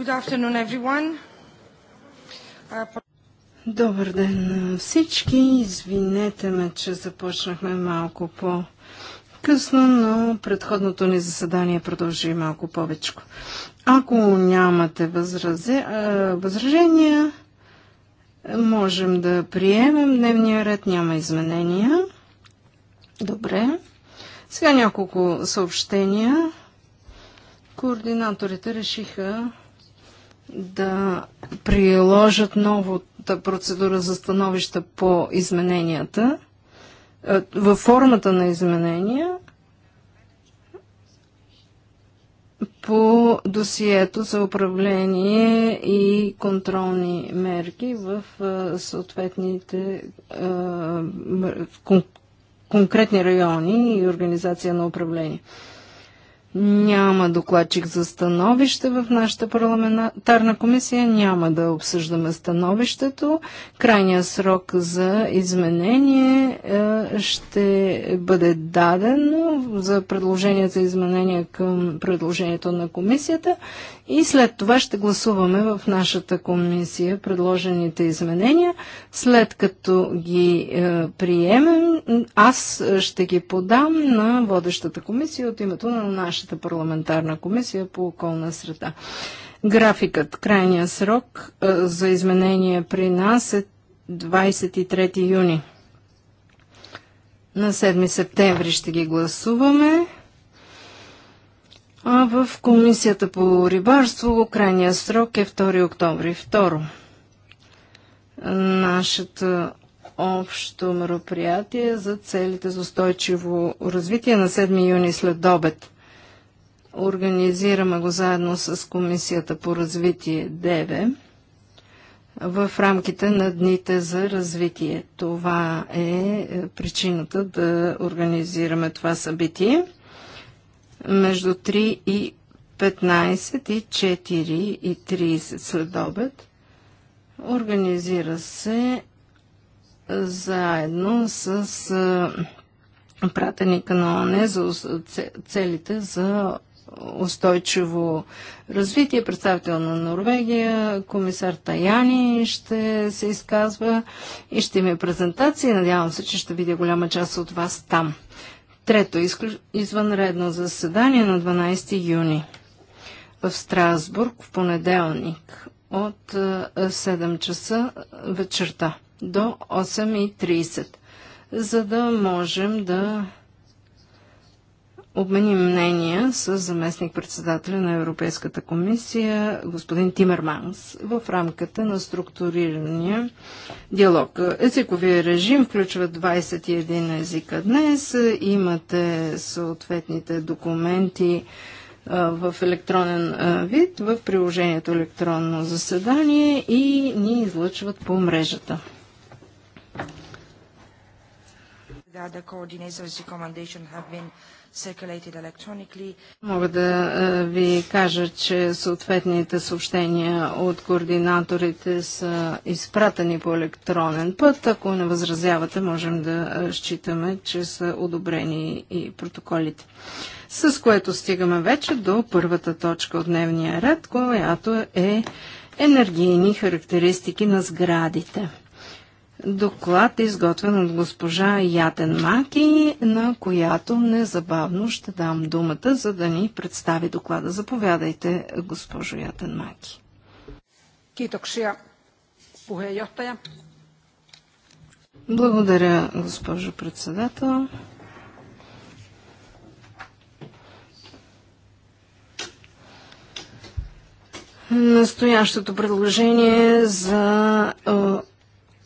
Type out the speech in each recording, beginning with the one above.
Uh, Добър ден на всички. Извинете ме, че започнахме малко по късно, но предходното ни заседание продължи малко повече. Ако нямате възражения, можем да приемем. Дневния ред няма изменения. Добре. Сега няколко съобщения. Координаторите решиха да приложат новата процедура за становища по измененията, е, във формата на изменения по досието за управление и контролни мерки в е, съответните е, конкретни райони и организация на управление. Няма докладчик за становище в нашата парламентарна комисия. Няма да обсъждаме становището. Крайният срок за изменение е, ще бъде даден за предложение за изменение към предложението на комисията и след това ще гласуваме в нашата комисия предложените изменения. След като ги е, приемем, аз ще ги подам на водещата комисия от името на нашата нашата парламентарна комисия по околна среда. Графикът, крайния срок е, за изменение при нас е 23 юни. На 7 септември ще ги гласуваме. А в Комисията по рибарство крайния срок е 2 октомври. Второ, нашето общо мероприятие за целите за устойчиво развитие на 7 юни след обед. Организираме го заедно с Комисията по развитие ДЕВЕ в рамките на дните за развитие. Това е, е причината да организираме това събитие между 3 и 15 и 4 и 30 след обед. Организира се заедно с е, пратеника на ОНЕ за целите за устойчиво развитие, представител на Норвегия, комисар Таяни ще се изказва и ще има презентации. Надявам се, че ще видя голяма част от вас там. Трето, извънредно заседание на 12 юни в Страсбург в понеделник от 7 часа вечерта до 8.30, за да можем да Обмени мнения с заместник-председателя на Европейската комисия, господин Тимерманс, в рамката на структурирания диалог. Езиковия режим включва 21 езика днес. Имате съответните документи в електронен вид, в приложението електронно заседание и ни излъчват по мрежата. The other coordinators' recommendation have been Мога да е, ви кажа, че съответните съобщения от координаторите са изпратени по електронен път. Ако не възразявате, можем да е, считаме, че са одобрени и протоколите. С което стигаме вече до първата точка от дневния ред, която е енергийни характеристики на сградите. Доклад изготвен от госпожа Ятен Маки, на която незабавно ще дам думата, за да ни представи доклада. Заповядайте, госпожо Ятен Маки. Благодаря, госпожо председател. Настоящото предложение за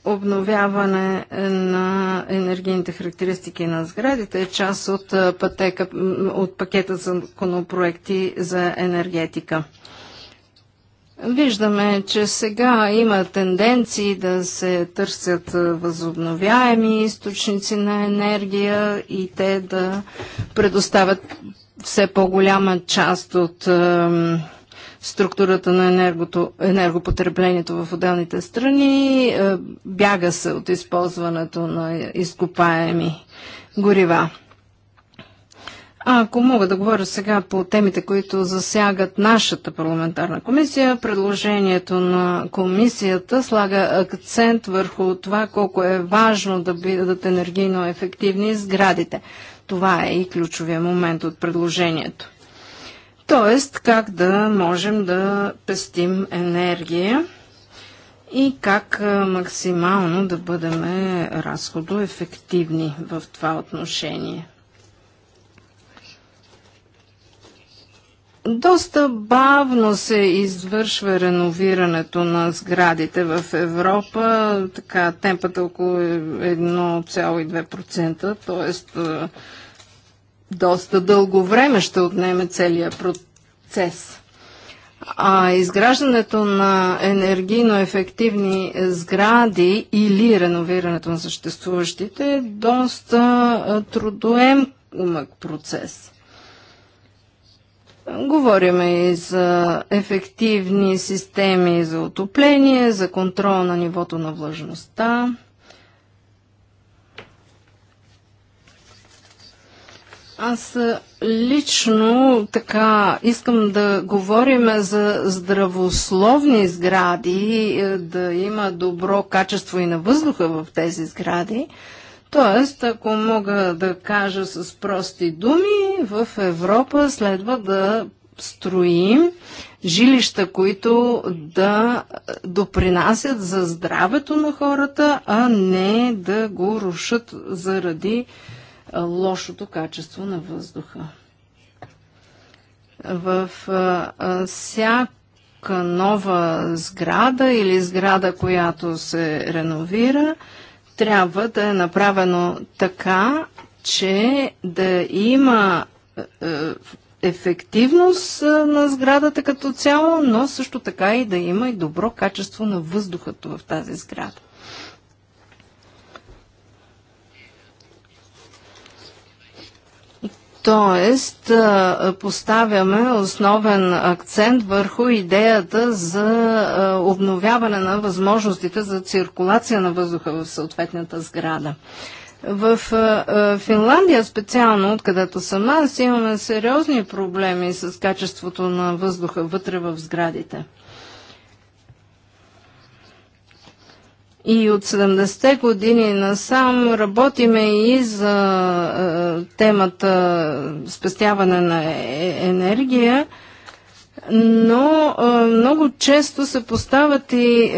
обновяване на енергийните характеристики на сградите е част от, пътека, от пакета законопроекти за енергетика. Виждаме, че сега има тенденции да се търсят възобновяеми източници на енергия и те да предоставят все по-голяма част от структурата на енергото, енергопотреблението в отделните страни, е, бяга се от използването на изкопаеми горива. А ако мога да говоря сега по темите, които засягат нашата парламентарна комисия, предложението на комисията слага акцент върху това колко е важно да бъдат енергийно ефективни сградите. Това е и ключовия момент от предложението. Тоест, как да можем да пестим енергия и как максимално да бъдем разходоефективни в това отношение. Доста бавно се извършва реновирането на сградите в Европа. Така, темпът е около 1,2%, т.е доста дълго време ще отнеме целият процес. А изграждането на енергийно ефективни сгради или реновирането на съществуващите е доста трудоемък процес. Говориме и за ефективни системи за отопление, за контрол на нивото на влажността. Аз е, лично така искам да говорим за здравословни сгради, е, да има добро качество и на въздуха в тези сгради. Тоест, ако мога да кажа с прости думи, в Европа следва да строим жилища, които да е, допринасят за здравето на хората, а не да го рушат заради лошото качество на въздуха. В всяка нова сграда или сграда, която се реновира, трябва да е направено така, че да има ефективност на сградата като цяло, но също така и да има и добро качество на въздухът в тази сграда. Тоест, поставяме основен акцент върху идеята за обновяване на възможностите за циркулация на въздуха в съответната сграда. В Финландия специално, откъдето съм аз, имаме сериозни проблеми с качеството на въздуха вътре в сградите. И от 70-те години насам работиме и за е, темата спестяване на е, е, енергия, но е, много често се поставят и е,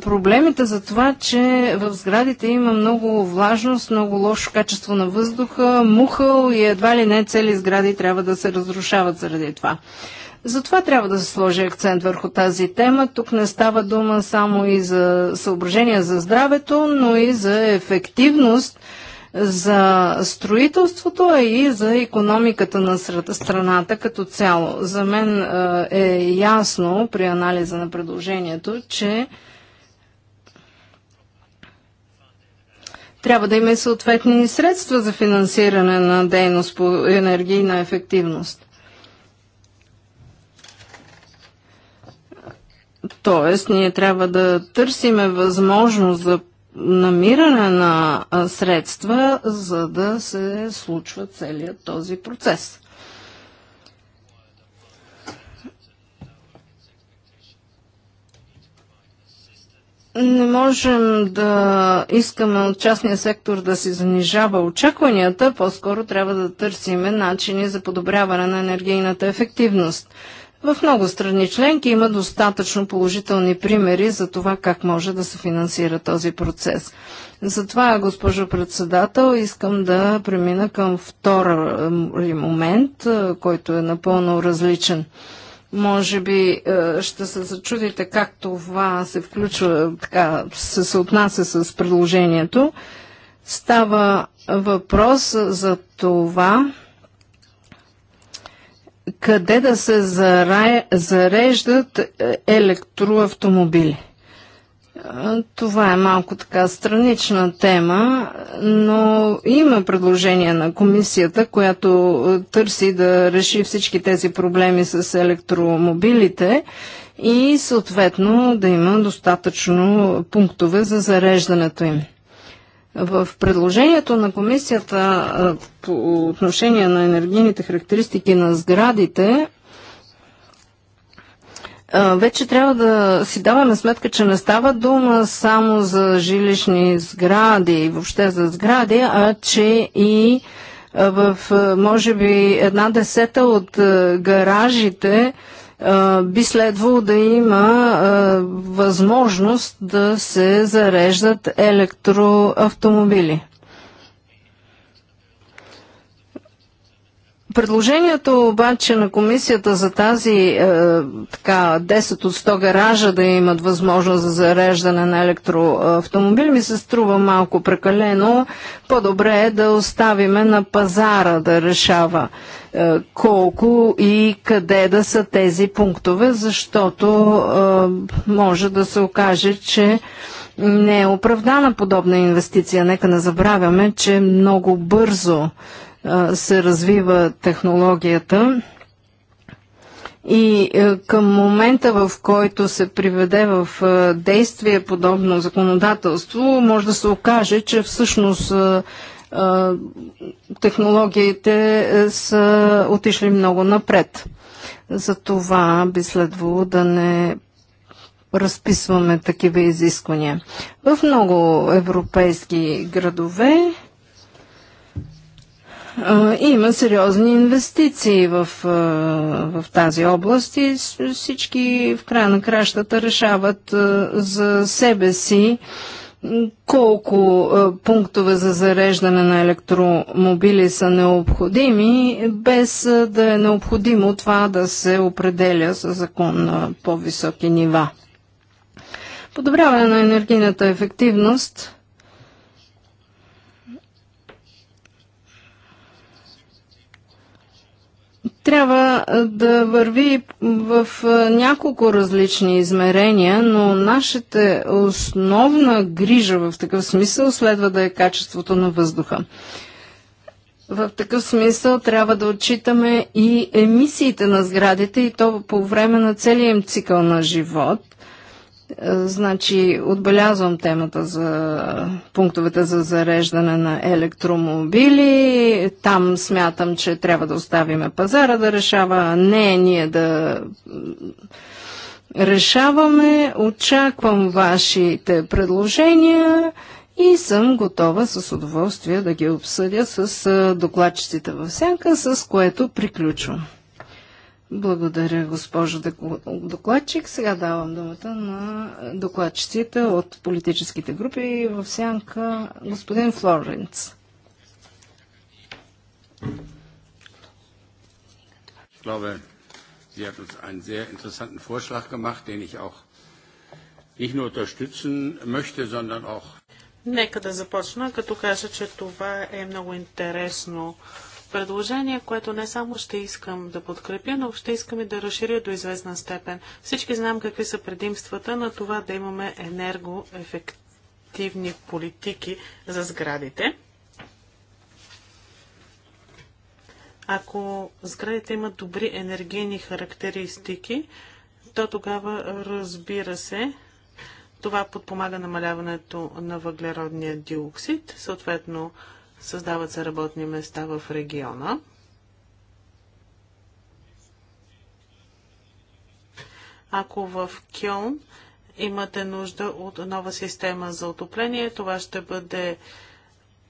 проблемите за това, че в сградите има много влажност, много лошо качество на въздуха, мухъл и едва ли не цели сгради трябва да се разрушават заради това. Затова трябва да се сложи акцент върху тази тема. Тук не става дума само и за съображения за здравето, но и за ефективност за строителството, а и за економиката на страната като цяло. За мен е, е ясно при анализа на предложението, че трябва да има и съответни средства за финансиране на дейност по енергийна ефективност. Тоест, ние трябва да търсиме възможност за намиране на средства, за да се случва целият този процес. не можем да искаме от частния сектор да си занижава очакванията, по-скоро трябва да търсиме начини за подобряване на енергийната ефективност. В много страни членки има достатъчно положителни примери за това как може да се финансира този процес. Затова, госпожо председател, искам да премина към втора момент, който е напълно различен. Може би ще се зачудите как това се включва, така се съотнася с предложението. Става въпрос за това, къде да се зареждат е, електроавтомобили. Това е малко така странична тема, но има предложение на комисията, която е, търси да реши всички тези проблеми с електромобилите и съответно да има достатъчно пунктове за зареждането им. В предложението на комисията по отношение на енергийните характеристики на сградите вече трябва да си даваме сметка, че не става дума само за жилищни сгради и въобще за сгради, а че и в може би една десета от гаражите би следвало да има възможност да се зареждат електроавтомобили. Предложението обаче на комисията за тази е, така 10 от 100 гаража да имат възможност за зареждане на електроавтомобили ми се струва малко прекалено. По-добре е да оставиме на пазара да решава е, колко и къде да са тези пунктове, защото е, може да се окаже, че не е оправдана подобна инвестиция. Нека не забравяме, че много бързо се развива технологията. И е, към момента, в който се приведе в е, действие подобно законодателство, може да се окаже, че всъщност е, технологиите са отишли много напред. За това би следвало да не разписваме такива изисквания. В много европейски градове има сериозни инвестиции в, в тази област и всички в края на кращата решават за себе си колко пунктове за зареждане на електромобили са необходими, без да е необходимо това да се определя с закон на по-високи нива. Подобряване на енергийната ефективност трябва да върви в няколко различни измерения, но нашата основна грижа в такъв смисъл следва да е качеството на въздуха. В такъв смисъл трябва да отчитаме и емисиите на сградите и то по време на целия им цикъл на живот – е, значи, отбелязвам темата за пунктовете за зареждане на електромобили. Там смятам, че трябва да оставиме пазара да решава, а не ние да решаваме. Очаквам вашите предложения и съм готова с удоволствие да ги обсъдя с е, докладчиците в сянка, с което приключвам. Благодаря, госпожо докладчик. Сега давам думата на докладчиците от политическите групи в сянка господин Флоренц. Ich glaube, sie hat uns einen sehr interessanten Vorschlag gemacht, den ich auch nicht nur unterstützen möchte, sondern auch. Нека да започна, като кажа, че това е много интересно Предложение, което не само ще искам да подкрепя, но ще искам и да разширя до известна степен. Всички знам какви са предимствата на това да имаме енергоефективни политики за сградите. Ако сградите имат добри енергийни характеристики, то тогава, разбира се, това подпомага намаляването на въглеродния диоксид, съответно Създават се работни места в региона. Ако в Кьон имате нужда от нова система за отопление, това ще бъде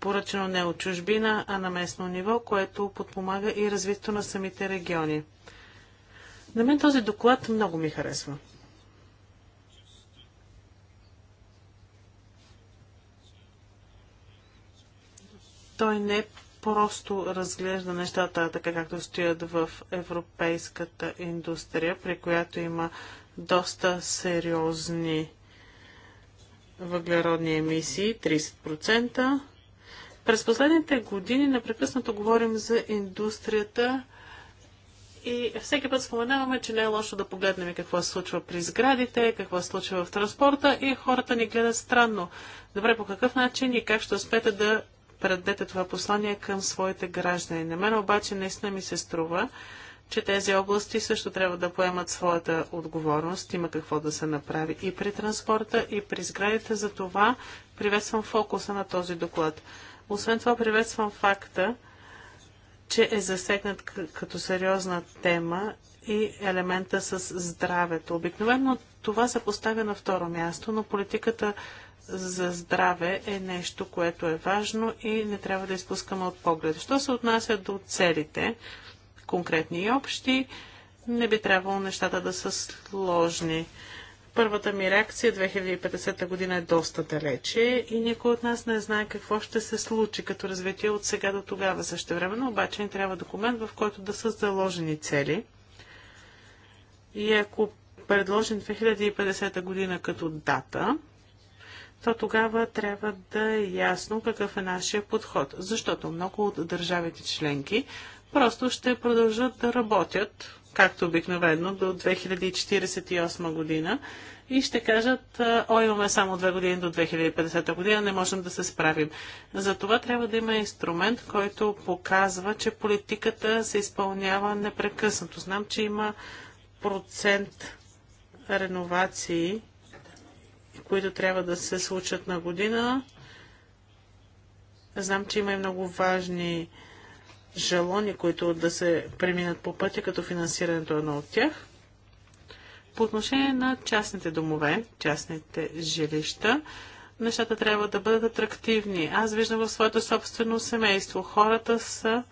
поръчено не от чужбина, а на местно ниво, което подпомага и развитието на самите региони. На мен този доклад много ми харесва. Той не просто разглежда нещата така както стоят в европейската индустрия, при която има доста сериозни въглеродни емисии 30%. През последните години непрекъснато говорим за индустрията и всеки път споменаваме, че не е лошо да погледнем какво се случва при сградите, какво се случва в транспорта и хората ни гледат странно. Добре, по какъв начин и как ще успеете да предадете това послание към своите граждани. На мен обаче наистина ми се струва, че тези области също трябва да поемат своята отговорност. Има какво да се направи и при транспорта, и при сградите. За това приветствам фокуса на този доклад. Освен това приветствам факта, че е засегнат като сериозна тема и елемента с здравето. Обикновено това се поставя на второ място, но политиката за здраве е нещо, което е важно и не трябва да изпускаме от поглед. Що се отнася до целите, конкретни и общи, не би трябвало нещата да са сложни. Първата ми реакция 2050 година е доста далече и никой от нас не знае какво ще се случи като развитие от сега до тогава. Също време, обаче ни трябва документ, в който да са заложени цели. И ако предложим 2050 година като дата, то тогава трябва да е ясно какъв е нашия подход. Защото много от държавите членки просто ще продължат да работят, както обикновено, до 2048 година и ще кажат, о, имаме само две години до 2050 година, не можем да се справим. За това трябва да има инструмент, който показва, че политиката се изпълнява непрекъснато. Знам, че има процент реновации които трябва да се случат на година. Знам, че има и много важни жалони, които да се преминат по пътя, като финансирането е едно от тях. По отношение на частните домове, частните жилища, нещата трябва да бъдат атрактивни. Аз виждам в своето собствено семейство. Хората са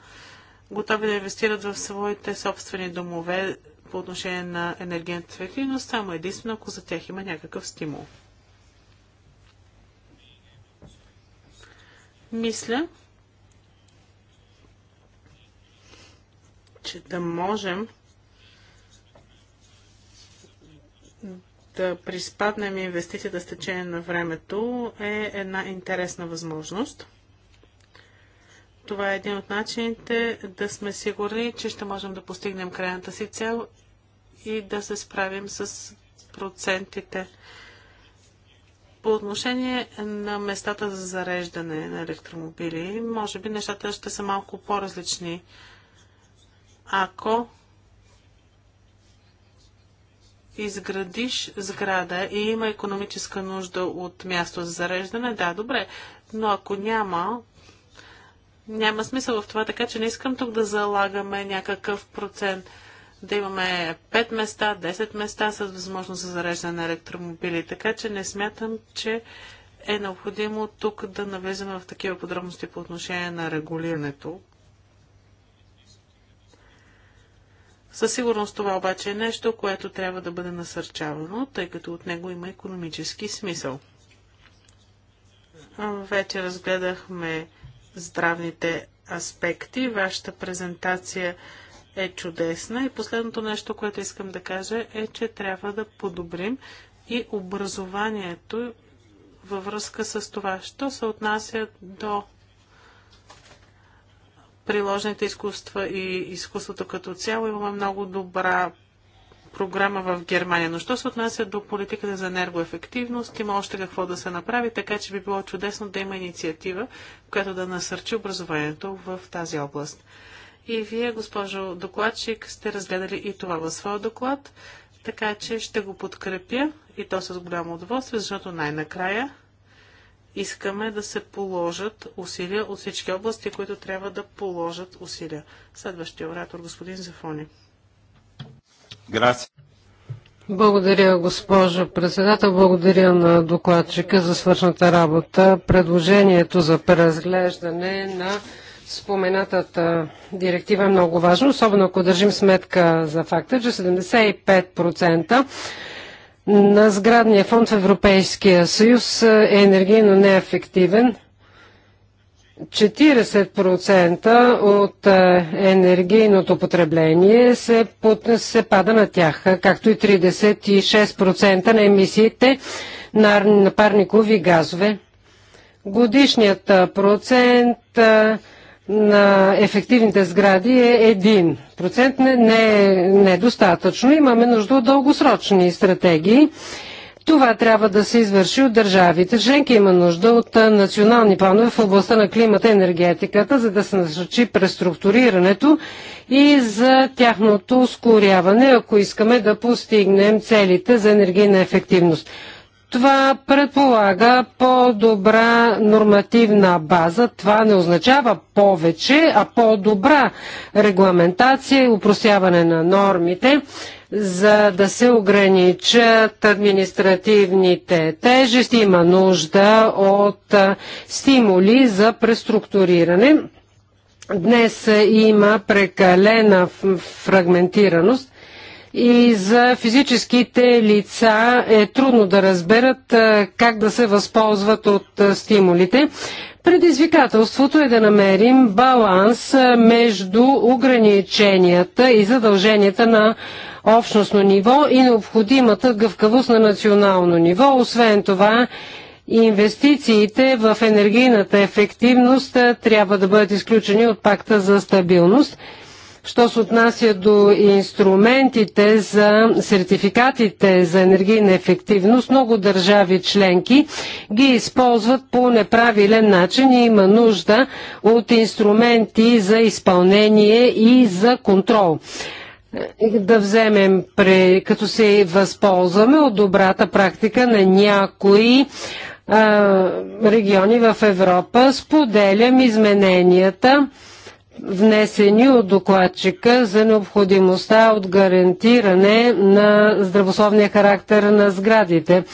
готови да инвестират в своите собствени домове по отношение на енергийната ефективност, само единствено ако за тях има някакъв стимул. Мисля, че да можем да приспаднем инвестицията с течение на времето е една интересна възможност. Това е един от начините да сме сигурни, че ще можем да постигнем крайната си цел и да се справим с процентите по отношение на местата за зареждане на електромобили, може би нещата ще са малко по-различни. Ако изградиш сграда и има економическа нужда от място за зареждане, да, добре. Но ако няма, няма смисъл в това, така че не искам тук да залагаме някакъв процент да имаме 5 места, 10 места с възможност за зареждане на електромобили. Така че не смятам, че е необходимо тук да навлизаме в такива подробности по отношение на регулирането. Със сигурност това обаче е нещо, което трябва да бъде насърчавано, тъй като от него има економически смисъл. Вече разгледахме здравните аспекти. Вашата презентация е чудесна. И последното нещо, което искам да кажа е, че трябва да подобрим и образованието във връзка с това, що се отнася до приложните изкуства и изкуството като цяло. Имаме много добра програма в Германия. Но що се отнася до политиката за енергоефективност, има още какво да се направи, така че би било чудесно да има инициатива, която да насърчи образованието в тази област. И вие, госпожо докладчик, сте разгледали и това в своя доклад, така че ще го подкрепя и то с голямо удоволствие, защото най-накрая искаме да се положат усилия от всички области, които трябва да положат усилия. Следващия оратор, господин Зафони. Грация. Благодаря, госпожо председател. Благодаря на докладчика за свършната работа. Предложението за преразглеждане на Споменатата директива е много важна, особено ако държим сметка за факта, че 75% на сградния фонд в Европейския съюз е енергийно неефективен. 40% от е, енергийното потребление се, се пада на тях, както и 36% на емисиите на парникови газове. Годишният е, процент е, на ефективните сгради е един Не, не, не е достатъчно. Имаме нужда от дългосрочни стратегии. Това трябва да се извърши от държавите. Женки има нужда от национални планове в областта на климата и енергетиката, за да се насърчи преструктурирането и за тяхното ускоряване, ако искаме да постигнем целите за енергийна ефективност. Това предполага по-добра нормативна база. Това не означава повече, а по-добра регламентация и упростяване на нормите, за да се ограничат административните тежести. Има нужда от стимули за преструктуриране. Днес има прекалена фрагментираност и за физическите лица е трудно да разберат как да се възползват от стимулите. Предизвикателството е да намерим баланс между ограниченията и задълженията на общностно ниво и необходимата гъвкавост на национално ниво. Освен това, инвестициите в енергийната ефективност трябва да бъдат изключени от пакта за стабилност. Що се отнася до инструментите за сертификатите за енергийна ефективност, много държави членки ги използват по неправилен начин и има нужда от инструменти за изпълнение и за контрол е, да вземем, като се възползваме от добрата практика на някои а, региони в Европа. Споделям измененията внесени от докладчика за необходимостта от гарантиране на здравословния характер на сградите.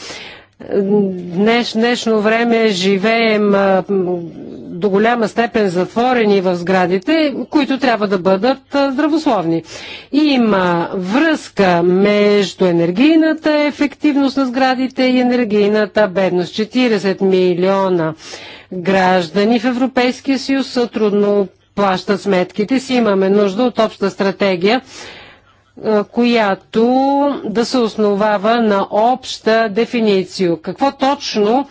Днеш, днешно време живеем а, до голяма степен затворени в сградите, които трябва да бъдат а, здравословни. Има връзка между енергийната ефективност на сградите и енергийната бедност. 40 милиона граждани в Европейския съюз са трудно плащат сметките си. Имаме нужда от обща стратегия, която да се основава на обща дефиниция. Какво точно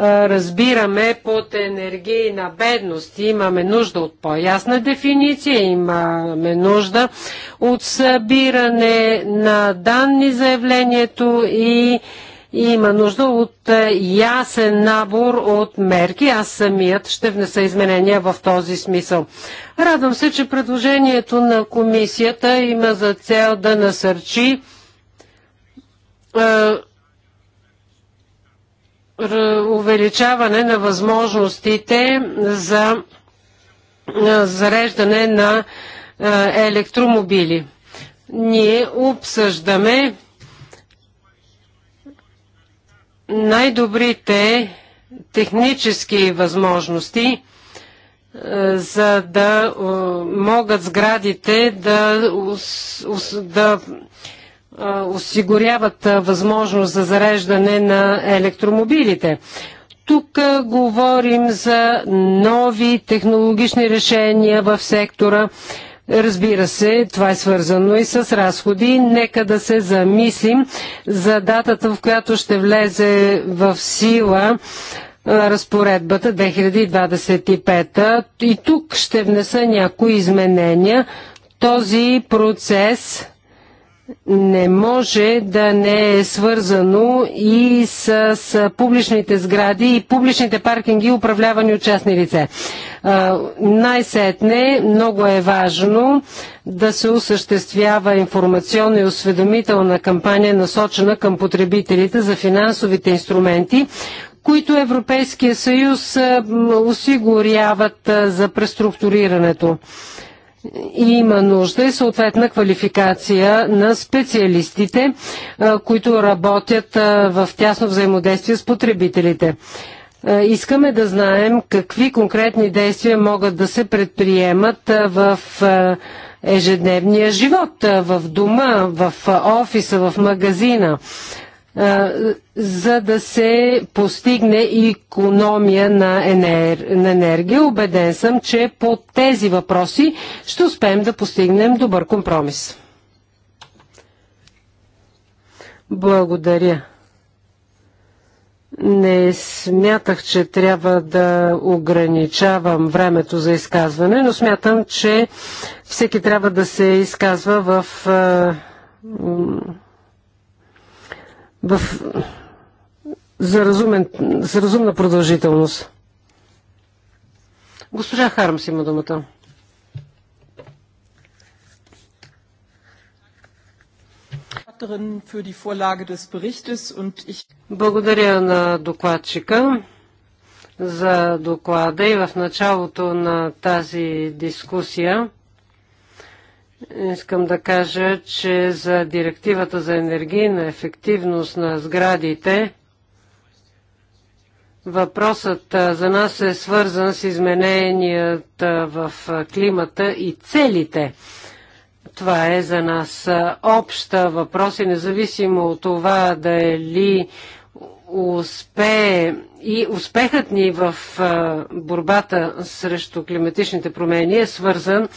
разбираме под енергийна бедност. Имаме нужда от по-ясна дефиниция, имаме нужда от събиране на данни за явлението и и има нужда от е, ясен набор от мерки. Аз самият ще внеса изменения в този смисъл. Радвам се, че предложението на комисията има за цел да насърчи е, увеличаване на възможностите за е, зареждане на електромобили. Ние обсъждаме най-добрите технически възможности, е, за да е, могат сградите да, да е, осигуряват възможност за зареждане на електромобилите. Тук говорим за нови технологични решения в сектора, Разбира се, това е свързано и с разходи. Нека да се замислим за датата, в която ще влезе в сила разпоредбата 2025. И тук ще внеса някои изменения. Този процес не може да не е свързано и с, с публичните сгради и публичните паркинги, управлявани от частни лице. Най-сетне много е важно да се осъществява информационна и осведомителна кампания, насочена към потребителите за финансовите инструменти, които Европейския съюз осигуряват за преструктурирането има нужда и съответна квалификация на специалистите, които работят в тясно взаимодействие с потребителите. Искаме да знаем какви конкретни действия могат да се предприемат в ежедневния живот, в дома, в офиса, в магазина, за да се постигне економия на, енер... на енергия. Обеден съм, че по тези въпроси ще успеем да постигнем добър компромис. Благодаря. Не смятах, че трябва да ограничавам времето за изказване, но смятам, че всеки трябва да се изказва в в, за, разумен, за разумна продължителност. Госпожа Хармс има думата. Благодаря на докладчика за доклада и в началото на тази дискусия Искам да кажа, че за директивата за енергийна ефективност на сградите въпросът за нас е свързан с измененията в климата и целите – това е за нас обща въпрос и независимо от това дали успее и успехът ни в борбата срещу климатичните промени е свързан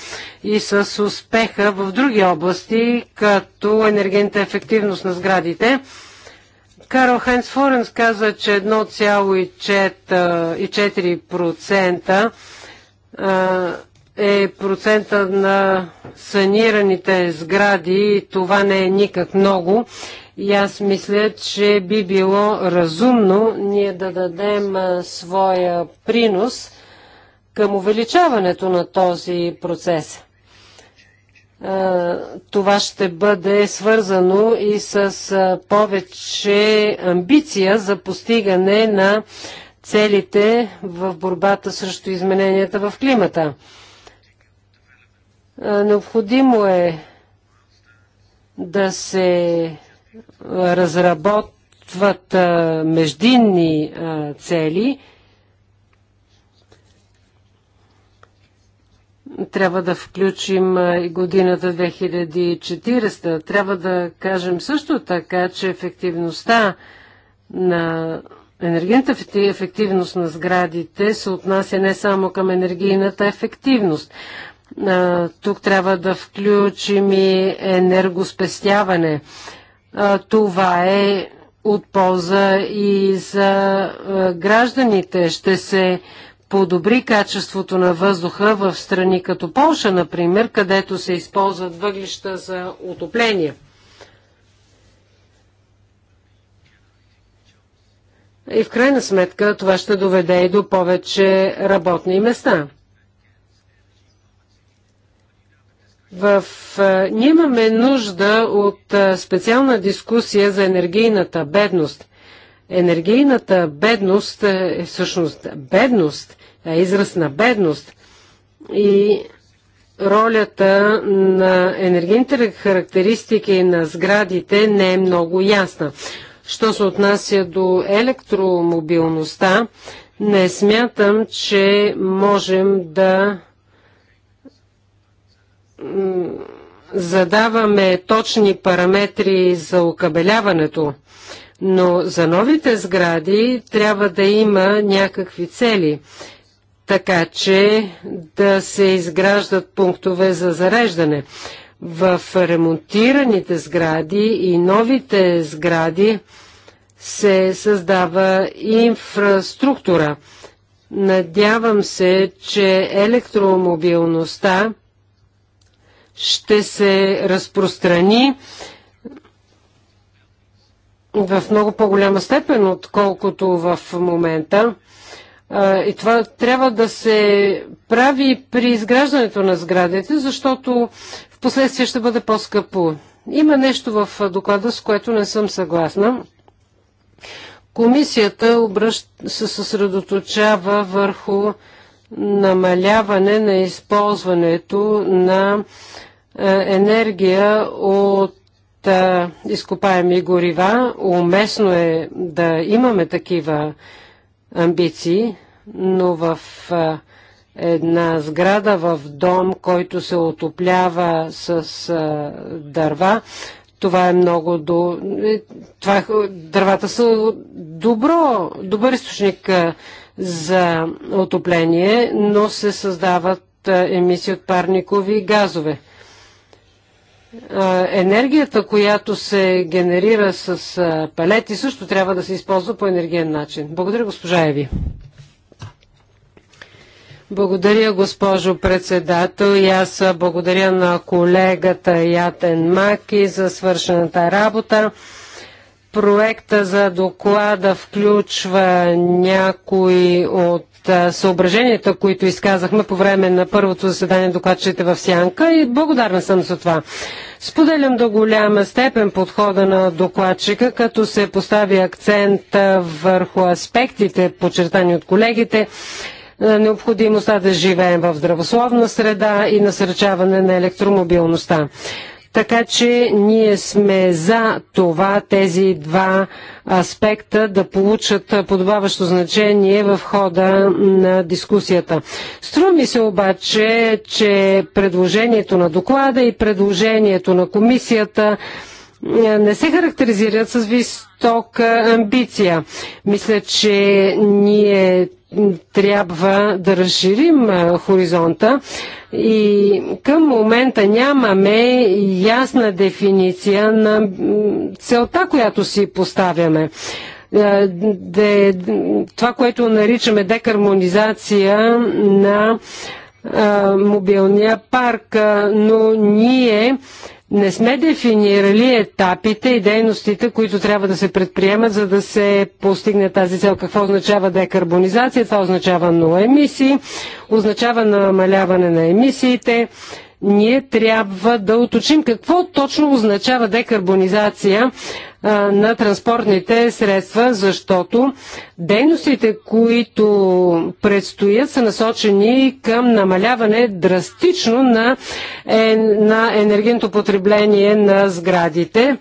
и с успеха в други области, като енергийната ефективност на сградите. Карл Хайнц Форенс каза, че 1,4% е процента на санираните сгради. Това не е никак много. И аз мисля, че би било разумно ние да дадем своя принос към увеличаването на този процес. Това ще бъде свързано и с повече амбиция за постигане на целите в борбата срещу измененията в климата. Необходимо е да се разработват междинни цели. Трябва да включим и годината 2040. Трябва да кажем също така, че ефективността на енергийната ефективност на сградите се отнася не само към енергийната ефективност, тук трябва да включим и енергоспестяване. Това е от полза и за гражданите. Ще се подобри качеството на въздуха в страни като Полша, например, където се използват въглища за отопление. И в крайна сметка това ще доведе и до повече работни места. В... Е, ние имаме нужда от е, специална дискусия за енергийната бедност. Енергийната бедност е, е всъщност бедност, е израз на бедност. И ролята на енергийните характеристики на сградите не е много ясна. Що се отнася до електромобилността, не смятам, че можем да задаваме точни параметри за окабеляването, но за новите сгради трябва да има някакви цели, така че да се изграждат пунктове за зареждане. В ремонтираните сгради и новите сгради се създава инфраструктура. Надявам се, че електромобилността ще се разпространи в много по-голяма степен, отколкото в момента. И това трябва да се прави при изграждането на сградите, защото в последствие ще бъде по-скъпо. Има нещо в доклада, с което не съм съгласна. Комисията се съсредоточава върху намаляване на използването на е, енергия от е, изкопаеми горива. Уместно е да имаме такива амбиции, но в е, една сграда в дом, който се отоплява с дърва, това е много до... Това, дървата са добро, добър източник за отопление, но се създават емисии от парникови газове енергията, която се генерира с палети, също трябва да се използва по енергиен начин. Благодаря, госпожа Еви. Благодаря, госпожо председател. И аз благодаря на колегата Ятен Маки за свършената работа. Проекта за доклада включва някои от съображенията, които изказахме по време на първото заседание докладчите в Сянка и благодарна съм за това. Споделям до голяма степен подхода на докладчика, като се постави акцент върху аспектите, подчертани от колегите, необходимостта да живеем в здравословна среда и насърчаване на електромобилността. Така че ние сме за това тези два аспекта да получат подобаващо значение в хода на дискусията. Струва ми се обаче, че предложението на доклада и предложението на комисията е, не се характеризират с висока амбиция. Мисля, че ние трябва да разширим хоризонта и към момента нямаме ясна дефиниция на целта, която си поставяме. Де, това, което наричаме декармонизация на мобилния парк, но ние не сме дефинирали етапите и дейностите, които трябва да се предприемат, за да се постигне тази цел. Какво означава декарбонизация? Това означава нула емисии, означава намаляване на емисиите, ние трябва да уточним какво точно означава декарбонизация на транспортните средства, защото дейностите, които предстоят, са насочени към намаляване драстично на, е, на енергийното потребление на сградите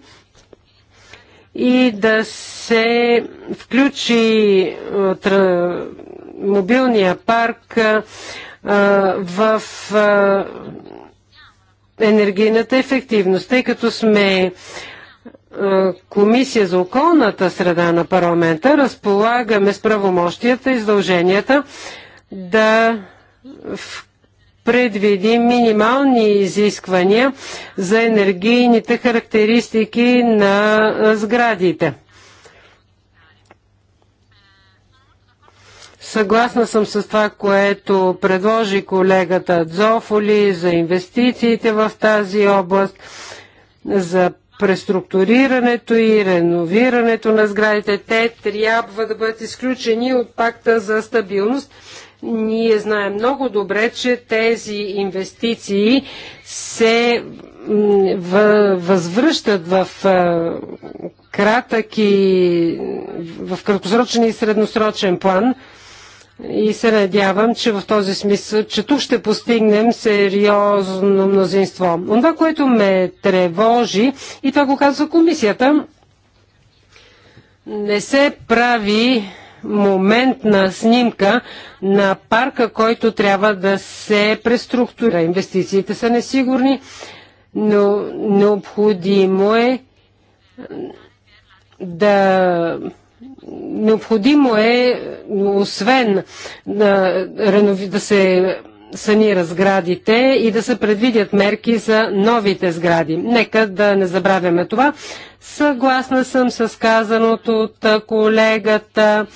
и да се включи тр... мобилния парк а, в енергийната ефективност, тъй като сме е, Комисия за околната среда на парламента разполагаме с правомощията и задълженията да предвиди минимални изисквания за енергийните характеристики на сградите. Съгласна съм с това, което предложи колегата Дзофоли за инвестициите в тази област, за преструктурирането и реновирането на сградите. Те трябва да бъдат изключени от пакта за стабилност. Ние знаем много добре, че тези инвестиции се възвръщат в кратък и в краткосрочен и средносрочен план – и се надявам, че в този смисъл, че тук ще постигнем сериозно мнозинство. Това, което ме тревожи, и това го казва комисията, не се прави моментна снимка на парка, който трябва да се преструктура. Инвестициите са несигурни, но необходимо е да необходимо е, освен да се санира сградите и да се предвидят мерки за новите сгради. Нека да не забравяме това. Съгласна съм с казаното от колегата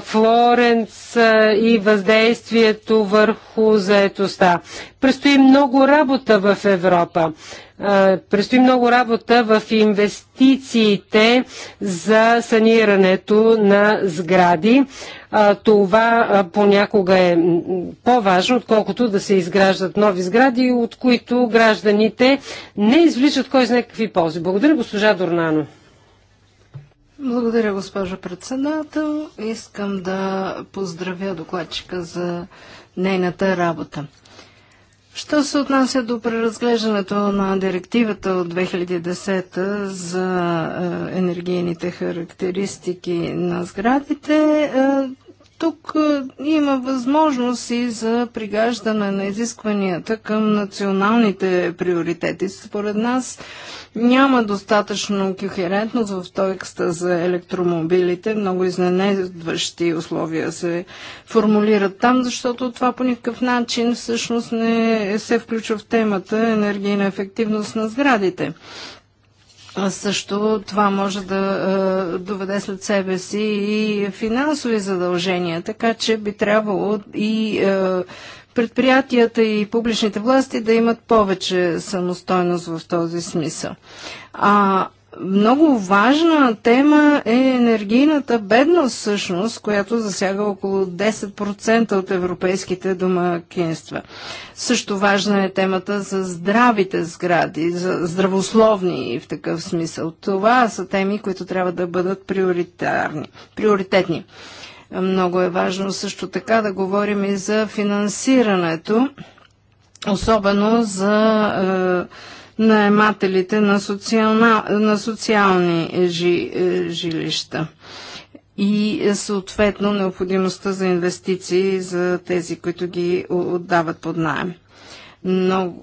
Флоренц и въздействието върху заетостта. Престои много работа в Европа. Предстои много работа в инвестициите за санирането на сгради. Това понякога е по-важно, отколкото да се изграждат нови сгради, от които гражданите не извличат кой знае какви ползи. Благодаря, госпожа Дорнано. Благодаря, госпожо председател. Искам да поздравя докладчика за нейната работа. Що се отнася до преразглеждането на директивата от 2010 за е, енергийните характеристики на сградите, е, тук е, има възможност и за пригаждане на изискванията към националните приоритети. Според нас няма достатъчно кохерентност в текста за електромобилите. Много изненедващи условия се формулират там, защото това по никакъв начин всъщност не се включва в темата енергийна ефективност на сградите. Също това може да доведе след себе си и финансови задължения, така че би трябвало и предприятията и публичните власти да имат повече самостойност в този смисъл. А много важна тема е енергийната бедност, всъщност, която засяга около 10% от европейските домакинства. Също важна е темата за здравите сгради, за здравословни в такъв смисъл. Това са теми, които трябва да бъдат приоритетни. Много е важно също така да говорим и за финансирането, особено за е, наемателите на, социална, на социални жи, е, жилища и е, съответно необходимостта за инвестиции за тези, които ги отдават под найем. Но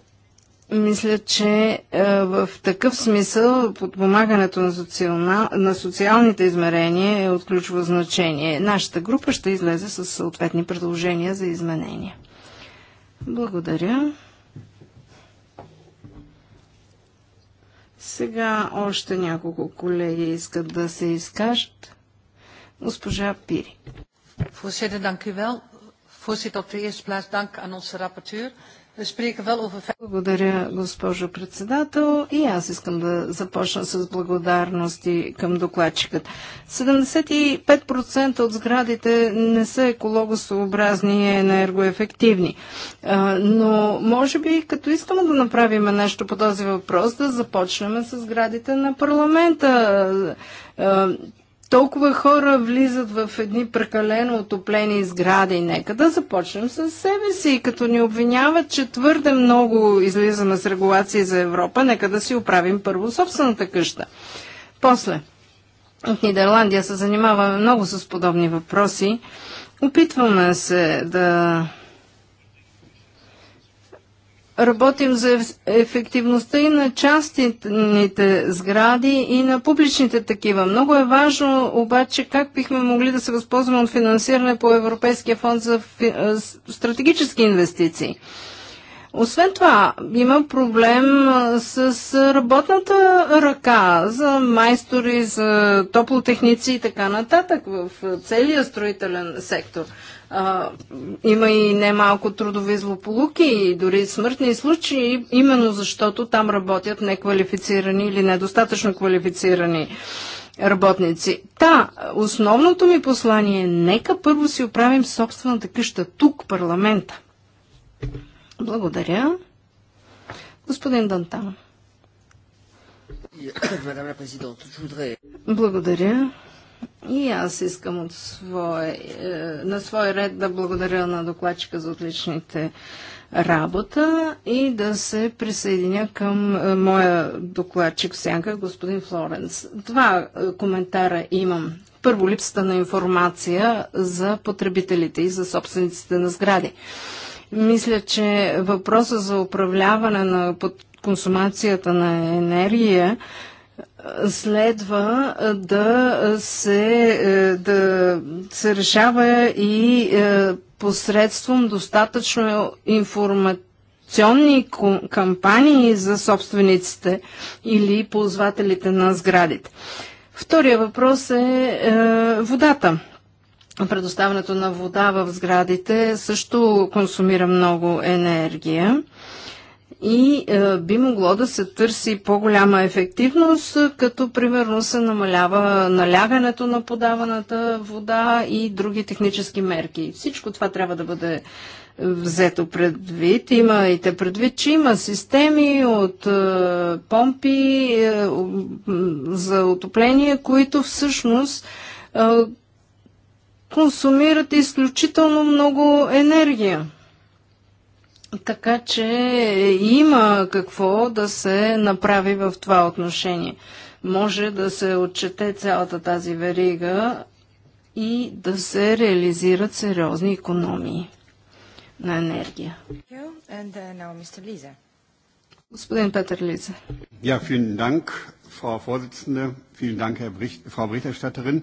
мисля, че е, в такъв смисъл подпомагането на, социална, на социалните измерения е от ключово значение. Нашата група ще излезе с съответни предложения за изменения. Благодаря. Сега още няколко колеги искат да се изкажат. Госпожа Пири. Voorzitter, dank u wel. Voorzitter, op de eerste plaats dank aan onze rapporteur. Благодаря, госпожо председател. И аз искам да започна с благодарности към докладчикът. 75% от сградите не са екологосообразни и енергоефективни. Но може би, като искаме да направим нещо по този въпрос, да започнем с сградите на парламента толкова хора влизат в едни прекалено отоплени сгради. Нека да започнем с себе си. И Като ни обвиняват, че твърде много излизаме с регулации за Европа, нека да си оправим първо собствената къща. После, от Нидерландия се занимаваме много с подобни въпроси. Опитваме се да Работим за ефективността и на частните сгради и на публичните такива. Много е важно обаче как бихме могли да се възползваме от финансиране по Европейския фонд за фи... стратегически инвестиции. Освен това, има проблем с работната ръка за майстори, за топлотехници и така нататък в целия строителен сектор а, има и немалко трудови злополуки и дори смъртни случаи, именно защото там работят неквалифицирани или недостатъчно квалифицирани работници. Та, основното ми послание е нека първо си оправим собствената къща тук, парламента. Благодаря. Господин Дантан. Благодаря. И аз искам от свое, на свой ред да благодаря на докладчика за отличните работа и да се присъединя към е, моя докладчик сянка, господин Флоренс. Два е, коментара имам. Първо, липсата на информация за потребителите и за собствениците на сгради. Мисля, че въпроса за управляване на под консумацията на енергия следва да се, е, да се решава и е, посредством достатъчно информационни кампании за собствениците или ползвателите на сградите. Втория въпрос е, е водата. Предоставянето на вода в сградите също консумира много енергия и е, би могло да се търси по-голяма ефективност, е, като примерно се намалява налягането на подаваната вода и други технически мерки. Всичко това трябва да бъде е, взето предвид. Имайте предвид, че има системи от е, помпи е, за отопление, които всъщност е, консумират изключително много енергия. Така че има какво да се направи в това отношение. Може да се отчете цялата тази верига и да се реализират сериозни економии на енергия. Uh, Господин Петър Лиза. Ja, Frau Vorsitzende. Vielen Dank, Herr Bericht, Frau Berichterstatterin.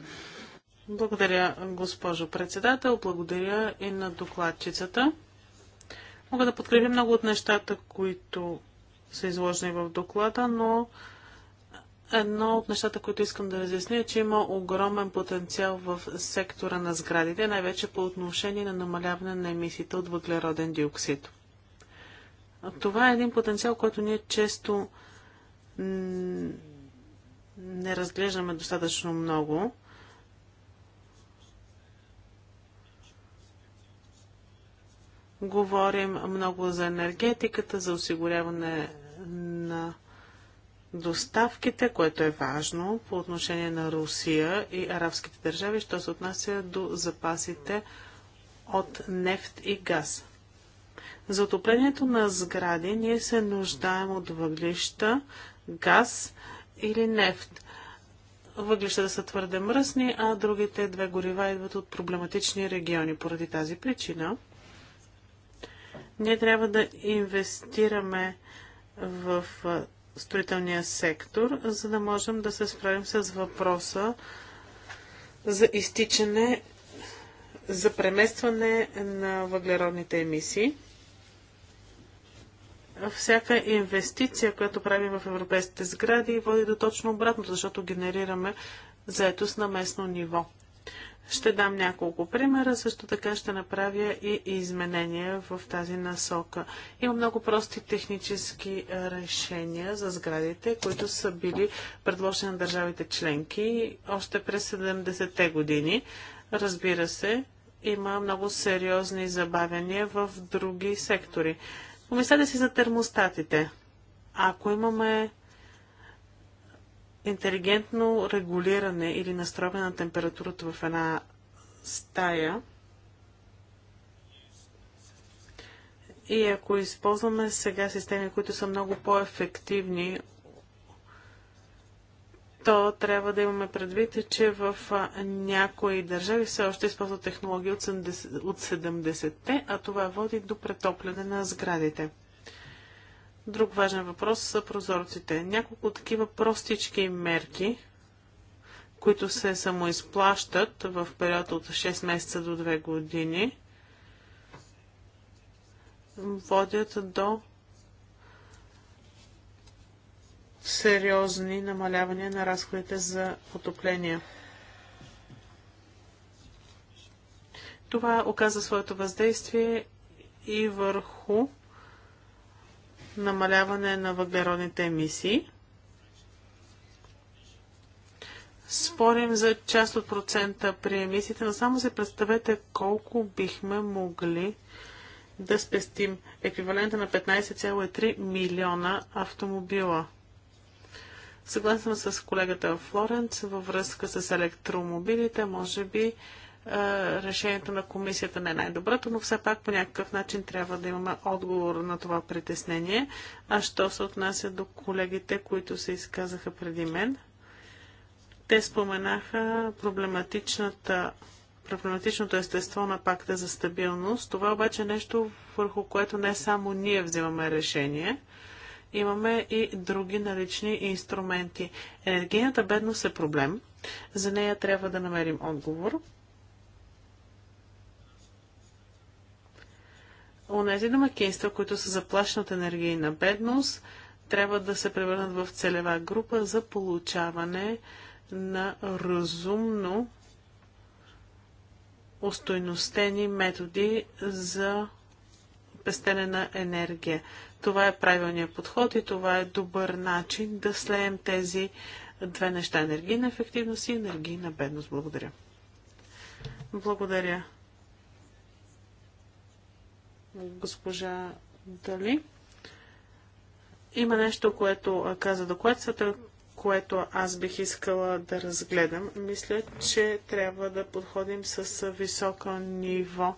Благодаря, госпожо председател. Благодаря и на докладчицата. Мога да подкрепя много от нещата, които са изложени в доклада, но едно от нещата, които искам да разясня е, че има огромен потенциал в сектора на сградите, най-вече по отношение на намаляване на емисиите от въглероден диоксид. Това е един потенциал, който ние често не разглеждаме достатъчно много. Говорим много за енергетиката, за осигуряване на доставките, което е важно по отношение на Русия и арабските държави, що се отнася до запасите от нефт и газ. За отоплението на сгради ние се нуждаем от въглища, газ или нефт. Въглищата са твърде мръсни, а другите две горива идват от проблематични региони. Поради тази причина ние трябва да инвестираме в строителния сектор, за да можем да се справим с въпроса за изтичане, за преместване на въглеродните емисии. Всяка инвестиция, която правим в европейските сгради, води до точно обратното, защото генерираме заетост на местно ниво. Ще дам няколко примера, също така ще направя и изменения в тази насока. Има много прости технически решения за сградите, които са били предложени на държавите членки още през 70-те години. Разбира се, има много сериозни забавяния в други сектори. Помислете си за термостатите. Ако имаме интелигентно регулиране или настройване на температурата в една стая. И ако използваме сега системи, които са много по-ефективни, то трябва да имаме предвид, че в някои държави все още използват технологии от 70-те, а това води до претопляне на сградите. Друг важен въпрос са прозорците. Няколко такива простички мерки, които се самоизплащат в период от 6 месеца до 2 години, водят до сериозни намалявания на разходите за отопление. Това оказа своето въздействие и върху намаляване на въглеродните емисии. Спорим за част от процента при емисиите, но само се представете колко бихме могли да спестим еквивалента на 15,3 милиона автомобила. Съгласен с колегата Флоренц във връзка с електромобилите, може би е, решението на комисията не е най-доброто, но все пак по някакъв начин трябва да имаме отговор на това притеснение. А що се отнася до колегите, които се изказаха преди мен? Те споменаха проблематичната проблематичното естество на пакта за стабилност. Това обаче е нещо, върху което не само ние взимаме решение, имаме и други налични инструменти. Енергийната бедност е проблем. За нея трябва да намерим отговор. онези домакинства, които са заплашени от енергийна бедност, трябва да се превърнат в целева група за получаване на разумно устойностени методи за пестене на енергия. Това е правилният подход и това е добър начин да слеем тези две неща енергийна ефективност и енергийна бедност. Благодаря. Благодаря госпожа Дали. Има нещо, което каза докладцата, което аз бих искала да разгледам. Мисля, че трябва да подходим с високо ниво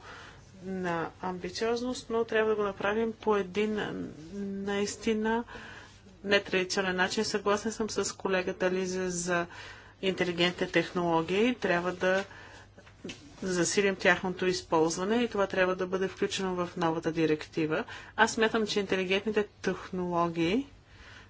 на амбициозност, но трябва да го направим по един наистина нетрадиционен начин. Съгласен съм с колегата Лиза за интелигентните технологии. Трябва да да засилим тяхното използване и това трябва да бъде включено в новата директива. Аз смятам, че интелигентните технологии,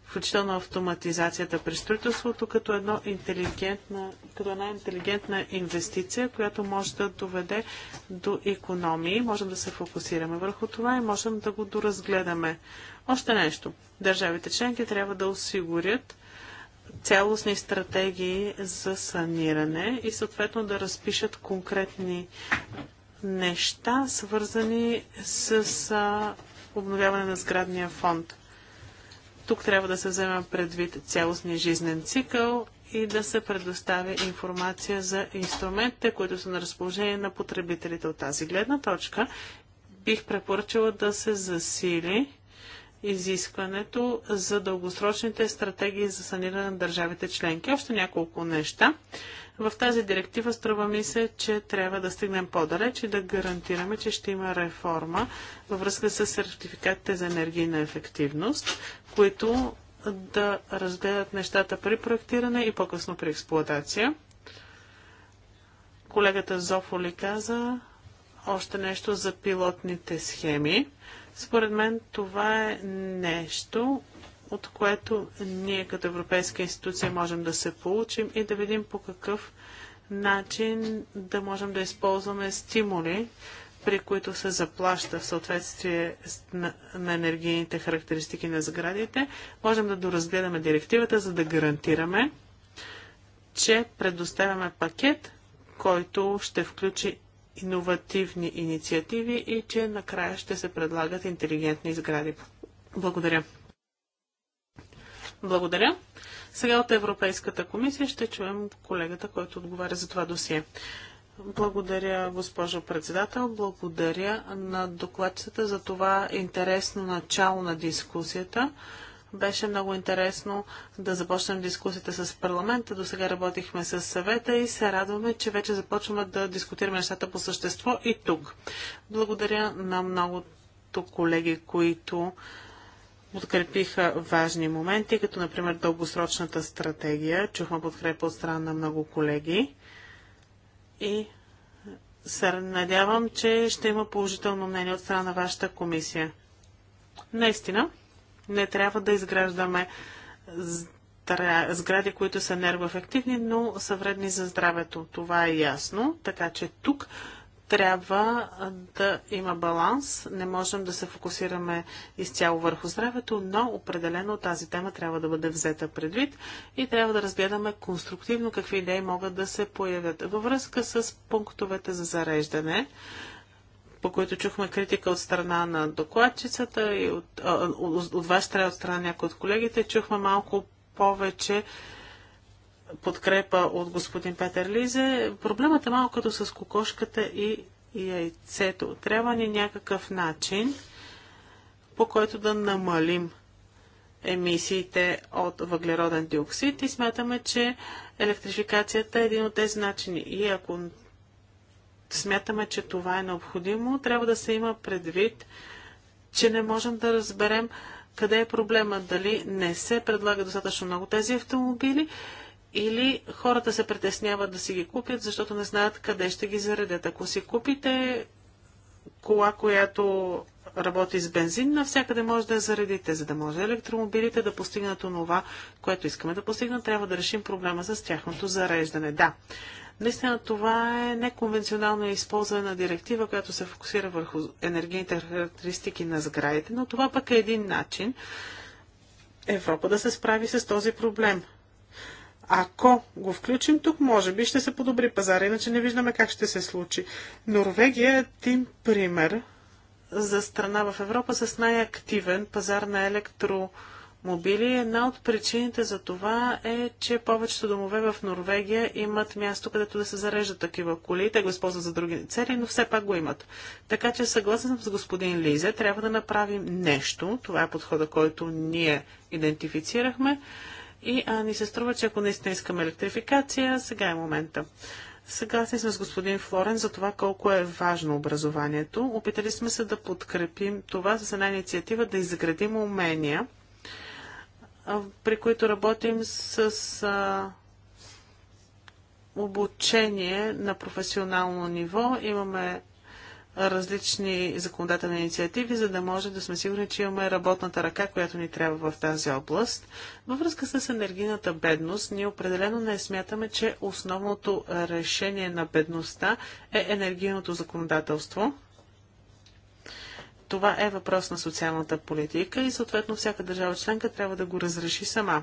включително автоматизацията при строителството, като, едно интелигентна, като една интелигентна инвестиция, която може да доведе до економии. Можем да се фокусираме върху това и можем да го доразгледаме. Още нещо. Държавите членки трябва да осигурят цялостни стратегии за саниране и съответно да разпишат конкретни неща, свързани с обновяване на сградния фонд. Тук трябва да се вземе предвид цялостния жизнен цикъл и да се предоставя информация за инструментите, които са на разположение на потребителите от тази гледна точка. Бих препоръчала да се засили изискването за дългосрочните стратегии за саниране на държавите членки. Още няколко неща. В тази директива струва ми се, че трябва да стигнем по-далеч и да гарантираме, че ще има реформа във връзка с сертификатите за енергийна ефективност, които да разгледат нещата при проектиране и по-късно при експлуатация. Колегата Зофоли каза още нещо за пилотните схеми. Според мен това е нещо, от което ние като Европейска институция можем да се получим и да видим по какъв начин да можем да използваме стимули, при които се заплаща в съответствие на, на енергийните характеристики на сградите. Можем да доразгледаме директивата, за да гарантираме, че предоставяме пакет, който ще включи иновативни инициативи и че накрая ще се предлагат интелигентни сгради. Благодаря. Благодаря. Сега от Европейската комисия ще чуем колегата, който отговаря за това досие. Благодаря, госпожо председател. Благодаря на докладчета за това интересно начало на дискусията. Беше много интересно да започнем дискусията с парламента. До сега работихме с съвета и се радваме, че вече започваме да дискутираме нещата по същество и тук. Благодаря на многото колеги, които подкрепиха важни моменти, като например дългосрочната стратегия. Чухме подкрепа от страна на много колеги. И се надявам, че ще има положително мнение от страна на вашата комисия. Наистина, не трябва да изграждаме сгради, които са енергоефективни, но са вредни за здравето. Това е ясно. Така че тук трябва да има баланс. Не можем да се фокусираме изцяло върху здравето, но определено тази тема трябва да бъде взета предвид и трябва да разгледаме конструктивно какви идеи могат да се появят. Във връзка с пунктовете за зареждане, по които чухме критика от страна на докладчицата и от, от, от ваша страна, от страна на някои от колегите. Чухме малко повече подкрепа от господин Петър Лизе. Проблемът е малко като с кокошката и яйцето. Трябва ни някакъв начин, по който да намалим емисиите от въглероден диоксид и смятаме, че електрификацията е един от тези начини. И ако смятаме, че това е необходимо, трябва да се има предвид, че не можем да разберем къде е проблема. Дали не се предлага достатъчно много тези автомобили или хората се притесняват да си ги купят, защото не знаят къде ще ги заредят. Ако си купите кола, която работи с бензин, навсякъде може да я заредите. За да може електромобилите да постигнат онова, което искаме да постигнат, трябва да решим проблема с тяхното зареждане. Да, Наистина това е неконвенционално използване на директива, която се фокусира върху енергийните характеристики на сградите, но това пък е един начин Европа да се справи с този проблем. Ако го включим тук, може би ще се подобри пазара, иначе не виждаме как ще се случи. Норвегия е тим пример за страна в Европа с най-активен пазар на електро мобили. Една от причините за това е, че повечето домове в Норвегия имат място, където да се зареждат такива коли. Те го използват за други цели, но все пак го имат. Така че съгласен съм с господин Лизе, трябва да направим нещо. Това е подхода, който ние идентифицирахме. И а, ни се струва, че ако наистина искаме електрификация, сега е момента. Съгласни сме с господин Флорен за това колко е важно образованието. Опитали сме се да подкрепим това с една инициатива да изградим умения – при които работим с обучение на професионално ниво. Имаме различни законодателни инициативи, за да може да сме сигурни, че имаме работната ръка, която ни трябва в тази област. Във връзка с енергийната бедност, ние определено не смятаме, че основното решение на бедността е енергийното законодателство. Това е въпрос на социалната политика и съответно всяка държава членка трябва да го разреши сама.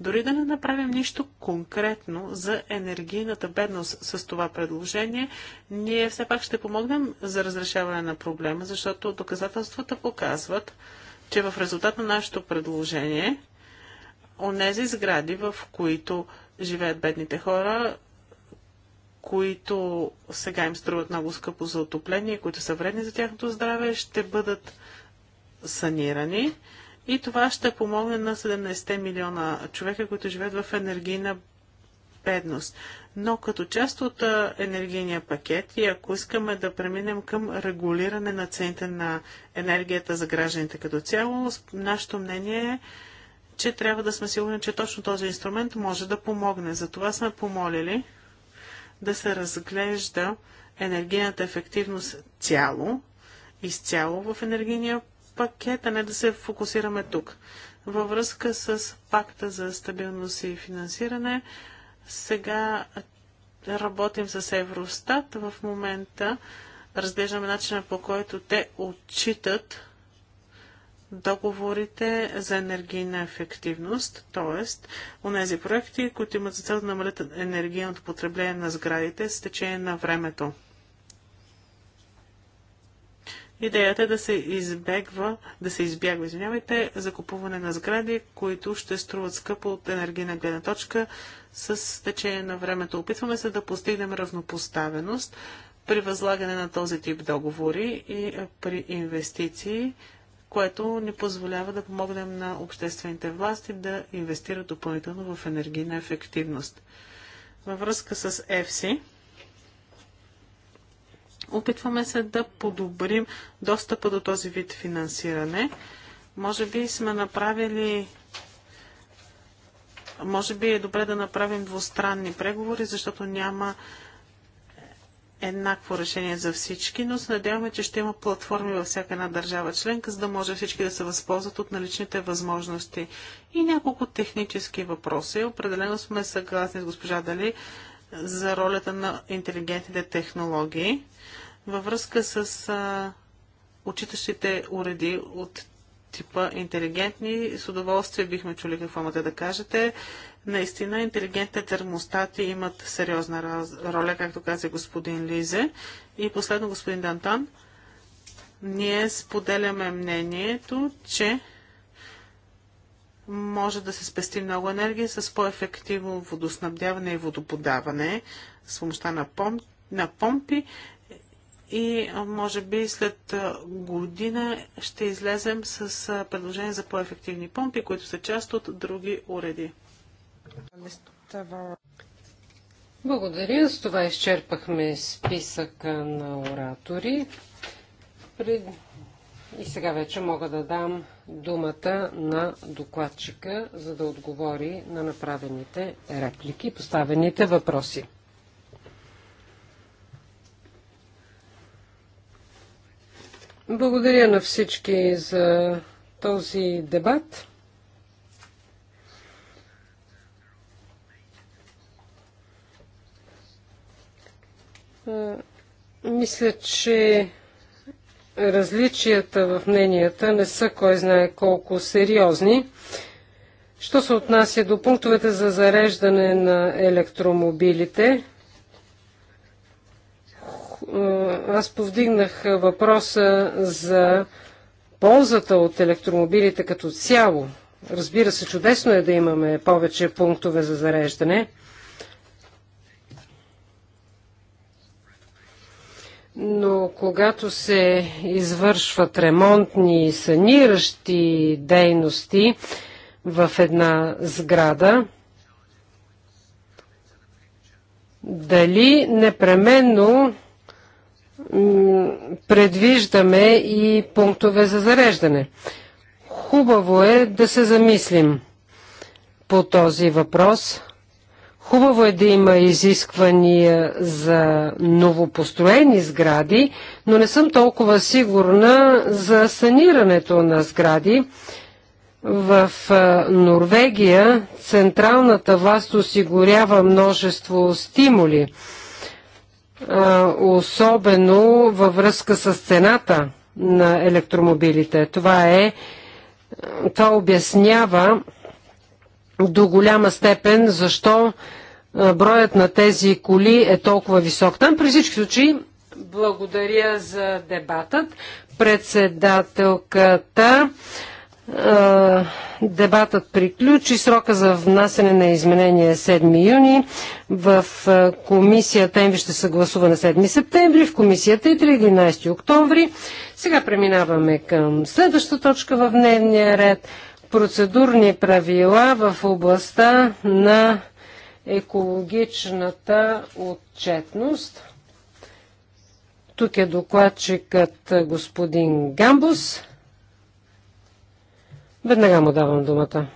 Дори да не направим нищо конкретно за енергийната бедност с това предложение, ние все пак ще помогнем за разрешаване на проблема, защото доказателствата показват, че в резултат на нашето предложение, онези сгради, в които живеят бедните хора, които сега им струват много скъпо за отопление, които са вредни за тяхното здраве, ще бъдат санирани. И това ще помогне на 17 милиона човека, които живеят в енергийна бедност. Но като част от енергийния пакет и ако искаме да преминем към регулиране на цените на енергията за гражданите като цяло, нашето мнение е, че трябва да сме сигурни, че точно този инструмент може да помогне. Затова сме помолили да се разглежда енергийната ефективност цяло, изцяло в енергийния пакет, а не да се фокусираме тук. Във връзка с пакта за стабилност и финансиране, сега работим с Евростат. В момента разглеждаме начина по който те отчитат договорите за енергийна ефективност, т.е. онези проекти, които имат за цел да намалят енергийното потребление на сградите с течение на времето. Идеята е да се избегва, да се избягва, извинявайте, закупуване на сгради, които ще струват скъпо от енергийна гледна точка с течение на времето. Опитваме се да постигнем равнопоставеност при възлагане на този тип договори и при инвестиции което ни позволява да помогнем на обществените власти да инвестират допълнително в енергийна ефективност. Във връзка с ЕФСИ, опитваме се да подобрим достъпа до този вид финансиране. Може би сме направили може би е добре да направим двустранни преговори, защото няма еднакво решение за всички, но се надяваме, че ще има платформи във всяка една държава членка, за да може всички да се възползват от наличните възможности. И няколко технически въпроси. Определено сме съгласни с госпожа Дали за ролята на интелигентните технологии. Във връзка с а, учитащите уреди от типа интелигентни, с удоволствие бихме чули какво имате да кажете. Наистина интелигентните термостати имат сериозна раз... роля, както каза господин Лизе. И последно, господин Дантан, ние споделяме мнението, че може да се спести много енергия с по-ефективно водоснабдяване и водоподаване с помощта на, пом... на помпи и може би след година ще излезем с предложение за по-ефективни помпи, които са част от други уреди. Благодаря. С това изчерпахме списъка на оратори. И сега вече мога да дам думата на докладчика, за да отговори на направените реплики, поставените въпроси. Благодаря на всички за този дебат. Мисля, че различията в мненията не са кой знае колко сериозни. Що се отнася до пунктовете за зареждане на електромобилите, аз повдигнах въпроса за ползата от електромобилите като цяло. Разбира се, чудесно е да имаме повече пунктове за зареждане – но когато се извършват ремонтни и саниращи дейности в една сграда, дали непременно предвиждаме и пунктове за зареждане. Хубаво е да се замислим по този въпрос. Хубаво е да има изисквания за новопостроени сгради, но не съм толкова сигурна за санирането на сгради. В Норвегия централната власт осигурява множество стимули, особено във връзка с цената на електромобилите. Това е това обяснява до голяма степен защо броят на тези коли е толкова висок. Там при всички случаи благодаря за дебатът. Председателката дебатът приключи. Срока за внасене на изменения е 7 юни. В комисията им ще се гласува на 7 септември, в комисията е 11 октомври. Сега преминаваме към следващата точка в дневния ред – процедурни правила в областта на екологичната отчетност. Тук е докладчикът господин Гамбус. Веднага му давам думата.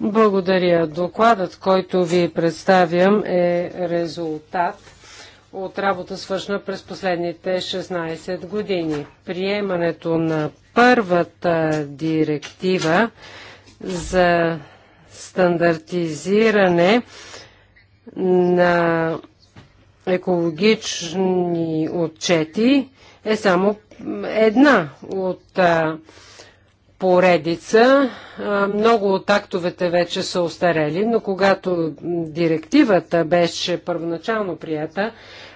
Благодаря. Докладът, който ви представям е резултат от работа свършна през последните 16 години. Приемането на първата директива за стандартизиране на екологични отчети е само една от а, поредица. Много от актовете вече са остарели, но когато директивата беше първоначално прията,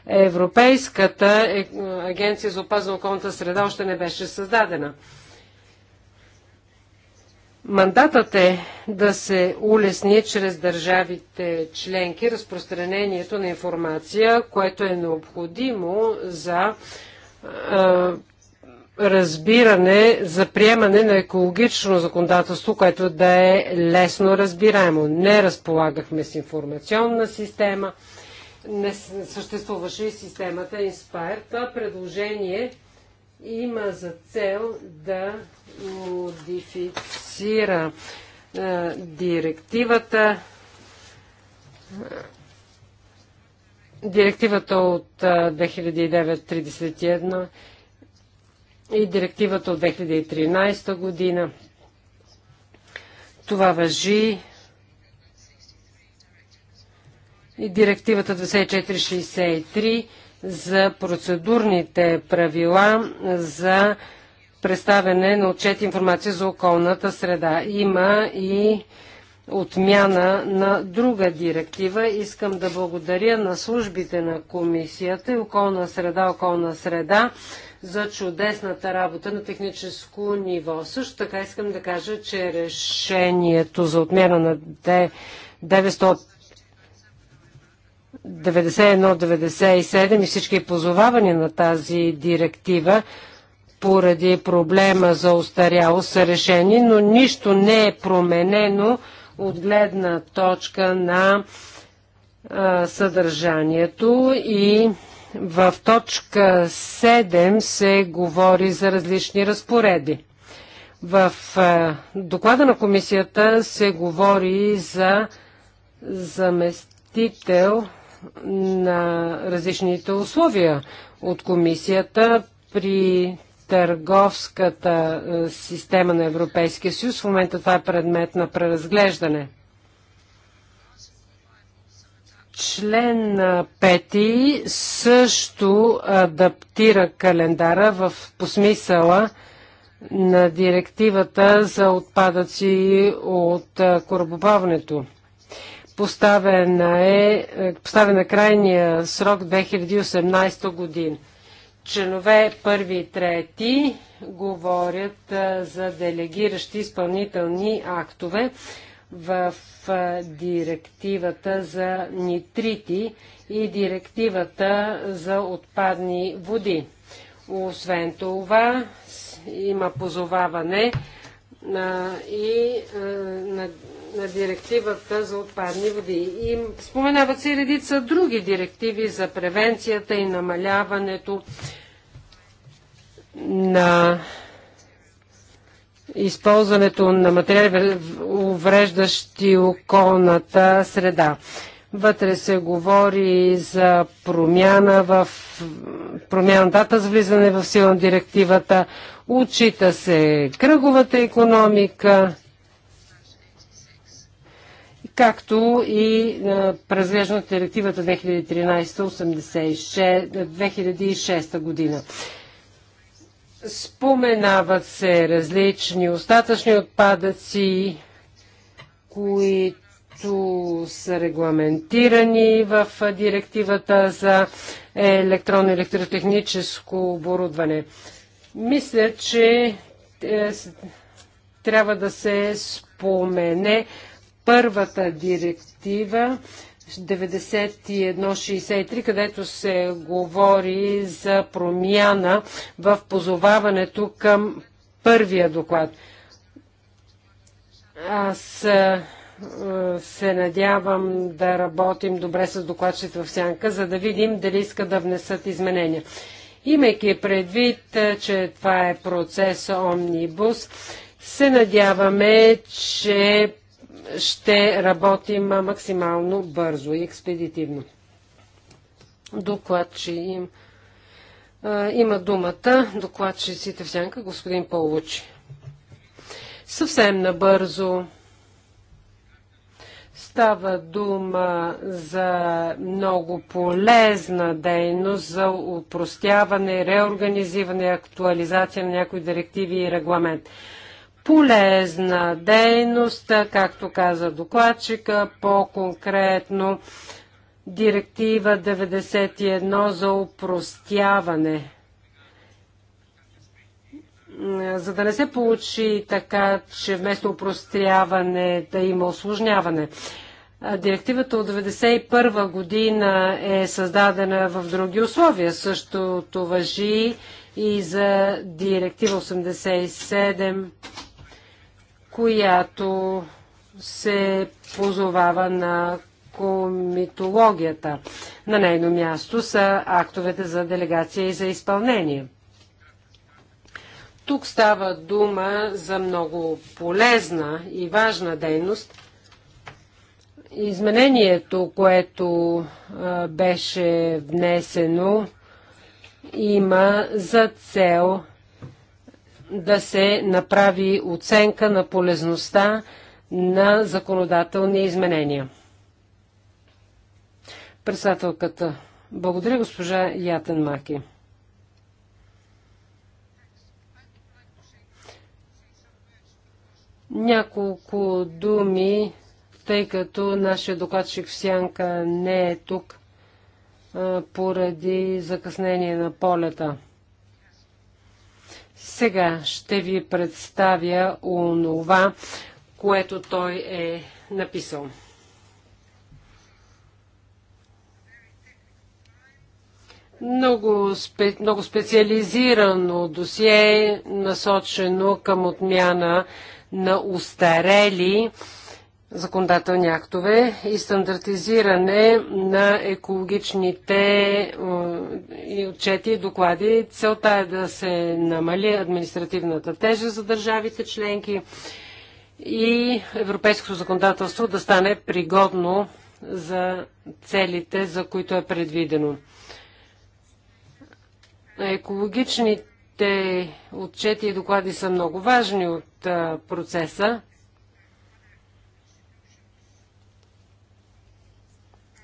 Европейската е, агенция за опазна околната среда още не беше създадена. Мандатът е да се улесни чрез държавите членки разпространението на информация, което е необходимо за разбиране за приемане на екологично законодателство, което да е лесно разбираемо. Не разполагахме с информационна система, не съществуваше и системата Inspire. Това предложение има за цел да модифицира е, директивата директивата от 2009-31 е, и директивата от 2013 година. Това въжи и директивата 2463 за процедурните правила за представяне на отчет информация за околната среда. Има и отмяна на друга директива. Искам да благодаря на службите на комисията и околна среда, околна среда за чудесната работа на техническо ниво. Също така искам да кажа, че решението за отмяна на 900 91-97 и всички позовавания на тази директива поради проблема за устаряло са решени, но нищо не е променено от гледна точка на съдържанието и в точка 7 се говори за различни разпореди. В доклада на комисията се говори за заместител на различните условия от комисията при търговската система на Европейския съюз. В момента това е предмет на преразглеждане. Член 5 също адаптира календара в, по смисъла на директивата за отпадъци от корабоплаването. Поставена е, поставена крайния срок 2018 година. Членове 1 и 3 говорят за делегиращи изпълнителни актове в директивата за нитрити и директивата за отпадни води. Освен това, има позоваване на, и на, на директивата за отпадни води. И споменават се и редица други директиви за превенцията и намаляването на използването на материали, увреждащи околната среда. Вътре се говори за промяна в промяната с влизане в сила на директивата. Учита се кръговата економика, както и на директивата 2013-2006 година. Споменават се различни остатъчни отпадъци, които са регламентирани в директивата за електронно електротехническо оборудване. Мисля, че е, трябва да се спомене първата директива 91-63, където се говори за промяна в позоваването към първия доклад. Аз е, се надявам да работим добре с докладчите в сянка, за да видим дали искат да внесат изменения. Имайки предвид, е, че това е процес Омнибус, се надяваме, че ще работим максимално бързо и експедитивно. Докладчи има думата докладчиците в сянка господин Получи. Съвсем набързо става дума за много полезна дейност за упростяване, реорганизиране, актуализация на някои директиви и регламент полезна дейност, както каза докладчика, по-конкретно Директива 91 за упростяване. За да не се получи така, че вместо упростяване да има осложняване. Директивата от 1991 година е създадена в други условия. Същото въжи и за директива 87 която се позовава на комитологията. На нейно място са актовете за делегация и за изпълнение. Тук става дума за много полезна и важна дейност. Изменението, което беше внесено, има за цел да се направи оценка на полезността на законодателни изменения. Председателката. Благодаря, госпожа Ятен Маки. Няколко думи, тъй като нашия докладчик в Сянка не е тук поради закъснение на полета. Сега ще ви представя онова, което той е написал. Много, спе, много специализирано досие, насочено към отмяна на устарели законодателни актове и стандартизиране на екологичните и отчети и доклади. Целта е да се намали административната тежа за държавите членки и европейското законодателство да стане пригодно за целите, за които е предвидено. Екологичните отчети и доклади са много важни от процеса.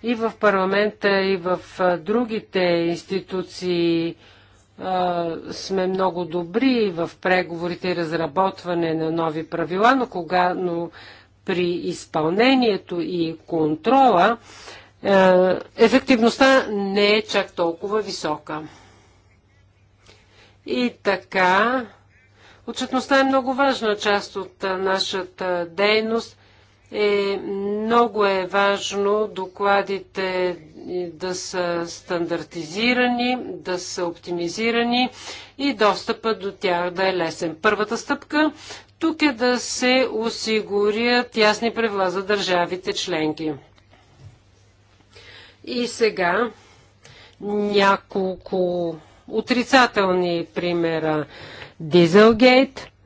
и в парламента, и в другите институции сме много добри в преговорите и разработване на нови правила, но, кога, но при изпълнението и контрола ефективността не е чак толкова висока. И така, отчетността е много важна част от нашата дейност е много е важно докладите да са стандартизирани, да са оптимизирани и достъпа до тях да е лесен. Първата стъпка тук е да се осигурят ясни правила за държавите членки. И сега няколко отрицателни примера. Дизелгейт –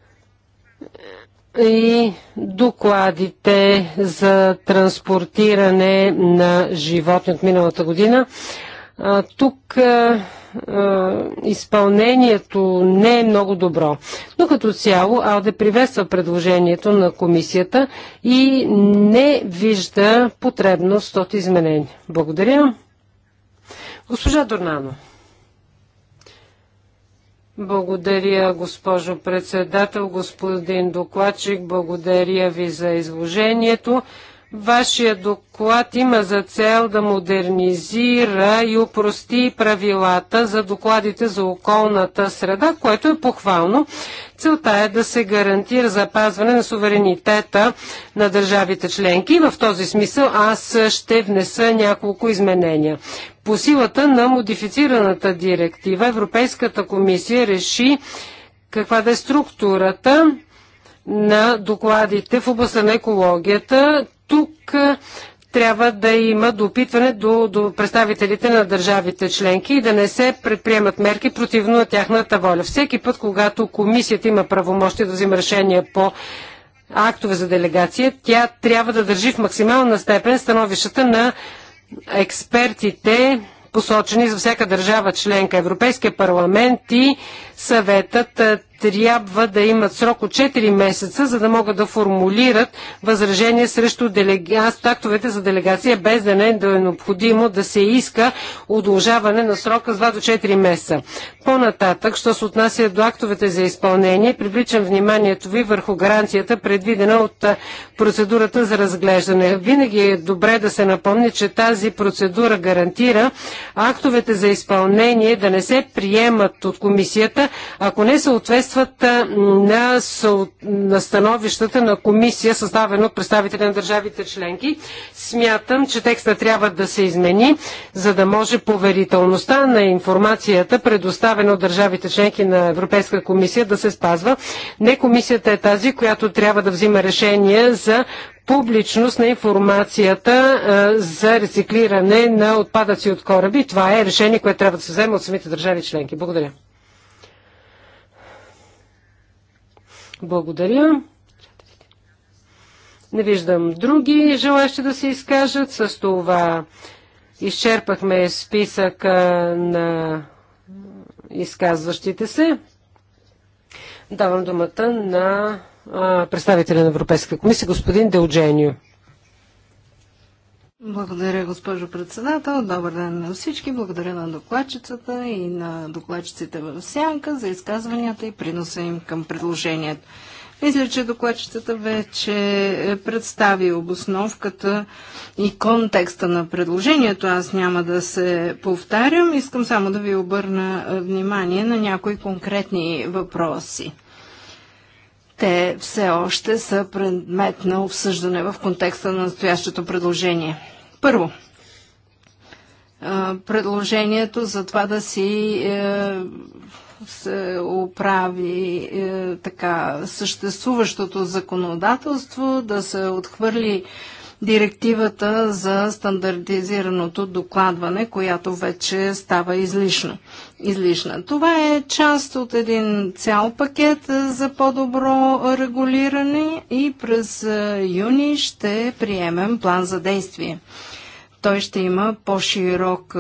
и докладите за транспортиране на животни от миналата година. Тук изпълнението не е много добро. Но като цяло АЛДЕ приветства предложението на комисията и не вижда потребност от изменения. Благодаря. Госпожа Дорнано. Благодаря, госпожо председател, господин докладчик. Благодаря ви за изложението. Вашия доклад има за цел да модернизира и упрости правилата за докладите за околната среда, което е похвално. Целта е да се гарантира запазване на суверенитета на държавите членки и в този смисъл аз ще внеса няколко изменения. По силата на модифицираната директива Европейската комисия реши каква да е структурата на докладите в областта на екологията тук трябва да има допитване до, до представителите на държавите членки и да не се предприемат мерки противно на тяхната воля. Всеки път, когато комисията има правомощи да взима решение по актове за делегация, тя трябва да държи в максимална степен становищата на експертите, посочени за всяка държава членка. Европейския парламент и съветът трябва да имат срок от 4 месеца, за да могат да формулират възражение срещу делега... актовете за делегация, без да не е, е необходимо да се иска удължаване на срока с 2 до 4 месеца. По-нататък, що се отнася до актовете за изпълнение, привличам вниманието ви върху гаранцията, предвидена от процедурата за разглеждане. Винаги е добре да се напомни, че тази процедура гарантира актовете за изпълнение да не се приемат от комисията, ако не съответстват съответстват на, на становищата на комисия, съставена от представители на държавите членки. Смятам, че текста трябва да се измени, за да може поверителността на информацията, предоставена от държавите членки на Европейска комисия, да се спазва. Не комисията е тази, която трябва да взима решение за публичност на информацията за рециклиране на отпадъци от кораби. Това е решение, което трябва да се вземе от самите държави членки. Благодаря. Благодаря. Не виждам други желащи да се изкажат. С това изчерпахме списъка на изказващите се. Давам думата на представителя на Европейска комисия, господин Делдженио. Благодаря, госпожо председател. Добър ден на всички. Благодаря на докладчицата и на докладчиците в Сянка за изказванията и приноса им към предложението. Мисля, че докладчицата вече е представи обосновката и контекста на предложението. Аз няма да се повтарям. Искам само да ви обърна внимание на някои конкретни въпроси. Те все още са предмет на обсъждане в контекста на настоящото предложение. Първо, предложението за това да си е, се оправи е, така съществуващото законодателство, да се отхвърли директивата за стандартизираното докладване, която вече става излишно, излишна. Това е част от един цял пакет за по-добро регулиране и през е, юни ще приемем план за действие. Той ще има по-широк е,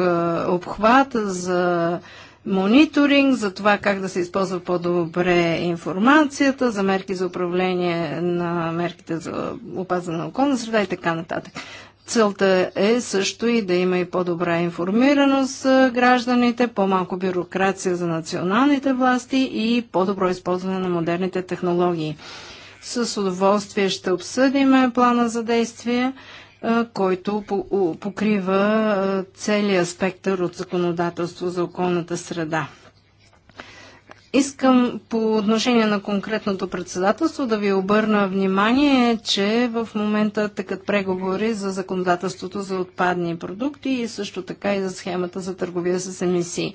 обхват за мониторинг, за това как да се използва по-добре информацията, за мерки за управление на мерките за опазване на околна среда и така нататък. Целта е също и да има и по-добра информираност за гражданите, по-малко бюрокрация за националните власти и по-добро използване на модерните технологии. С удоволствие ще обсъдим плана за действие който покрива целия спектър от законодателство за околната среда. Искам по отношение на конкретното председателство да ви обърна внимание, че в момента тъкат преговори за законодателството за отпадни продукти и също така и за схемата за търговия с емисии.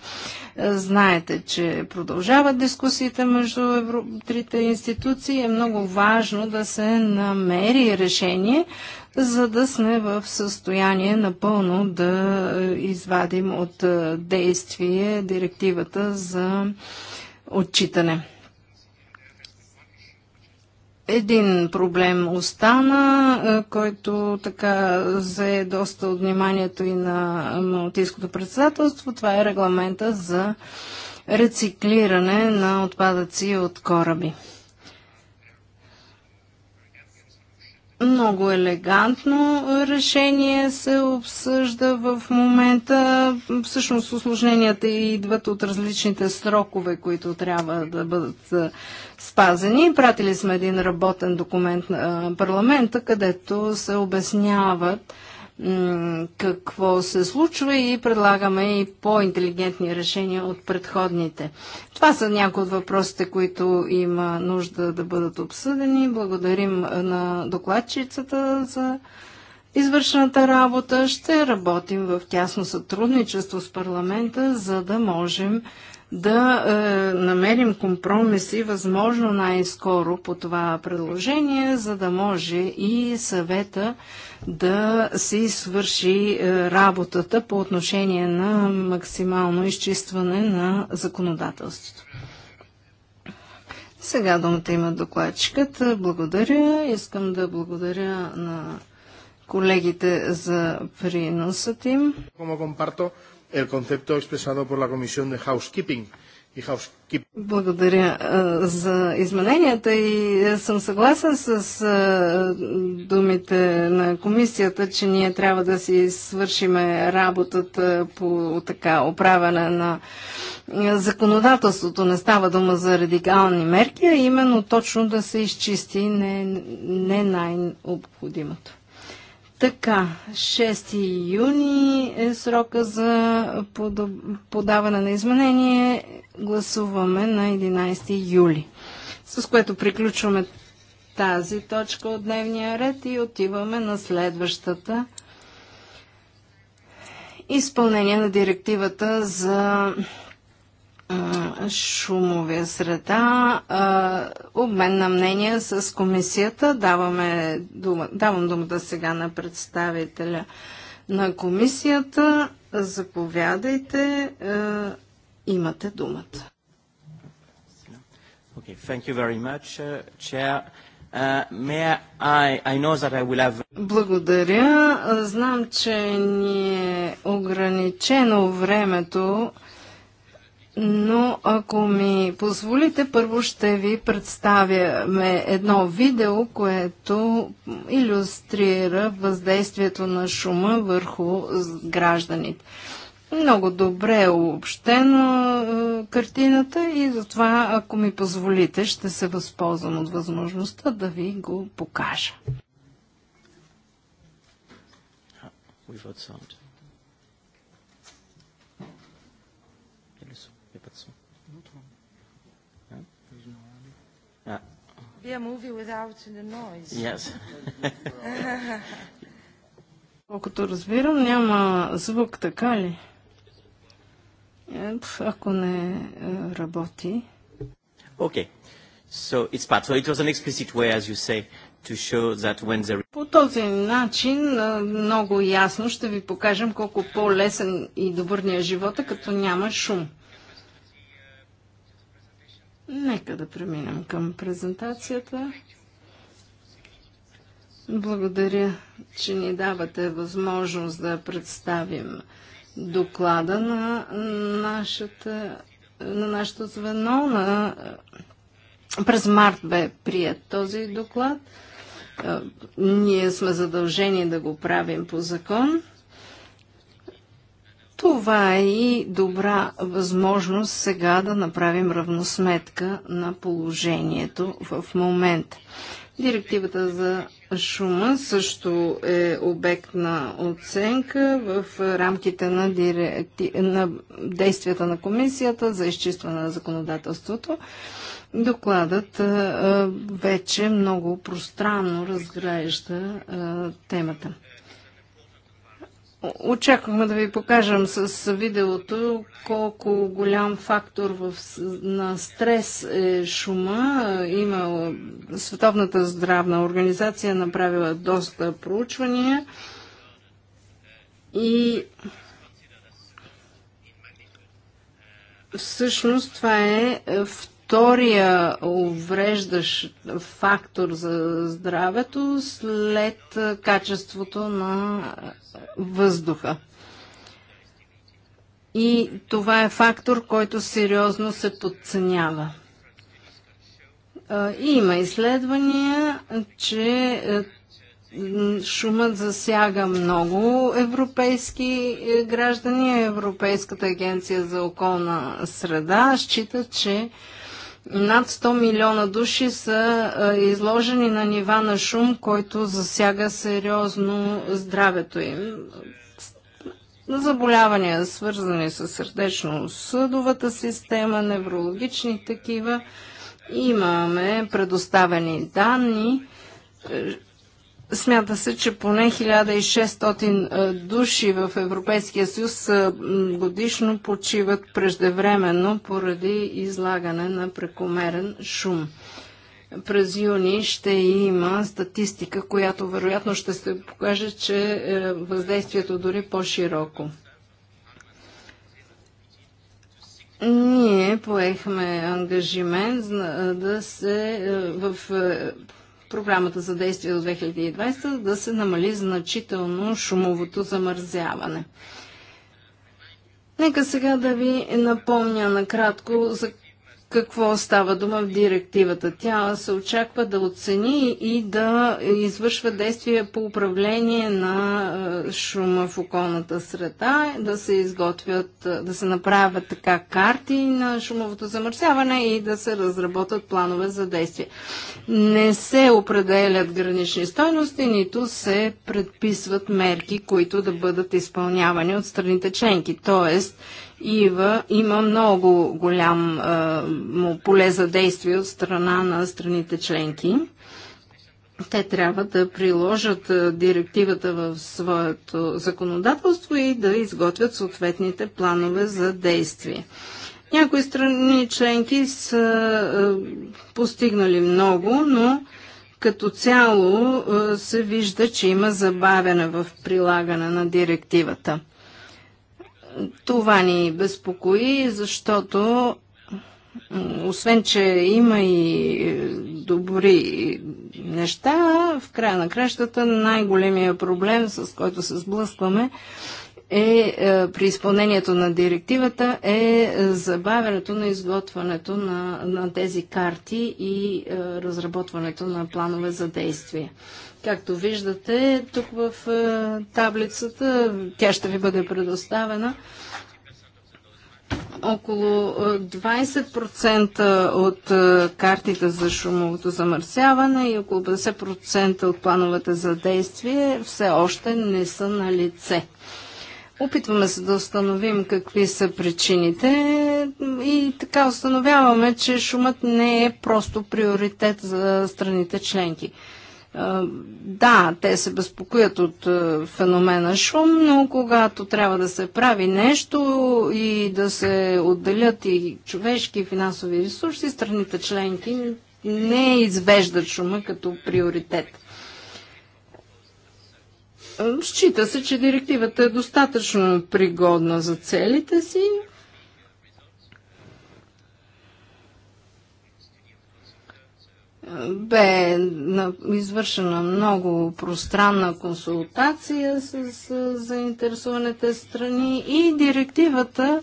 Знаете, че продължават дискусиите между трите институции. Е много важно да се намери решение, за да сме в състояние напълно да е, извадим от е, действие директивата за отчитане. Един проблем остана, е, който така зае доста от вниманието и на Малтийското председателство. Това е регламента за рециклиране на отпадъци от кораби. Много елегантно решение се обсъжда в момента. Всъщност осложненията идват от различните срокове, които трябва да бъдат спазени. Пратили сме един работен документ на парламента, където се обясняват какво се случва и предлагаме и по-интелигентни решения от предходните. Това са някои от въпросите, които има нужда да бъдат обсъдени. Благодарим на докладчицата за извършната работа. Ще работим в тясно сътрудничество с парламента, за да можем да е, намерим компромиси възможно най-скоро по това предложение, за да може и съвета да си свърши е, работата по отношение на максимално изчистване на законодателството. Сега думата има докладчикът. Благодаря. Искам да благодаря на колегите за приносът им. Благодаря за измененията и съм съгласен с думите на комисията, че ние трябва да си свършиме работата по така оправяне на законодателството. Не става дума за радикални мерки, а именно точно да се изчисти не, не най обходимото така, 6 юни е срока за подаване на изменение. Гласуваме на 11 юли. С което приключваме тази точка от дневния ред и отиваме на следващата. Изпълнение на директивата за шумовия среда, обмен на мнения с комисията. Даваме дума, давам думата сега на представителя на комисията. Заповядайте, имате думата. Okay, thank you very much, uh, Chair. Uh, I, I know that I will have... Благодаря. Знам, че ни е ограничено времето но ако ми позволите, първо ще ви представяме едно видео, което иллюстрира въздействието на шума върху гражданите. Много добре е обобщена е, картината и затова, ако ми позволите, ще се възползвам от възможността да ви го покажа. We've sound. be a movie without the noise. Yes. Колкото разбирам, няма звук, така ли? Е, ако не е, работи. Okay. So it's part. So it was an explicit way, as you say, to show that when there... По този начин е, много ясно ще ви покажем колко по-лесен и добър ни е живота, като няма шум. Нека да преминем към презентацията. Благодаря, че ни давате възможност да представим доклада на, нашата, на нашето звено. На, през март бе прият този доклад. Ние сме задължени да го правим по закон. Това е и добра възможност сега да направим равносметка на положението в момента. Директивата за шума също е обект на оценка в рамките на, директи... на действията на комисията за изчистване на законодателството. Докладът вече много пространно разгрежда темата. Очаквахме да ви покажем с видеото колко голям фактор в, на стрес е шума. Има Световната здравна организация направила доста проучвания и всъщност това е в втория увреждащ фактор за здравето след качеството на въздуха. И това е фактор, който сериозно се подценява. И има изследвания, че шумът засяга много европейски е, граждани. Европейската агенция за околна среда счита, че над 100 милиона души са а, изложени на нива на шум, който засяга сериозно здравето им. Заболявания, свързани с сърдечно-съдовата система, неврологични такива. Имаме предоставени данни Смята се, че поне 1600 е, души в Европейския съюз е, годишно почиват преждевременно поради излагане на прекомерен шум. През юни ще има статистика, която вероятно ще се покаже, че е, въздействието дори по-широко. Ние поехме ангажимент да се в програмата за действие до 2020 да се намали значително шумовото замързяване. Нека сега да ви напомня накратко за какво става дума в директивата. Тя се очаква да оцени и да извършва действия по управление на е, шума в околната среда, да се изготвят, е, да се направят така карти на шумовото замърсяване и да се разработят планове за действие. Не се определят гранични стойности, нито се предписват мерки, които да бъдат изпълнявани от страните членки. Тоест, Ива има много а, поле за действие от страна на страните членки. Те трябва да приложат директивата в своето законодателство и да изготвят съответните планове за действие. Някои страни членки са постигнали много, но като цяло се вижда, че има забавяне в прилагане на директивата. Това ни безпокои, защото освен, че има и е, добри неща, в края на кращата най-големия проблем, с който се сблъскваме, е, е, при изпълнението на директивата е забавянето на изготвянето на, на тези карти и е, разработването на планове за действие. Както виждате, тук в е, таблицата, тя ще ви бъде предоставена, около 20% е, от е, картите за шумовото замърсяване и около 50% от плановете за действие все още не са на лице. Опитваме се да установим какви са причините и така установяваме, че шумът не е просто приоритет за страните членки. Да, те се безпокоят от феномена шум, но когато трябва да се прави нещо и да се отделят и човешки и финансови ресурси, страните членки не извеждат шума като приоритет. Счита се, че директивата е достатъчно пригодна за целите си. Бе извършена много пространна консултация с заинтересованите страни и директивата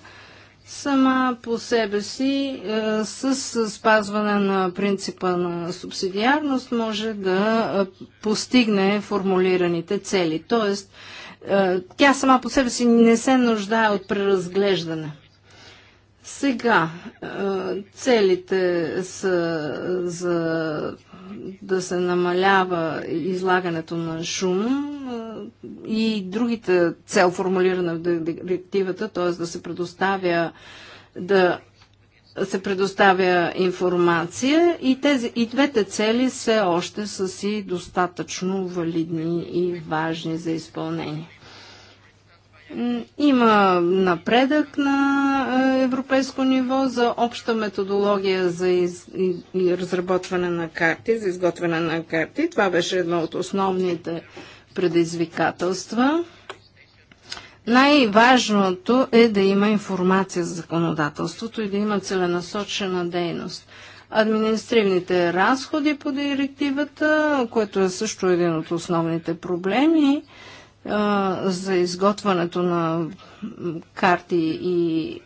сама по себе си е, с спазване на принципа на субсидиарност може да е, постигне формулираните цели. Тоест, е, тя сама по себе си не се нуждае от преразглеждане. Сега целите са за да се намалява излагането на шум и другите цел формулирана в директивата, т.е. да се предоставя да се предоставя информация и, тези, и двете цели все още са си достатъчно валидни и важни за изпълнение. Има напредък на европейско ниво за обща методология за из... разработване на карти, за изготвяне на карти. Това беше едно от основните предизвикателства. Най-важното е да има информация за законодателството и да има целенасочена дейност. Административните разходи по директивата, което е също един от основните проблеми, за изготвянето на карти и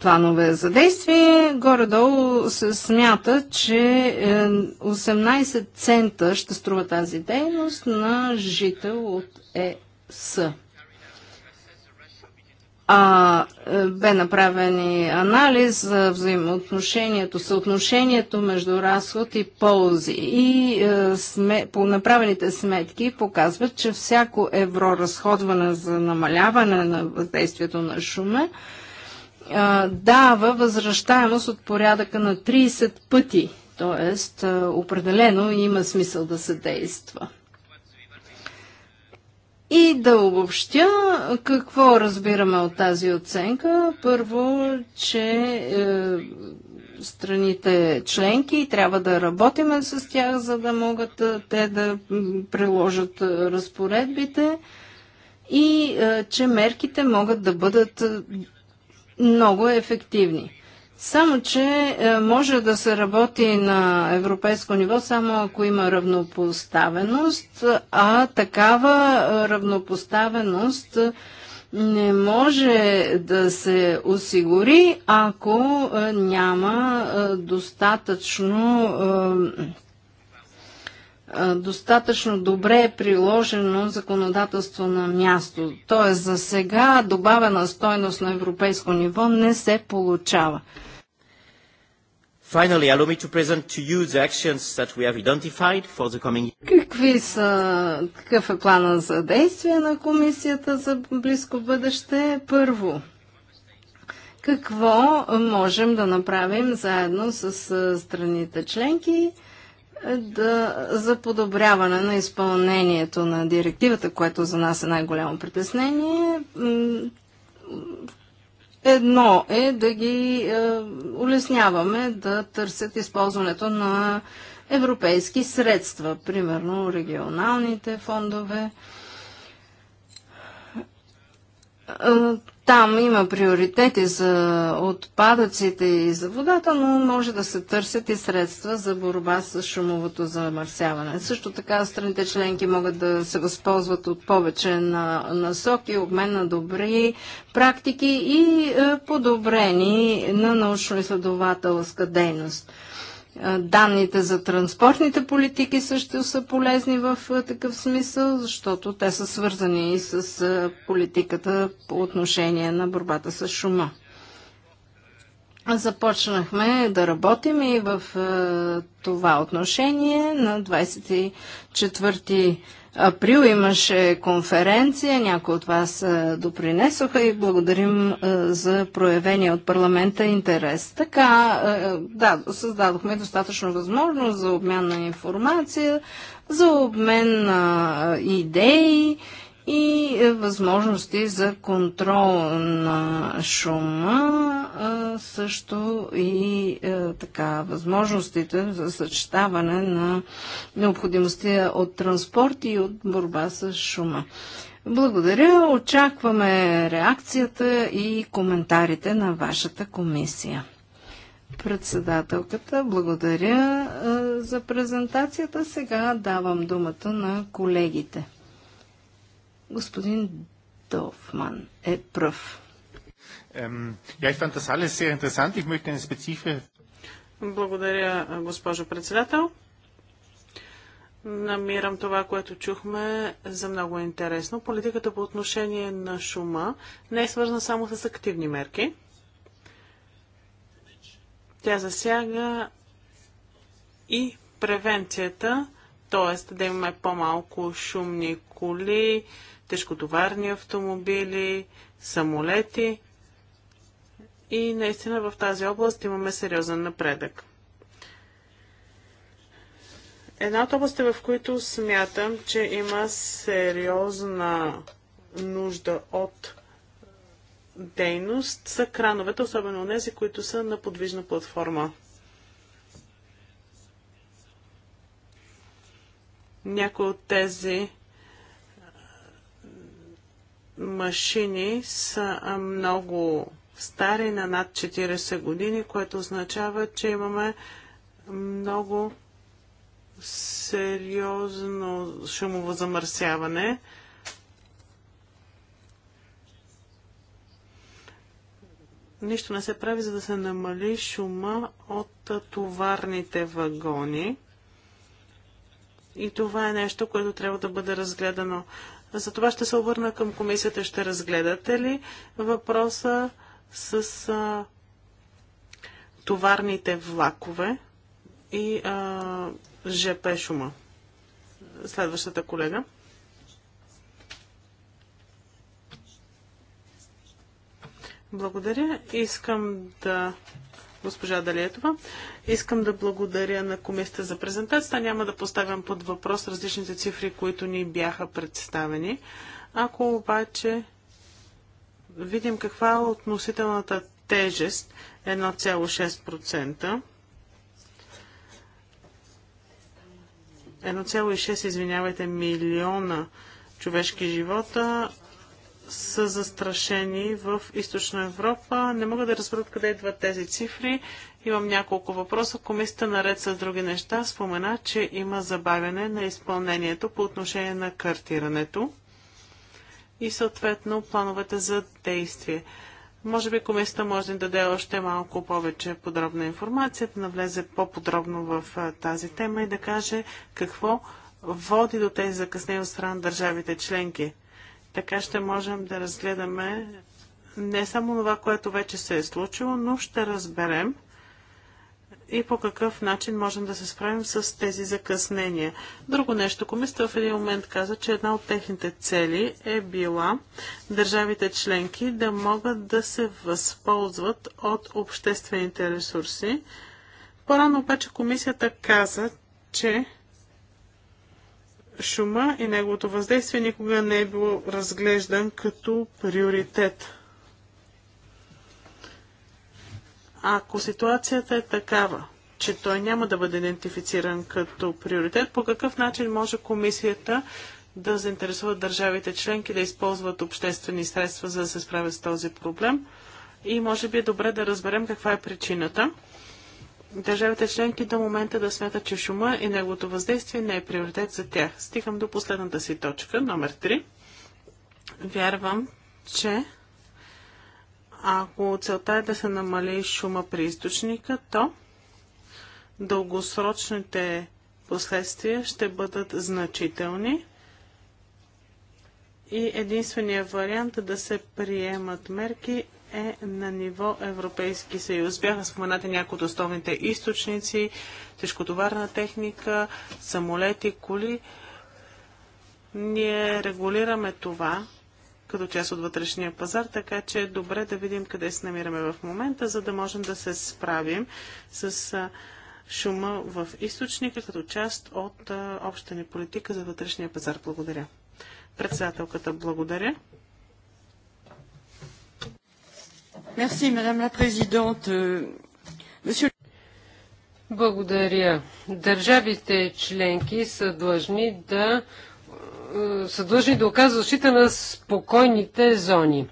планове за действие, горе-долу се смята, че 18 е, цента ще струва тази дейност на жител от ЕС а, е, бе направен и анализ за взаимоотношението, съотношението между разход и ползи. И е, сме, по направените сметки показват, че всяко евро разходване за намаляване на въздействието на шума е, дава възвръщаемост от порядъка на 30 пъти. Тоест, определено има смисъл да се действа. И да обобщя какво разбираме от тази оценка. Първо, че е, страните членки трябва да работиме с тях, за да могат е, те да приложат е, разпоредбите и е, че мерките могат да бъдат е, много ефективни. Само, че е, може да се работи на европейско ниво само ако има равнопоставеност, а такава е, равнопоставеност не може да се осигури, ако е, няма достатъчно достатъчно добре приложено законодателство на място. Тоест за сега добавена стойност на европейско ниво не се получава. Finally, allow me to present to you the actions that we have identified for the coming year. Какви са, какъв е плана за действие на комисията за близко бъдеще? Първо, какво можем да направим заедно с страните членки да, за подобряване на изпълнението на директивата, което за нас е най-голямо притеснение, Едно е да ги е, улесняваме да търсят използването на европейски средства, примерно регионалните фондове. Е, там има приоритети за отпадъците и за водата, но може да се търсят и средства за борба с шумовото замърсяване. Също така страните членки могат да се възползват от повече на насоки, обмен на добри практики и е, подобрени на научно-изследователска дейност. Е, данните за транспортните политики също са полезни в е, такъв смисъл, защото те са свързани и с е, политиката по отношение на борбата с шума. Започнахме да работим и в това отношение на 24 април имаше конференция, някои от вас допринесоха и благодарим за проявения от парламента интерес. Така, да, създадохме достатъчно възможност за обмен на информация, за обмен на идеи и е, възможности за контрол на шума, също и е, така възможностите за съчетаване на необходимостта от транспорт и от борба с шума. Благодаря, очакваме реакцията и коментарите на вашата комисия председателката. Благодаря е, за презентацията. Сега давам думата на колегите. Господин Долфман е пръв. Благодаря, госпожо председател. Намирам това, което чухме за много интересно. Политиката по отношение на шума не е свързана само с активни мерки. Тя засяга и превенцията, т.е. да имаме по-малко шумни коли, тежкотоварни автомобили, самолети. И наистина в тази област имаме сериозен напредък. Една от областите, в които смятам, че има сериозна нужда от дейност, са крановете, особено тези, които са на подвижна платформа. Някои от тези машини са много стари, на над 40 години, което означава, че имаме много сериозно шумово замърсяване. Нищо не се прави, за да се намали шума от товарните вагони. И това е нещо, което трябва да бъде разгледано. Затова ще се обърна към комисията. Ще разгледате ли въпроса с а, товарните влакове и а, ЖП шума? Следващата колега. Благодаря. Искам да госпожа Далиетова. Искам да благодаря на комисията за презентацията. Няма да поставям под въпрос различните цифри, които ни бяха представени. Ако обаче видим каква е относителната тежест 1,6%, 1,6 извинявайте, милиона човешки живота са застрашени в Източна Европа. Не мога да разбера откъде идват тези цифри. Имам няколко въпроса. Комисията наред с други неща спомена, че има забавяне на изпълнението по отношение на картирането и съответно плановете за действие. Може би комисията може да даде още малко повече подробна информация, да навлезе по-подробно в тази тема и да каже какво води до тези закъснения от страна на държавите членки. Така ще можем да разгледаме не само това, което вече се е случило, но ще разберем и по какъв начин можем да се справим с тези закъснения. Друго нещо, комисията в един момент каза, че една от техните цели е била държавите членки да могат да се възползват от обществените ресурси. По-рано обаче комисията каза, че шума и неговото въздействие никога не е било разглеждан като приоритет. Ако ситуацията е такава, че той няма да бъде идентифициран като приоритет, по какъв начин може комисията да заинтересуват държавите членки да използват обществени средства, за да се справят с този проблем? И може би е добре да разберем каква е причината държавите членки до момента да смятат, че шума и неговото въздействие не е приоритет за тях. Стигам до последната си точка, номер 3. Вярвам, че ако целта е да се намали шума при източника, то дългосрочните последствия ще бъдат значителни и единственият вариант е да се приемат мерки е на ниво Европейски съюз. Бяха споменати някои от основните източници, тежкотоварна техника, самолети, коли. Ние регулираме това като част от вътрешния пазар, така че е добре да видим къде се намираме в момента, за да можем да се справим с шума в източника като част от общата ни политика за вътрешния пазар. Благодаря. Председателката, благодаря. madame la euh, Благодаря. Държавите членки са длъжни да е, са длъжни да оказват защита на спокойните зони.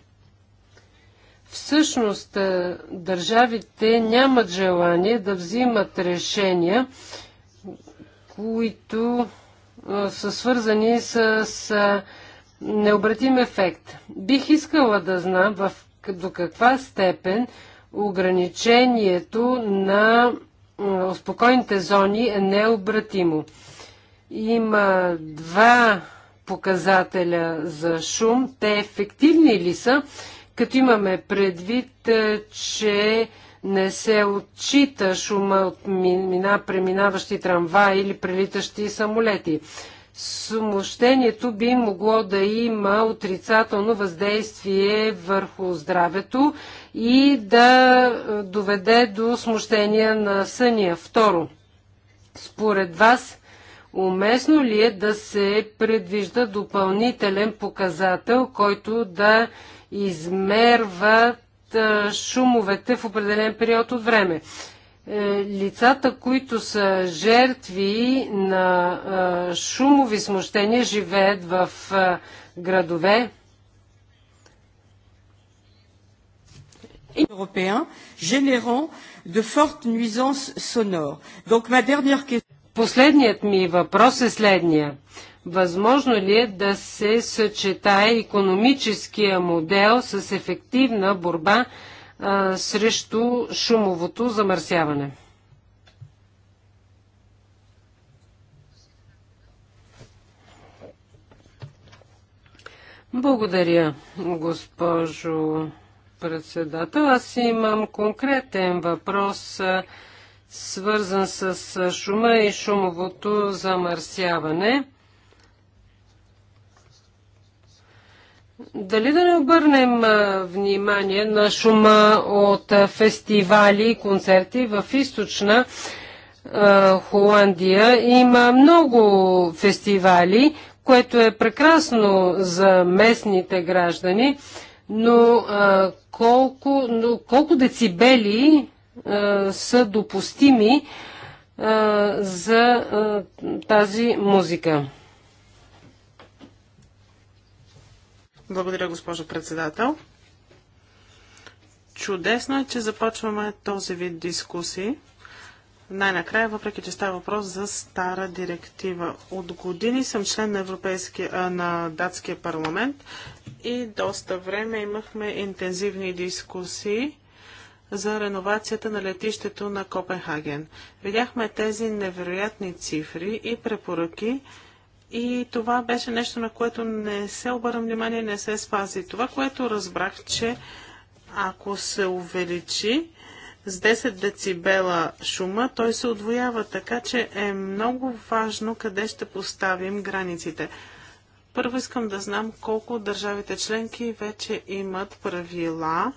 Всъщност, е, държавите нямат желание да взимат решения, които е, са свързани с необратим ефект. Бих искала да знам в до каква степен ограничението на успокойните зони е необратимо. Има два показателя за шум. Те ефективни ли са, като имаме предвид, че не се отчита шума от мина, преминаващи трамваи или прелитащи самолети смущението би могло да има отрицателно въздействие върху здравето и да е, доведе до смущения на съня. Второ, според вас, уместно ли е да се предвижда допълнителен показател, който да измерва е, шумовете в определен период от време? Е, лицата, които са жертви на е, шумови смущения, живеят в е, градове. Européen, générant de fortes nuisances sonores. Donc ma dernière question. Последният ми въпрос е следния. Възможно ли е да се съчетае економическия модел с ефективна борба а, срещу шумовото замърсяване. Благодаря, госпожо председател. Аз имам конкретен въпрос, свързан с шума и шумовото замърсяване. Дали да не обърнем внимание на шума от фестивали и концерти в източна Холандия има много фестивали, което е прекрасно за местните граждани, но колко, но колко децибели са допустими за тази музика? Благодаря, госпожо председател. Чудесно е, че започваме този вид дискусии. Най-накрая, въпреки че става въпрос за стара директива. От години съм член на, на датския парламент и доста време имахме интензивни дискусии за реновацията на летището на Копенхаген. Видяхме тези невероятни цифри и препоръки, и това беше нещо, на което не се обърна внимание, не се спази. Това, което разбрах, че ако се увеличи с 10 децибела шума, той се отвоява, така че е много важно къде ще поставим границите. Първо искам да знам колко държавите членки вече имат правила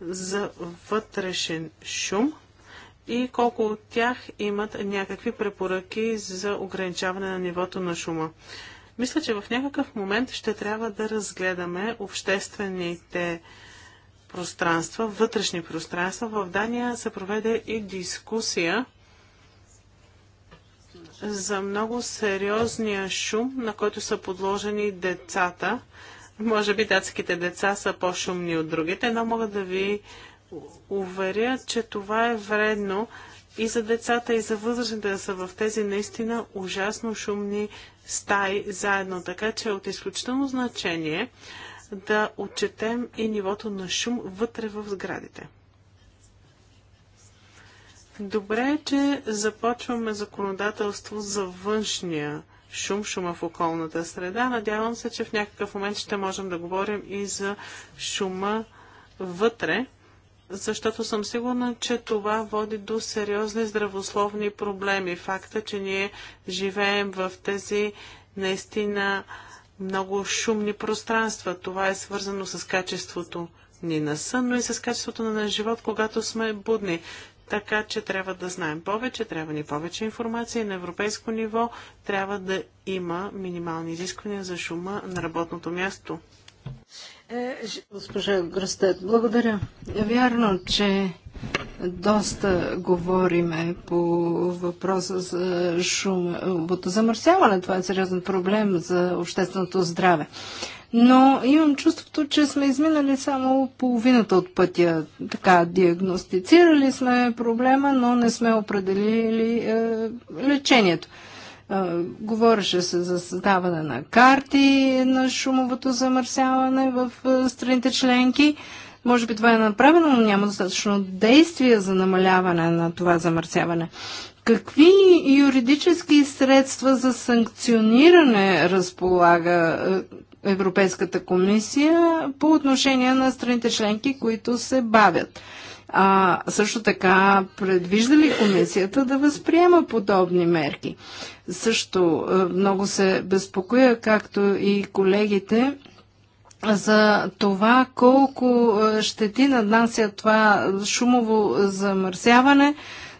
за вътрешен шум, и колко от тях имат някакви препоръки за ограничаване на нивото на шума. Мисля, че в някакъв момент ще трябва да разгледаме обществените пространства, вътрешни пространства. В Дания се проведе и дискусия за много сериозния шум, на който са подложени децата. Може би датските деца са по-шумни от другите, но мога да ви уверя, че това е вредно и за децата, и за възрастните да са в тези наистина ужасно шумни стаи заедно. Така че е от изключително значение да отчетем и нивото на шум вътре в сградите. Добре е, че започваме законодателство за външния шум, шума в околната среда. Надявам се, че в някакъв момент ще можем да говорим и за шума вътре защото съм сигурна, че това води до сериозни здравословни проблеми. Факта, че ние живеем в тези наистина много шумни пространства. Това е свързано с качеството ни на сън, но и с качеството на живот, когато сме будни. Така че трябва да знаем повече, трябва ни повече информация и на европейско ниво трябва да има минимални изисквания за шума на работното място. Госпожа Гръстет, благодаря. Вярно, че доста говориме по въпроса за шумовото замърсяване. Това е сериозен проблем за общественото здраве. Но имам чувството, че сме изминали само половината от пътя. Така, диагностицирали сме проблема, но не сме определили е, лечението. Говореше се за създаване на карти на шумовото замърсяване в страните членки. Може би това е направено, но няма достатъчно действия за намаляване на това замърсяване. Какви юридически средства за санкциониране разполага Европейската комисия по отношение на страните членки, които се бавят? А също така предвижда ли комисията да възприема подобни мерки? Също е, много се безпокоя, както и колегите, за това колко е, щети наднася това шумово замърсяване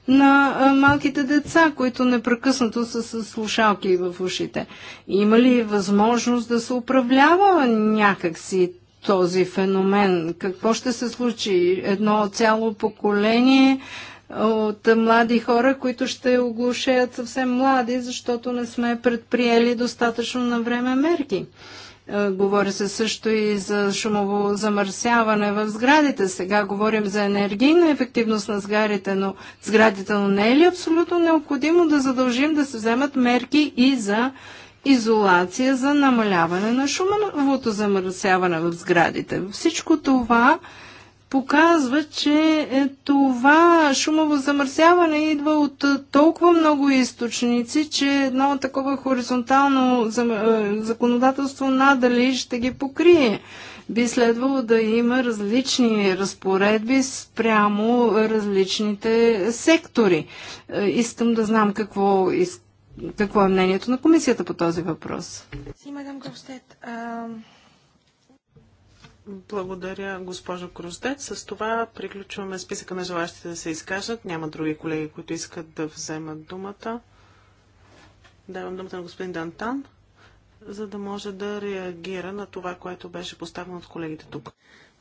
на е, малките деца, които непрекъснато са с слушалки в ушите. Има ли възможност да се управлява някакси този феномен? Какво ще се случи? Едно цяло поколение от млади хора, които ще оглушеят съвсем млади, защото не сме предприели достатъчно на време мерки. Е, говори се също и за шумово замърсяване в сградите. Сега говорим за енергийна ефективност на сградите, но сградите, но не е ли абсолютно необходимо да задължим да се вземат мерки и за изолация за намаляване на шумовото замърсяване в сградите. Всичко това показва, че е, това шумово замърсяване идва от е, толкова много източници, че едно такова хоризонтално е, законодателство надали ще ги покрие. Би следвало да има различни разпоредби спрямо различните сектори. Искам да знам какво иска какво е мнението на комисията по този въпрос. благодаря, госпожо Кроздет. С това приключваме списъка на желащите да се изкажат. Няма други колеги, които искат да вземат думата. Давам думата на господин Дантан, за да може да реагира на това, което беше поставено от колегите тук.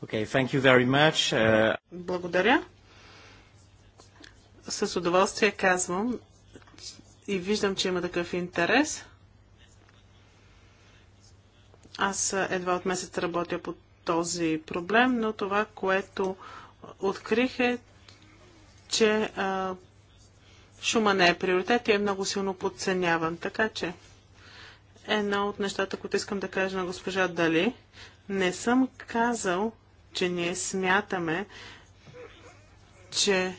Okay, thank you very much. Uh... Благодаря. С удоволствие казвам, и виждам, че има такъв интерес. Аз едва от месец работя по този проблем, но това, което открих е, че а, шума не е приоритет и е много силно подценяван. Така че едно от нещата, които искам да кажа на госпожа Дали, не съм казал, че ние смятаме, че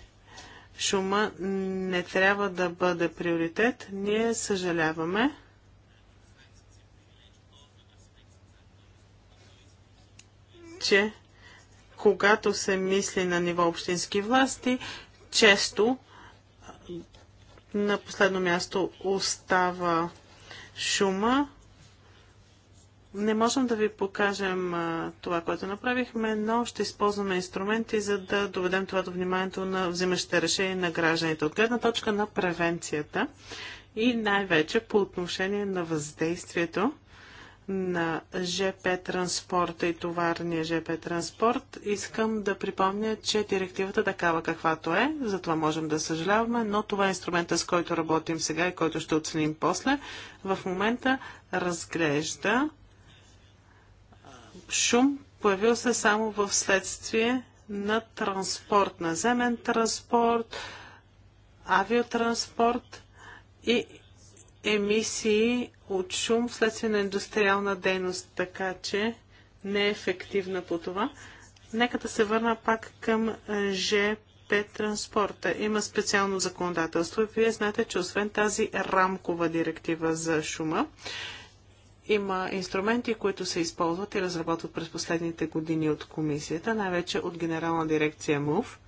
шума не трябва да бъде приоритет. Ние съжаляваме. че когато се мисли на ниво общински власти, често на последно място остава шума, не можем да ви покажем а, това, което направихме, но ще използваме инструменти, за да доведем това до вниманието на взимащите решения на гражданите от гледна точка на превенцията и най-вече по отношение на въздействието на ЖП транспорта и товарния ЖП транспорт. Искам да припомня, че директивата такава каквато е, за това можем да съжаляваме, но това е инструмента, с който работим сега и който ще оценим после. В момента разглежда шум появил се само в следствие на транспорт, наземен транспорт, авиотранспорт и емисии от шум вследствие на индустриална дейност, така че не е ефективна по това. Нека да се върна пак към ЖП транспорта. Има специално законодателство и вие знаете, че освен тази рамкова директива за шума, има инструменти, които се използват и разработват през последните години от комисията, най-вече от генерална дирекция МУВ.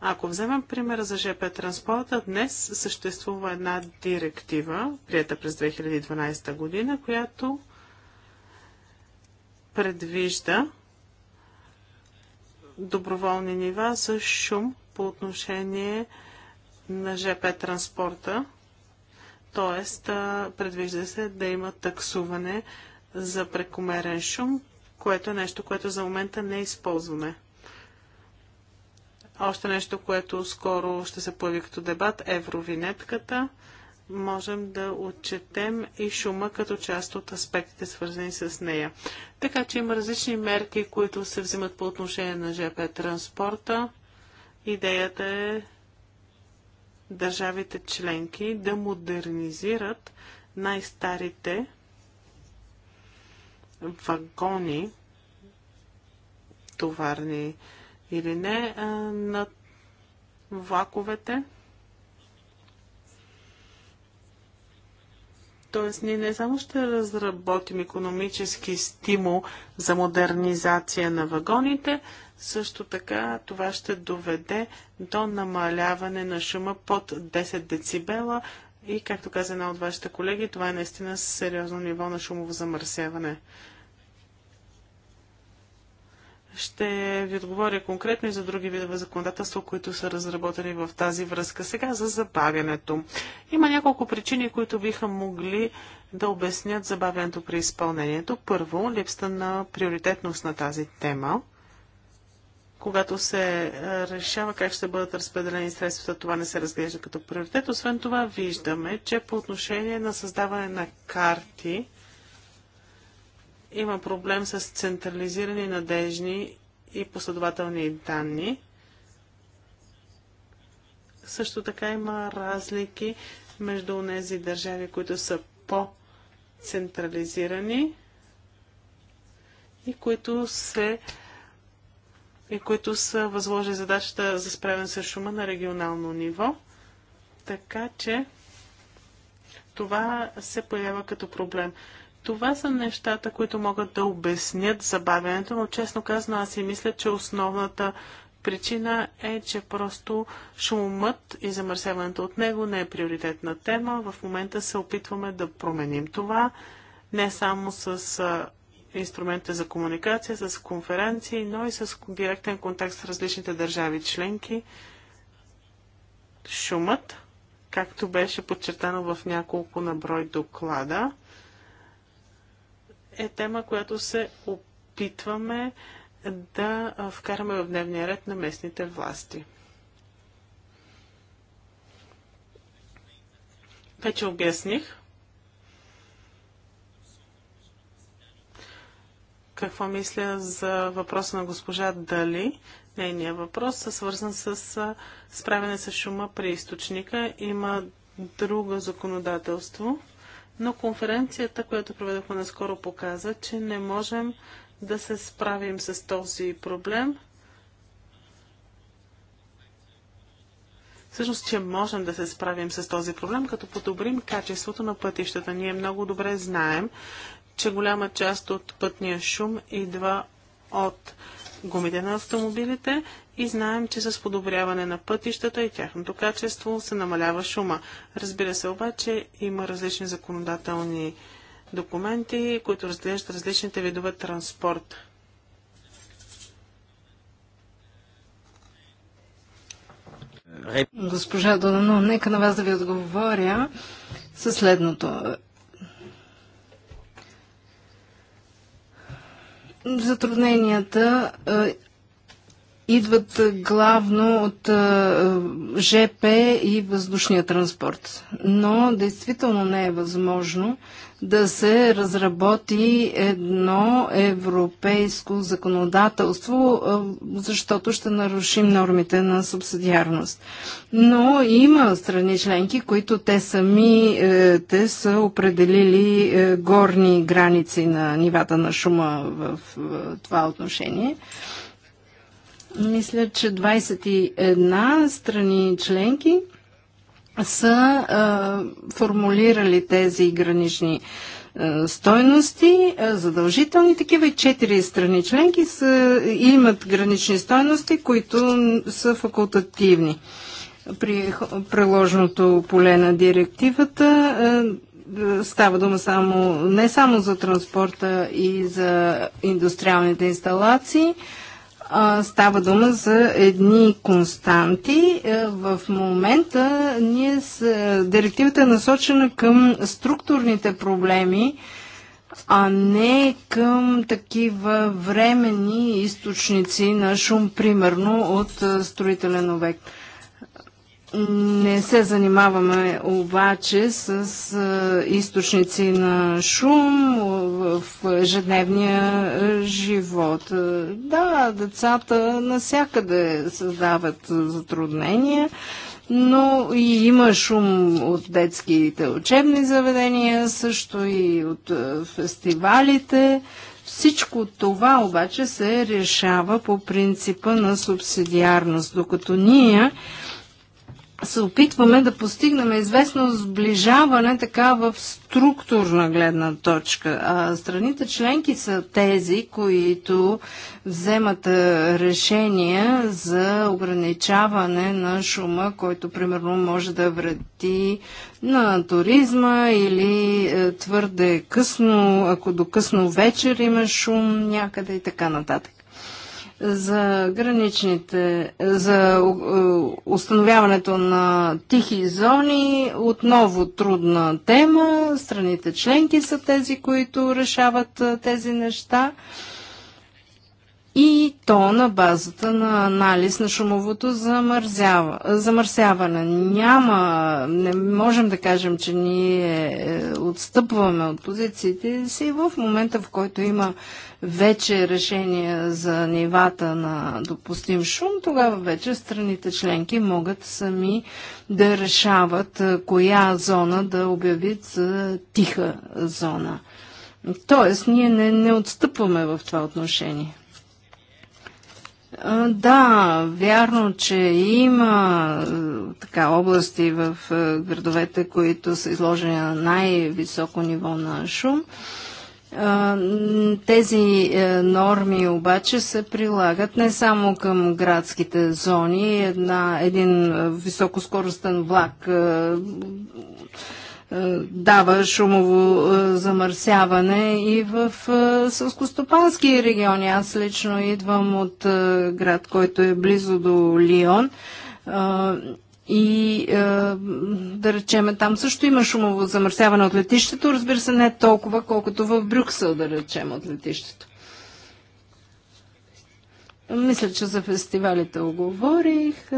Ако вземем пример за ЖП транспорта, днес съществува една директива, прията през 2012 година, която предвижда доброволни нива за шум по отношение на ЖП транспорта Тоест, предвижда се да има таксуване за прекомерен шум, което е нещо, което за момента не използваме. Още нещо, което скоро ще се появи като дебат, евровинетката. Можем да отчетем и шума като част от аспектите, свързани с нея. Така че има различни мерки, които се взимат по отношение на ЖП транспорта. Идеята е държавите членки да модернизират най-старите вагони, товарни или не, на влаковете. Тоест, ние не само ще разработим економически стимул за модернизация на вагоните, също така това ще доведе до намаляване на шума под 10 децибела и, както каза една от вашите колеги, това е наистина сериозно ниво на шумово замърсяване. Ще ви отговоря конкретно и за други видове законодателства, които са разработени в тази връзка. Сега за забавянето. Има няколко причини, които биха могли да обяснят забавянето при изпълнението. Първо, липста на приоритетност на тази тема когато се е, решава как ще бъдат разпределени средствата, това не се разглежда като приоритет. Освен това, виждаме, че по отношение на създаване на карти има проблем с централизирани, надежни и последователни данни. Също така има разлики между тези държави, които са по-централизирани и които се и които са възложи задачата за справен с шума на регионално ниво. Така че това се появява като проблем. Това са нещата, които могат да обяснят забавянето, но честно казано аз и мисля, че основната причина е, че просто шумът и замърсяването от него не е приоритетна тема. В момента се опитваме да променим това не само с инструмента за комуникация, с конференции, но и с директен контакт с различните държави членки. Шумът, както беше подчертано в няколко наброй доклада, е тема, която се опитваме да вкараме в дневния ред на местните власти. Вече обясних, какво мисля за въпроса на госпожа Дали. Нейният въпрос е свързан с справяне с шума при източника. Има друго законодателство, но конференцията, която проведохме наскоро, показа, че не можем да се справим с този проблем. Всъщност, че можем да се справим с този проблем, като подобрим качеството на пътищата. Ние много добре знаем, че голяма част от пътния шум идва от гумите на автомобилите и знаем, че с подобряване на пътищата и тяхното качество се намалява шума. Разбира се обаче, има различни законодателни документи, които разглеждат различните видове транспорт. Госпожа Донано, нека на вас да ви отговоря със следното. затрудненията е, идват главно от ЖП и въздушния транспорт. Но действително не е възможно да се разработи едно европейско законодателство, защото ще нарушим нормите на субсидиарност. Но има страни членки, които те сами е, те са определили е, горни граници на нивата на шума в това отношение. Мисля, че 21 страни членки са а, формулирали тези гранични а, стойности, а, задължителни такива и четири страни членки са, имат гранични стойности, които са факултативни. При приложеното поле на директивата а, става дума само, не само за транспорта и за индустриалните инсталации, а, Става дума за едни константи. Е, в момента ние с... Е, директивата е насочена към структурните проблеми, а не към такива времени източници на шум, примерно от е, строителен обект. Не се занимаваме обаче с източници на шум в ежедневния живот. Да, децата насякъде създават затруднения, но и има шум от детските учебни заведения, също и от фестивалите. Всичко това обаче се решава по принципа на субсидиарност, докато ние се опитваме да постигнем известно сближаване така в структурна гледна точка. А страните членки са тези, които вземат решения за ограничаване на шума, който примерно може да вреди на туризма или твърде късно, ако до късно вечер има шум някъде и така нататък за граничните, за е, установяването на тихи зони, отново трудна тема. Страните членки са тези, които решават е, тези неща и то на базата на анализ на шумовото замърсяване. Няма, не можем да кажем, че ние е, отстъпваме от позициите си в момента, в който има вече решение за нивата на допустим шум, тогава вече страните членки могат сами да решават е, коя зона да обявят за тиха зона. Тоест, ние не, не отстъпваме в това отношение. Да, вярно, че има е, така области в е, градовете, които са изложени на най-високо ниво на шум. Тези е, норми обаче се прилагат не само към градските зони. Една, един високоскоростен влак е, дава шумово е, замърсяване и в е, сълскостопански региони. Аз лично идвам от град, който е близо до Лион. И да речеме, там също има шумово замърсяване от летището, разбира се, не толкова, колкото в Брюксел, да речем, от летището. Мисля, че за фестивалите оговорих.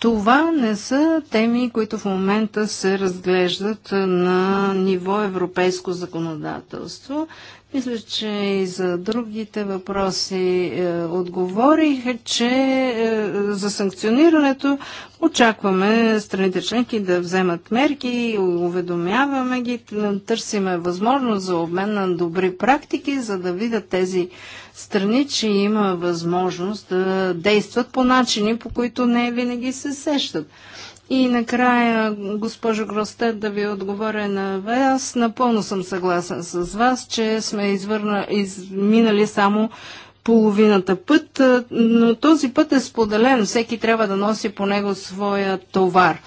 Това не са теми, които в момента се разглеждат на ниво европейско законодателство. Мисля, че и за другите въпроси е, отговорих, че е, за санкционирането очакваме страните членки да вземат мерки, уведомяваме ги, търсиме възможност за обмен на добри практики, за да видят тези страни, че има възможност да действат по начини, по които не винаги се сещат. И накрая, госпожо Гростет, да ви отговоря на вас. Напълно съм съгласен с вас, че сме извърна, изминали само половината път, но този път е споделен. Всеки трябва да носи по него своя товар.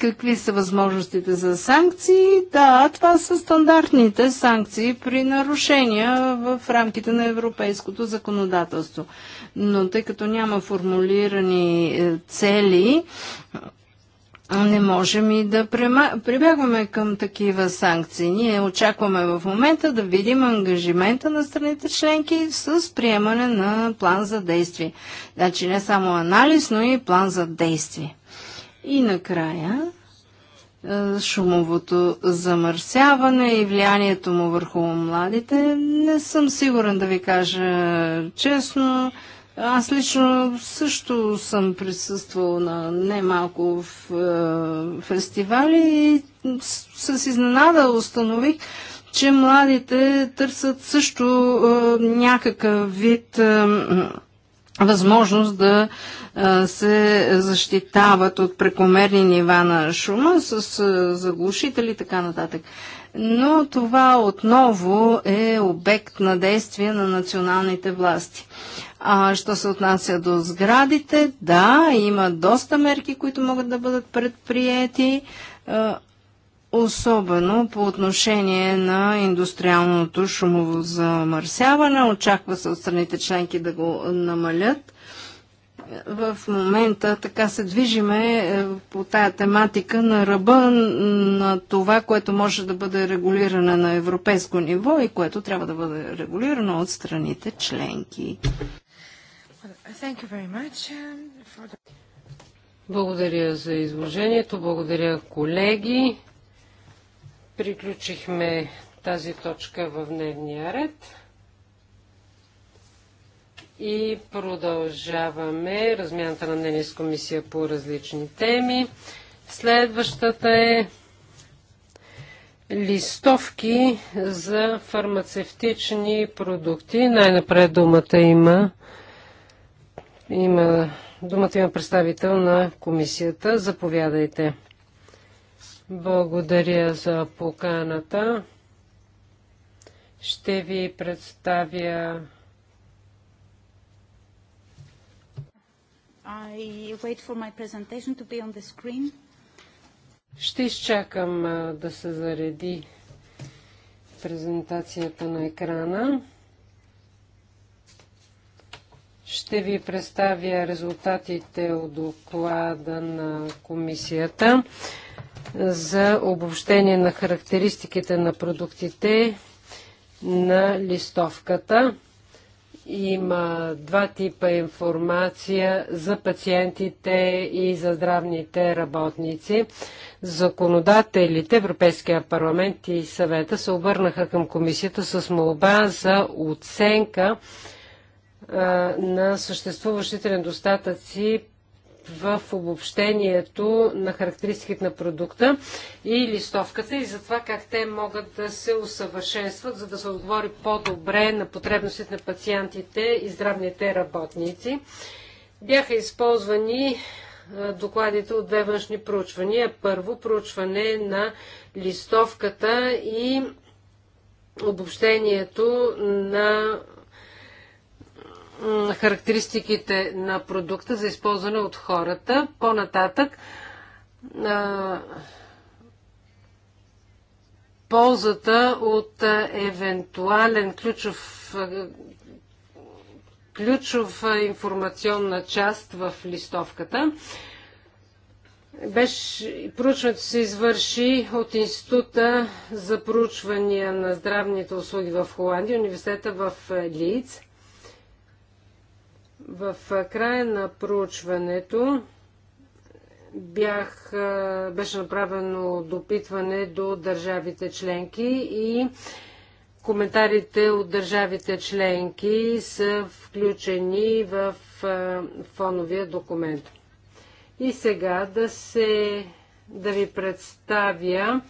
Какви са възможностите за санкции? Да, това са стандартните санкции при нарушения в рамките на европейското законодателство. Но тъй като няма формулирани е, цели, не можем и да прибягваме към такива санкции. Ние очакваме в момента да видим ангажимента на страните членки с приемане на план за действие. Значи не само анализ, но и план за действие. И накрая е, шумовото замърсяване и влиянието му върху младите. Не съм сигурен да ви кажа честно. Аз лично също съм присъствал на немалко в, е, фестивали и с, с изненада установих, че младите търсят също е, някакъв вид е, възможност да се защитават от прекомерни нива на шума с заглушители и така нататък. Но това отново е обект на действие на националните власти. А що се отнася до сградите, да, има доста мерки, които могат да бъдат предприяти особено по отношение на индустриалното шумово замърсяване. Очаква се от страните членки да го намалят. В момента така се движиме е, по тая тематика на ръба на това, което може да бъде регулирано на европейско ниво и което трябва да бъде регулирано от страните членки. Um, благодаря за изложението. Благодаря, колеги. Приключихме тази точка в дневния ред. И продължаваме размяната на мнение с комисия по различни теми. Следващата е листовки за фармацевтични продукти. Най-напред думата има, има думата има представител на комисията. Заповядайте. Благодаря за поканата. Ще ви представя I wait for my presentation to be on the screen. Ще изчакам да се зареди презентацията на екрана. Ще ви представя резултатите от доклада на комисията за обобщение на характеристиките на продуктите на листовката. Има два типа информация за пациентите и за здравните работници. Законодателите, Европейския парламент и съвета се обърнаха към комисията с молба за оценка а, на съществуващите недостатъци в обобщението на характеристиките на продукта и листовката и за това как те могат да се усъвършенстват, за да се отговори по-добре на потребностите на пациентите и здравните работници. Бяха използвани докладите от две външни проучвания. Първо, проучване на листовката и обобщението на характеристиките на продукта за използване от хората. По-нататък ползата от евентуален ключов, ключов информационна част в листовката. Беше, проучването се извърши от Института за проучвания на здравните услуги в Холандия, университета в Лиц. В края на проучването бях, беше направено допитване до държавите членки и коментарите от държавите членки са включени в фоновия документ. И сега да, се, да ви представя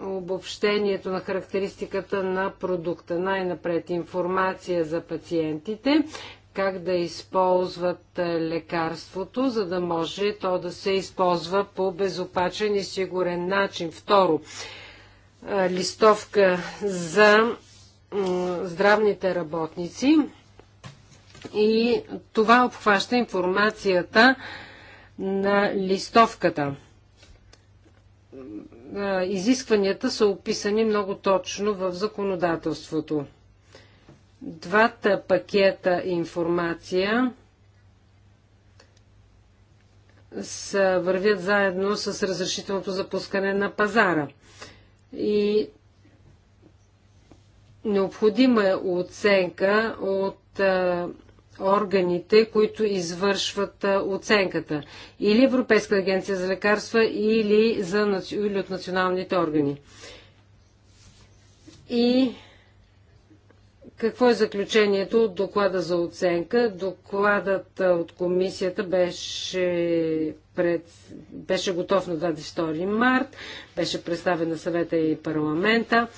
обобщението на характеристиката на продукта. Най-напред информация за пациентите, как да използват е, лекарството, за да може то да се използва по безопачен и сигурен начин. Второ, е, листовка за здравните работници и това обхваща информацията на листовката. Е, изискванията са описани много точно в законодателството двата пакета информация са, вървят заедно с разрешителното запускане на пазара. И необходима е оценка от а, органите, които извършват а, оценката. Или Европейска агенция за лекарства, или, за, или от националните органи. И какво е заключението от доклада за оценка? Докладът от комисията беше, пред, беше готов на 22 март, беше представен на съвета и парламента.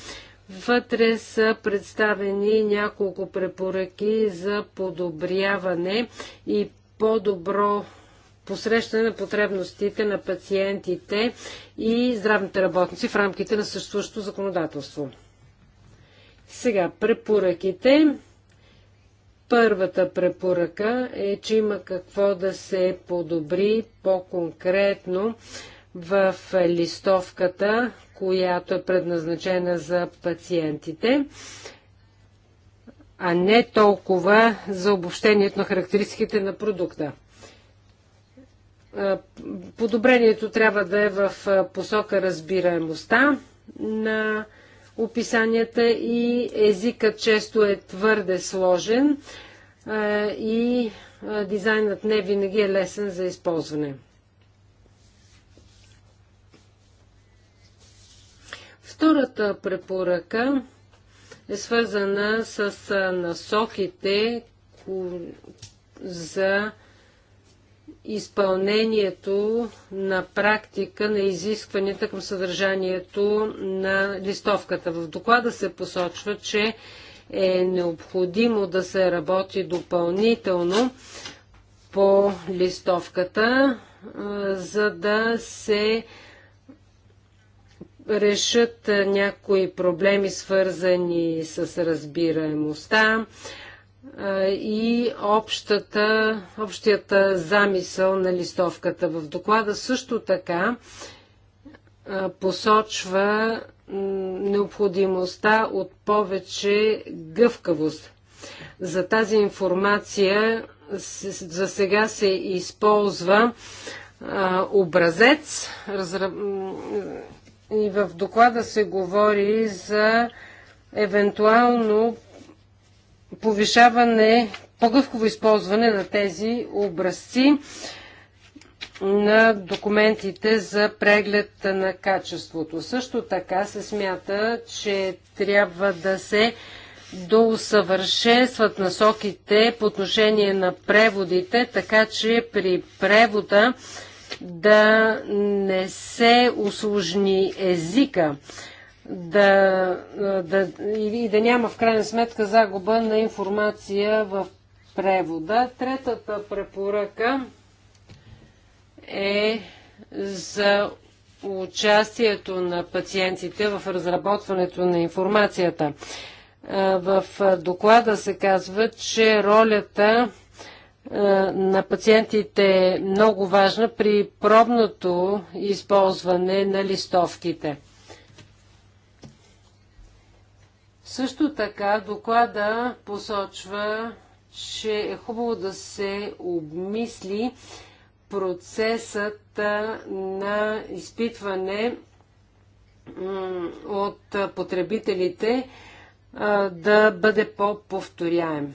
Вътре са представени няколко препоръки за подобряване и по-добро посрещане на потребностите на пациентите и здравните работници в рамките на съществуващото законодателство. Сега, препоръките. Първата препоръка е, че има какво да се подобри по-конкретно в листовката, която е предназначена за пациентите, а не толкова за обобщението на характеристиките на продукта. Подобрението трябва да е в посока разбираемостта на продукта описанията и езикът често е твърде сложен е, и е, дизайнът не винаги е лесен за използване. Втората препоръка е свързана с е, насоките за изпълнението на практика на изискванията към съдържанието на листовката. В доклада се посочва, че е необходимо да се работи допълнително по листовката, за да се решат някои проблеми, свързани с разбираемостта, и общата, общията замисъл на листовката. В доклада също така посочва необходимостта от повече гъвкавост. За тази информация за сега се използва образец и в доклада се говори за евентуално повишаване, по-гъвково използване на тези образци на документите за преглед на качеството. Също така се смята, че трябва да се доусъвършенстват насоките по отношение на преводите, така че при превода да не се усложни езика да, да, и да няма в крайна сметка загуба на информация в превода. Третата препоръка е за участието на пациентите в разработването на информацията. В доклада се казва, че ролята на пациентите е много важна при пробното използване на листовките. Също така доклада посочва, че е хубаво да се обмисли процесът на изпитване от потребителите да бъде по-повторяем.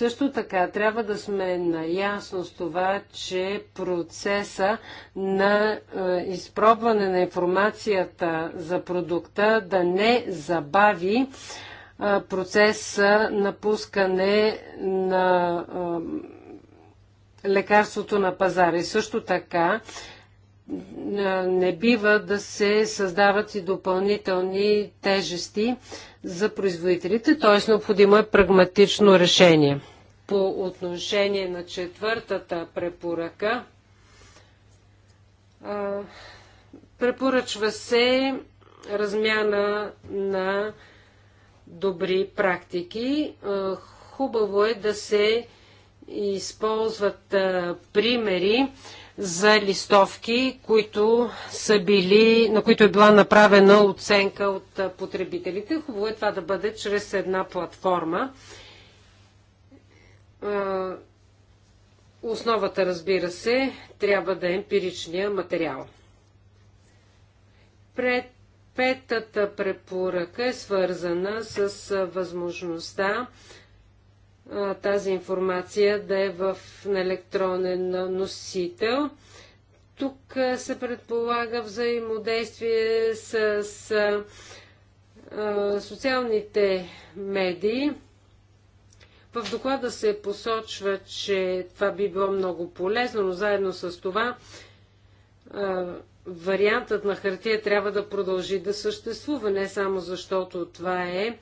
Също така трябва да сме наясно с това, че процеса на е, изпробване на информацията за продукта да не забави е, процес на пускане на е, лекарството на пазара. И също така не бива да се създават и допълнителни тежести за производителите, т.е. необходимо е прагматично решение. По отношение на четвъртата препоръка, препоръчва се размяна на добри практики. Хубаво е да се използват примери за листовки, които са били, на които е била направена оценка от потребителите. Хубаво е това да бъде чрез една платформа. Основата, разбира се, трябва да е емпиричния материал. Пред петата препоръка е свързана с възможността тази информация да е в на електронен носител. Тук се предполага взаимодействие с, а, социалните медии. В доклада се посочва, че това би било много полезно, но заедно с това вариантът на хартия трябва да продължи да съществува, не само защото това е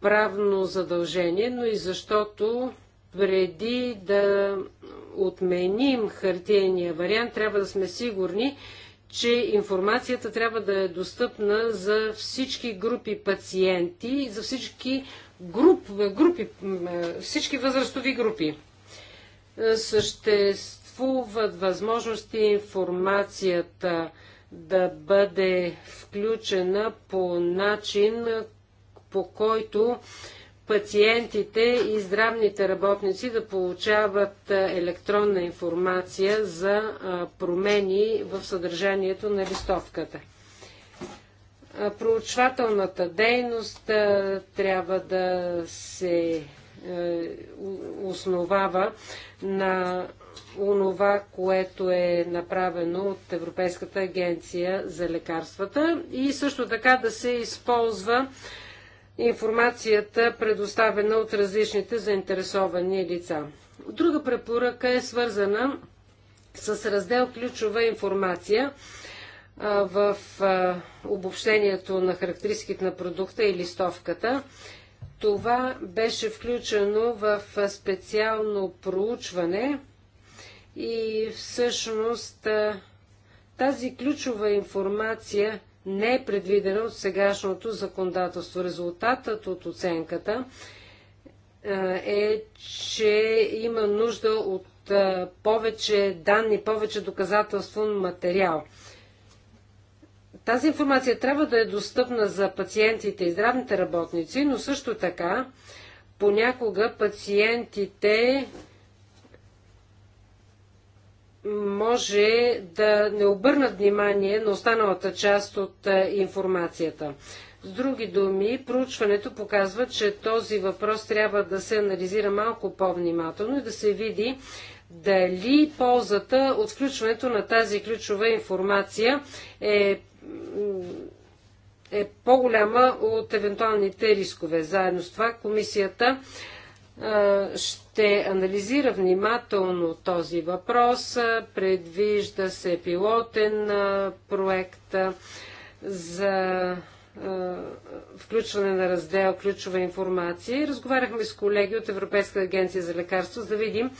правно задължение, но и защото преди да отменим хартиения вариант, трябва да сме сигурни, че информацията трябва да е достъпна за всички групи пациенти, за всички груп, групи, всички възрастови групи. Е, съществуват възможности информацията да бъде включена по начин, по който пациентите и здравните работници да получават електронна информация за промени в съдържанието на листовката. Проучвателната дейност трябва да се е, основава на онова, което е направено от Европейската агенция за лекарствата и също така да се използва информацията, предоставена от различните заинтересовани лица. Друга препоръка е свързана с раздел Ключова информация в обобщението на характеристиките на продукта и листовката. Това беше включено в специално проучване и всъщност тази ключова информация – не е предвидена от сегашното законодателство. Резултатът от оценката е, че има нужда от повече данни, повече доказателствен материал. Тази информация трябва да е достъпна за пациентите и здравните работници, но също така понякога пациентите може да не обърнат внимание на останалата част от е, информацията. С други думи, проучването показва, че този въпрос трябва да се анализира малко по-внимателно и да се види дали ползата от включването на тази ключова информация е, е по-голяма от евентуалните рискове. Заедно с това комисията е, ще анализира внимателно този въпрос. Е, предвижда се пилотен е, проект за включване на раздел ключова информация. Разговаряхме с колеги от Европейска агенция за лекарство за да видим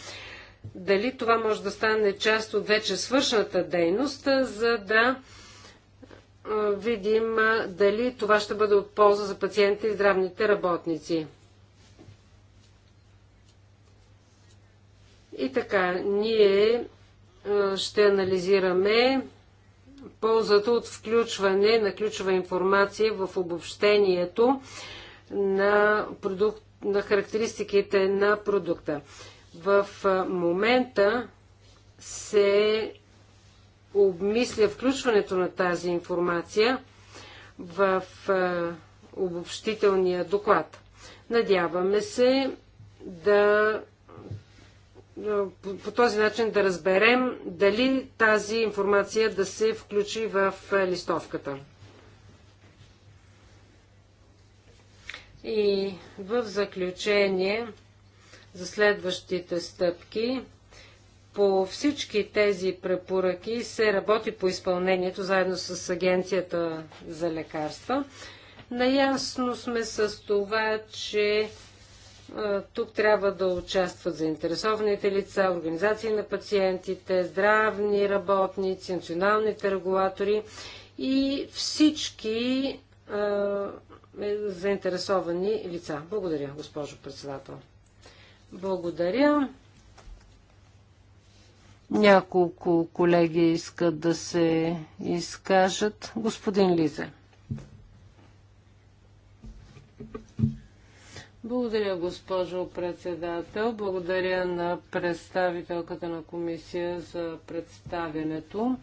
дали това може да стане част от вече свършната дейност, за да видим дали това ще бъде от полза за пациентите и здравните работници. И така, ние ще анализираме ползата от включване на ключова информация в обобщението на, продукт, на характеристиките на продукта. В момента се обмисля включването на тази информация в обобщителния доклад. Надяваме се да по, този начин да разберем дали тази информация да се включи в листовката. И в заключение за следващите стъпки. По всички тези препоръки се работи по изпълнението заедно с Агенцията за лекарства. Наясно сме с това, че тук трябва да участват заинтересованите лица, организации на пациентите, здравни работници, националните регулатори и всички е, заинтересовани лица. Благодаря, госпожо председател. Благодаря. Няколко колеги искат да се изкажат. Господин Лизе. Благодаря, госпожо председател. Благодаря на представителката на комисия за представянето.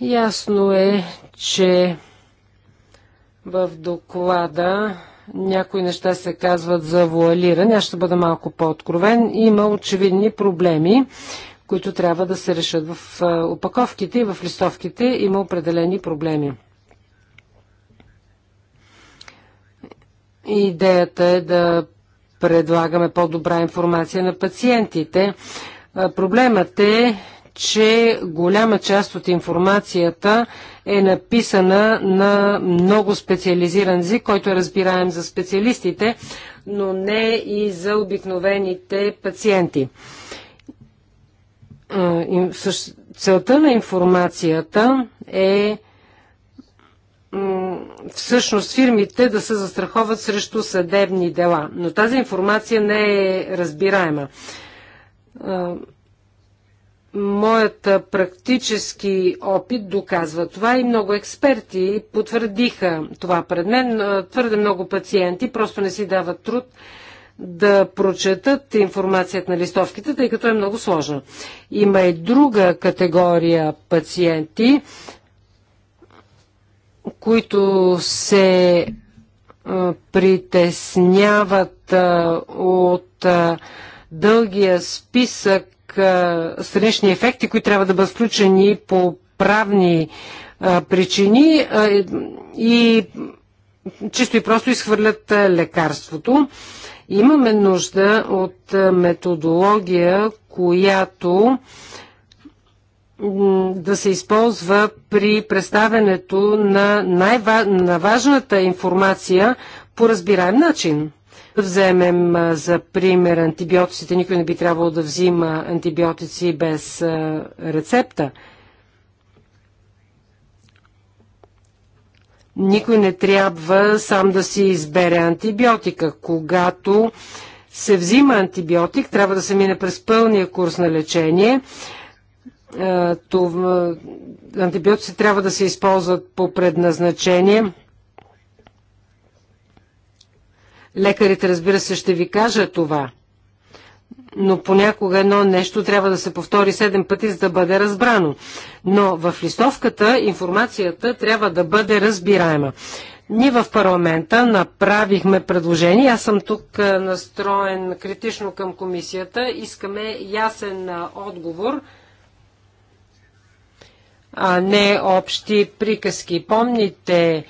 Ясно е, че в доклада някои неща се казват за вуалиране. Аз ще бъда малко по-откровен. Има очевидни проблеми, които трябва да се решат в опаковките и в листовките. Има определени проблеми. Идеята е да предлагаме по-добра информация на пациентите. Проблемът е, че голяма част от информацията е написана на много специализиран език, който е разбираем за специалистите, но не и за обикновените пациенти. Целта на информацията е всъщност фирмите да се застраховат срещу съдебни дела. Но тази информация не е разбираема. Моят практически опит доказва това и много експерти потвърдиха това пред мен. Твърде много пациенти просто не си дават труд да прочетат информацията на листовките, тъй като е много сложно. Има и друга категория пациенти, които се притесняват от дългия списък странични ефекти, които трябва да бъдат включени по правни причини и чисто и просто изхвърлят лекарството. Имаме нужда от методология, която да се използва при представянето на, най на важната информация по разбираем начин. Вземем за пример антибиотиците. Никой не би трябвало да взима антибиотици без рецепта. Никой не трябва сам да си избере антибиотика. Когато се взима антибиотик, трябва да се мине през пълния курс на лечение е, е, антибиотици трябва да се използват по предназначение. Лекарите, разбира се, ще ви кажа това. Но понякога едно нещо трябва да се повтори седем пъти, за да бъде разбрано. Но в листовката информацията трябва да бъде разбираема. Ние в парламента направихме предложение. Аз съм тук е, настроен критично към комисията. Искаме ясен отговор а не общи приказки. Помните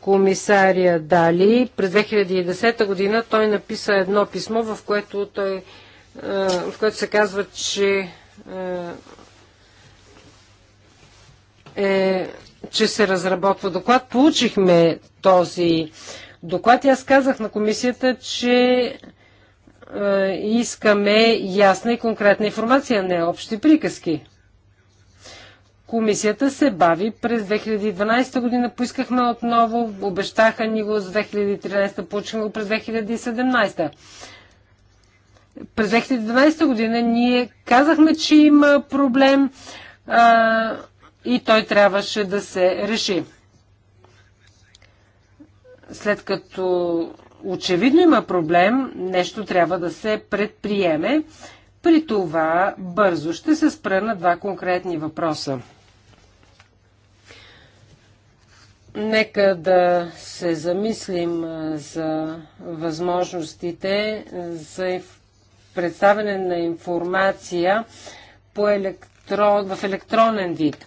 комисария Дали, през 2010 година той написа едно писмо, в което, той, в което се казва, че е, че се разработва доклад. Получихме този доклад и аз казах на комисията, че искаме ясна и конкретна информация, не общи приказки. Комисията се бави. През 2012 година поискахме отново, обещаха ни го за 2013, получихме го през 2017. През 2012 година ние казахме, че има проблем а, и той трябваше да се реши. След като очевидно има проблем, нещо трябва да се предприеме. При това бързо ще се спра на два конкретни въпроса. Нека да се замислим за възможностите за представяне на информация по електрон, в електронен вид.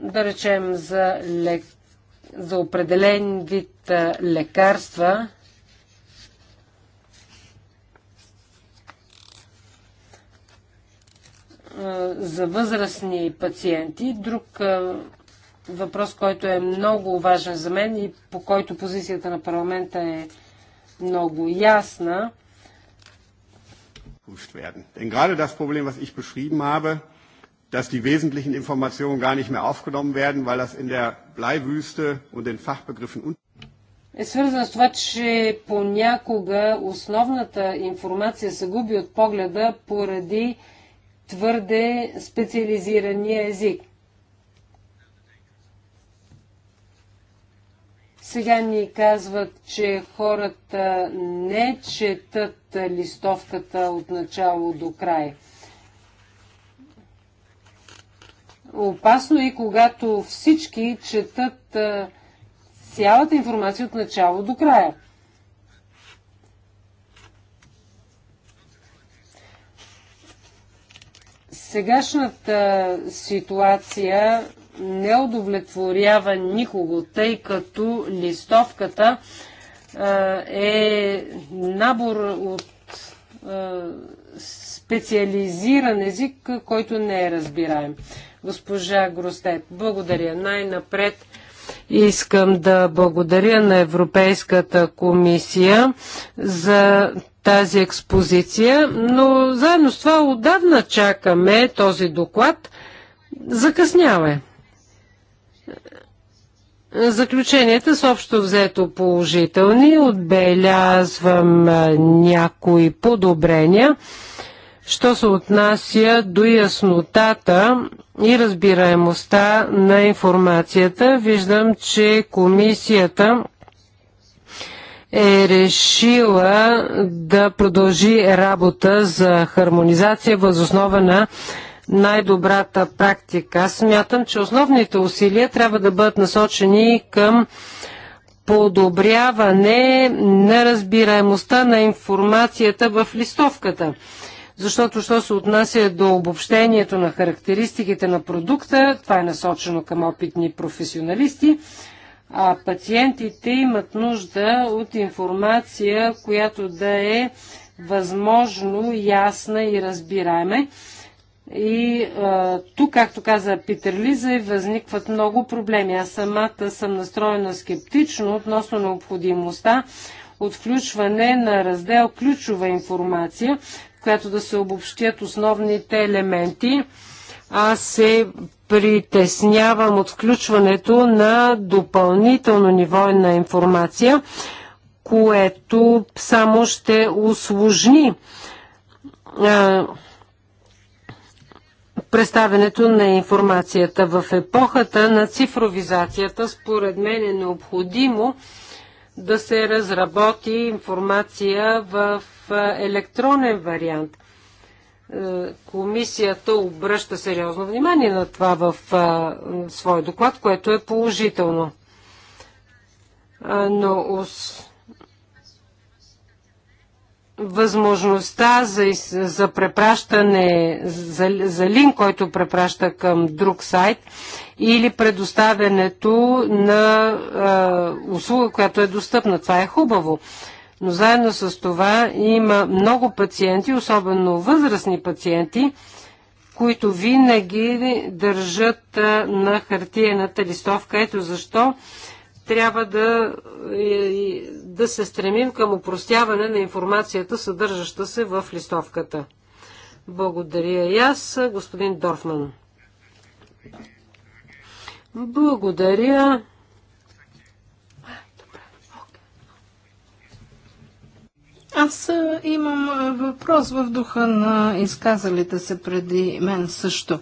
Да речем за, лек, за определен вид лекарства. За възрастни пациенти. Друг въпрос, който е много важен за мен и по който позицията на парламента е много ясна. Denn gerade das Problem, was ich beschrieben habe, dass die wesentlichen Informationen gar nicht mehr aufgenommen werden, weil das in der Bleiwüste und den Fachbegriffen е свързан с това, че понякога основната информация се губи от погледа поради твърде специализирания език. Сега ни казват, че хората не четат листовката от начало до край. Опасно е, когато всички четат цялата информация от начало до края. сегашната ситуация не удовлетворява никого, тъй като листовката е набор от специализиран език, който не е разбираем. Госпожа Гростет, благодаря. Най-напред искам да благодаря на Европейската комисия за тази експозиция, но заедно с това отдавна чакаме този доклад. Закъснява Заключенията са общо взето положителни. Отбелязвам някои подобрения. Що се отнася до яснотата и разбираемостта на информацията, виждам, че комисията е решила да продължи работа за хармонизация възоснова на най-добрата практика. Аз смятам, че основните усилия трябва да бъдат насочени към подобряване на разбираемостта на информацията в листовката. Защото, що се отнася до обобщението на характеристиките на продукта, това е насочено към опитни професионалисти, а пациентите имат нужда от информация, която да е възможно ясна и разбираеме и а, тук, както каза Питер Лиза, възникват много проблеми. Аз самата съм настроена скептично относно необходимостта от включване на раздел ключова информация, в която да се обобщят основните елементи. Аз се притеснявам от включването на допълнително ниво на информация, което само ще усложни представенето на информацията. В епохата на цифровизацията, според мен е необходимо да се разработи информация в електронен вариант. Е, комисията обръща сериозно внимание на това в своя доклад, което е положително. Но възможността за, за препращане, за, за линк, който препраща към друг сайт или предоставянето на а, услуга, която е достъпна. Това е хубаво. Но заедно с това има много пациенти, особено възрастни пациенти, които винаги държат на хартиената листовка. Ето защо трябва да, е, да се стремим към упростяване на информацията, съдържаща се в листовката. Благодаря и аз, господин Дорфман. Благодаря. Аз е, имам е, въпрос в духа на изказалите се преди мен също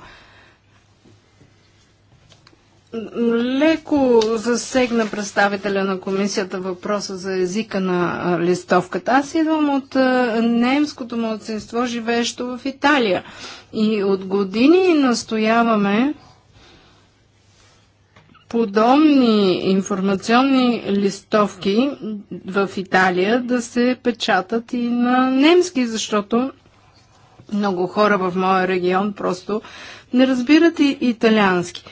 леко засегна представителя на комисията въпроса за езика на листовката. Аз идвам от немското младсинство, живеещо в Италия. И от години настояваме подобни информационни листовки в Италия да се печатат и на немски, защото много хора в моя регион просто не разбират и италиански.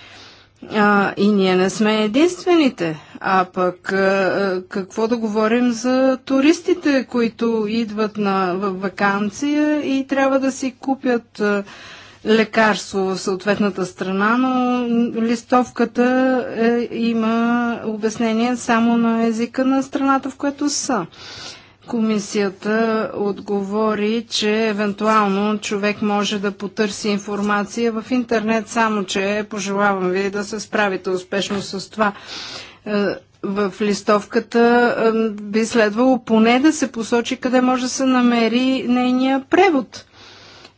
А, и ние не сме единствените. А пък а, какво да говорим за туристите, които идват на вакансия и трябва да си купят а, лекарство в съответната страна, но листовката е, има обяснение само на езика на страната, в която са. Комисията отговори, че евентуално човек може да потърси информация в интернет, само че пожелавам ви да се справите успешно с това. Е, в листовката е, би следвало поне да се посочи къде може да се намери нейния превод.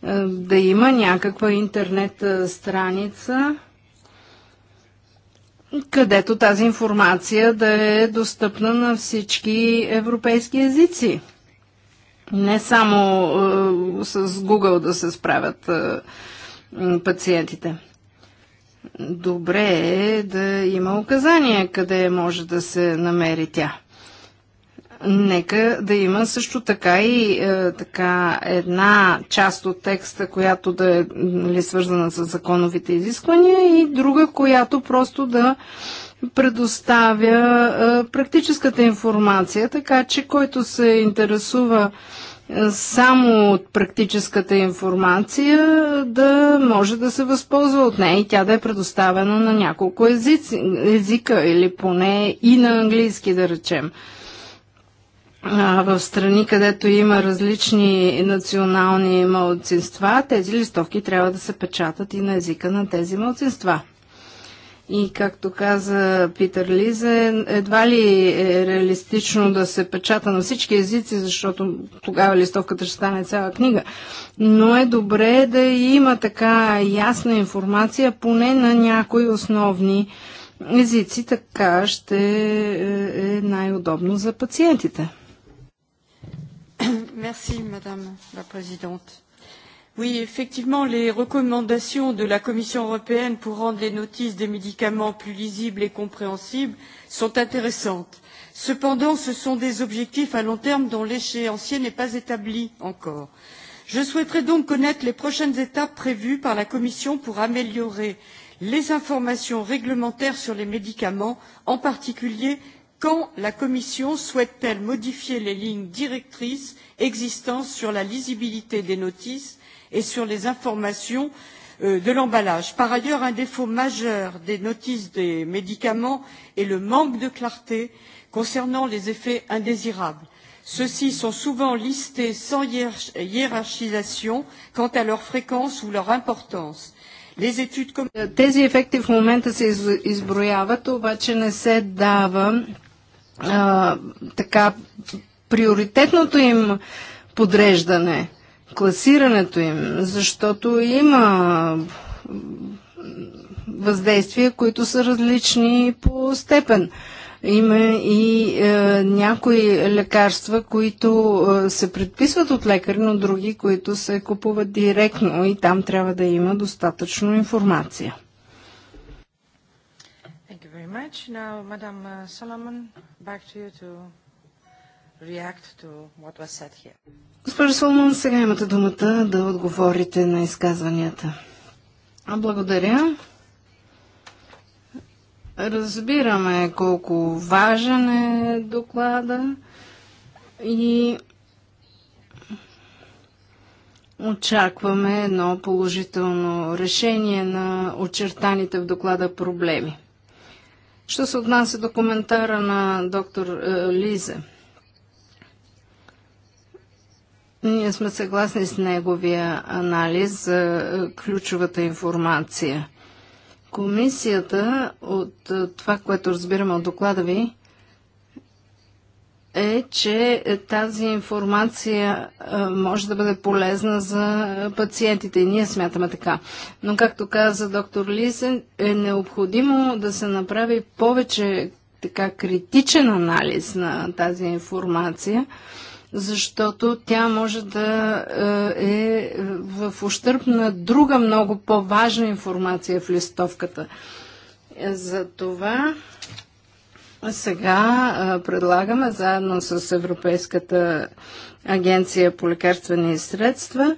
Е, да има някаква интернет страница където тази информация да е достъпна на всички европейски езици. Не само е, с Google да се справят е, пациентите. Добре е да има указания къде може да се намери тя. Нека да има също така и е, така една част от текста, която да е нали, свързана с законовите изисквания и друга, която просто да предоставя е, практическата информация, така че който се интересува е, само от практическата информация да може да се възползва от нея и тя да е предоставена на няколко езици, езика или поне и на английски да речем в страни, където има различни национални малцинства, тези листовки трябва да се печатат и на езика на тези малцинства. И както каза Питър Лизе, едва ли е реалистично да се печата на всички езици, защото тогава листовката ще стане цяла книга. Но е добре да има така ясна информация, поне на някои основни езици, така ще е, е най-удобно за пациентите. Merci, Madame la Présidente. Oui, effectivement, les recommandations de la Commission européenne pour rendre les notices des médicaments plus lisibles et compréhensibles sont intéressantes. Cependant, ce sont des objectifs à long terme dont l'échéancier n'est pas établi encore. Je souhaiterais donc connaître les prochaines étapes prévues par la Commission pour améliorer les informations réglementaires sur les médicaments, en particulier Quand la Commission souhaite-t-elle modifier les lignes directrices existantes sur la lisibilité des notices et sur les informations de l'emballage. Par ailleurs, un défaut majeur des notices des médicaments est le manque de clarté concernant les effets indésirables. Ceux-ci sont souvent listés sans hiérarchisation quant à leur fréquence ou leur importance. Тези ефекти в момента се обаче не се дава а, така приоритетното им подреждане, класирането им, защото има въздействия, които са различни по степен. Има и е, някои лекарства, които е, се предписват от лекари, но други, които се купуват директно и там трябва да има достатъчно информация very much. Now, Madam uh, Solomon, back to you to react to what was said here. Госпожо Соломон, сега имате думата да отговорите на изказванията. Благодаря. Разбираме колко важен е доклада и очакваме едно положително решение на очертаните в доклада проблеми. Що се отнася до коментара на доктор е, Лизе? Ние сме съгласни с неговия анализ за е, ключовата информация. Комисията от е, това, което разбираме от доклада ви, е, че тази информация може да бъде полезна за пациентите и ние смятаме така. Но както каза доктор Лисен, е необходимо да се направи повече така критичен анализ на тази информация, защото тя може да е в ущърп на друга много по-важна информация в листовката. За това сега предлагаме заедно с Европейската агенция по лекарствени средства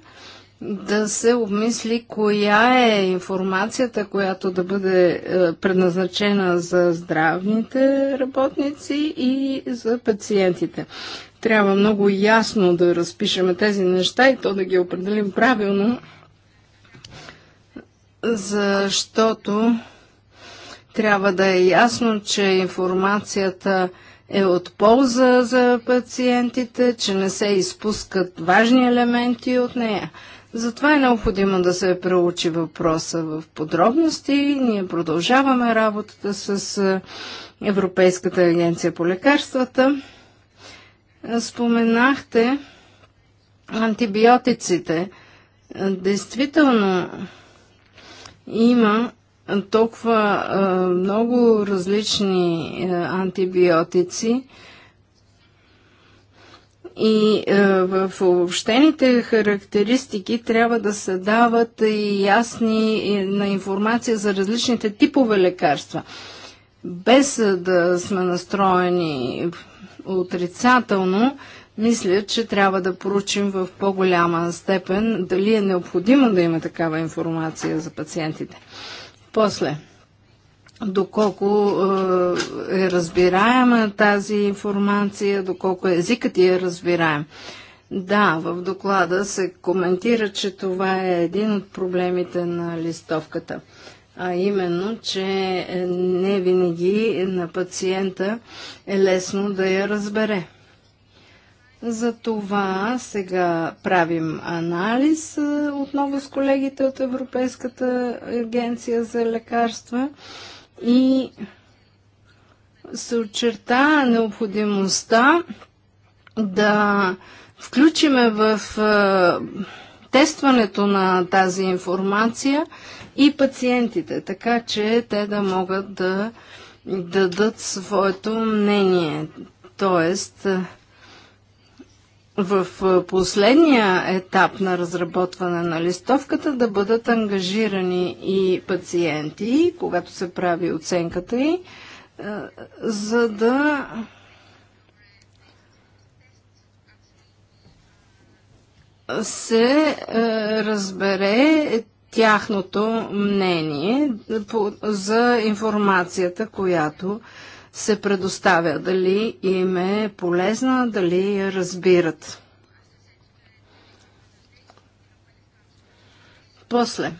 да се обмисли коя е информацията, която да бъде е, предназначена за здравните работници и за пациентите. Трябва много ясно да разпишем тези неща и то да ги определим правилно, защото трябва да е ясно, че информацията е от полза за пациентите, че не се изпускат важни елементи от нея. Затова е необходимо да се проучи въпроса в подробности. Ние продължаваме работата с Европейската агенция по лекарствата. Споменахте антибиотиците. Действително има толкова много различни антибиотици, и е, в общените характеристики трябва да се дават и ясни на информация за различните типове лекарства. Без да сме настроени отрицателно, мисля, че трябва да поручим в по-голяма степен дали е необходимо да има такава информация за пациентите. После, доколко е, е разбираема тази информация, доколко езикът я е разбираем. Да, в доклада се коментира, че това е един от проблемите на листовката. А именно, че не винаги на пациента е лесно да я разбере. За това сега правим анализ отново с колегите от Европейската агенция за лекарства и се очерта необходимостта да включиме в тестването на тази информация и пациентите, така че те да могат да дадат своето мнение. Тоест, в последния етап на разработване на листовката да бъдат ангажирани и пациенти, когато се прави оценката й, за да се разбере тяхното мнение за информацията, която се предоставя, дали им е полезна, дали я разбират. После,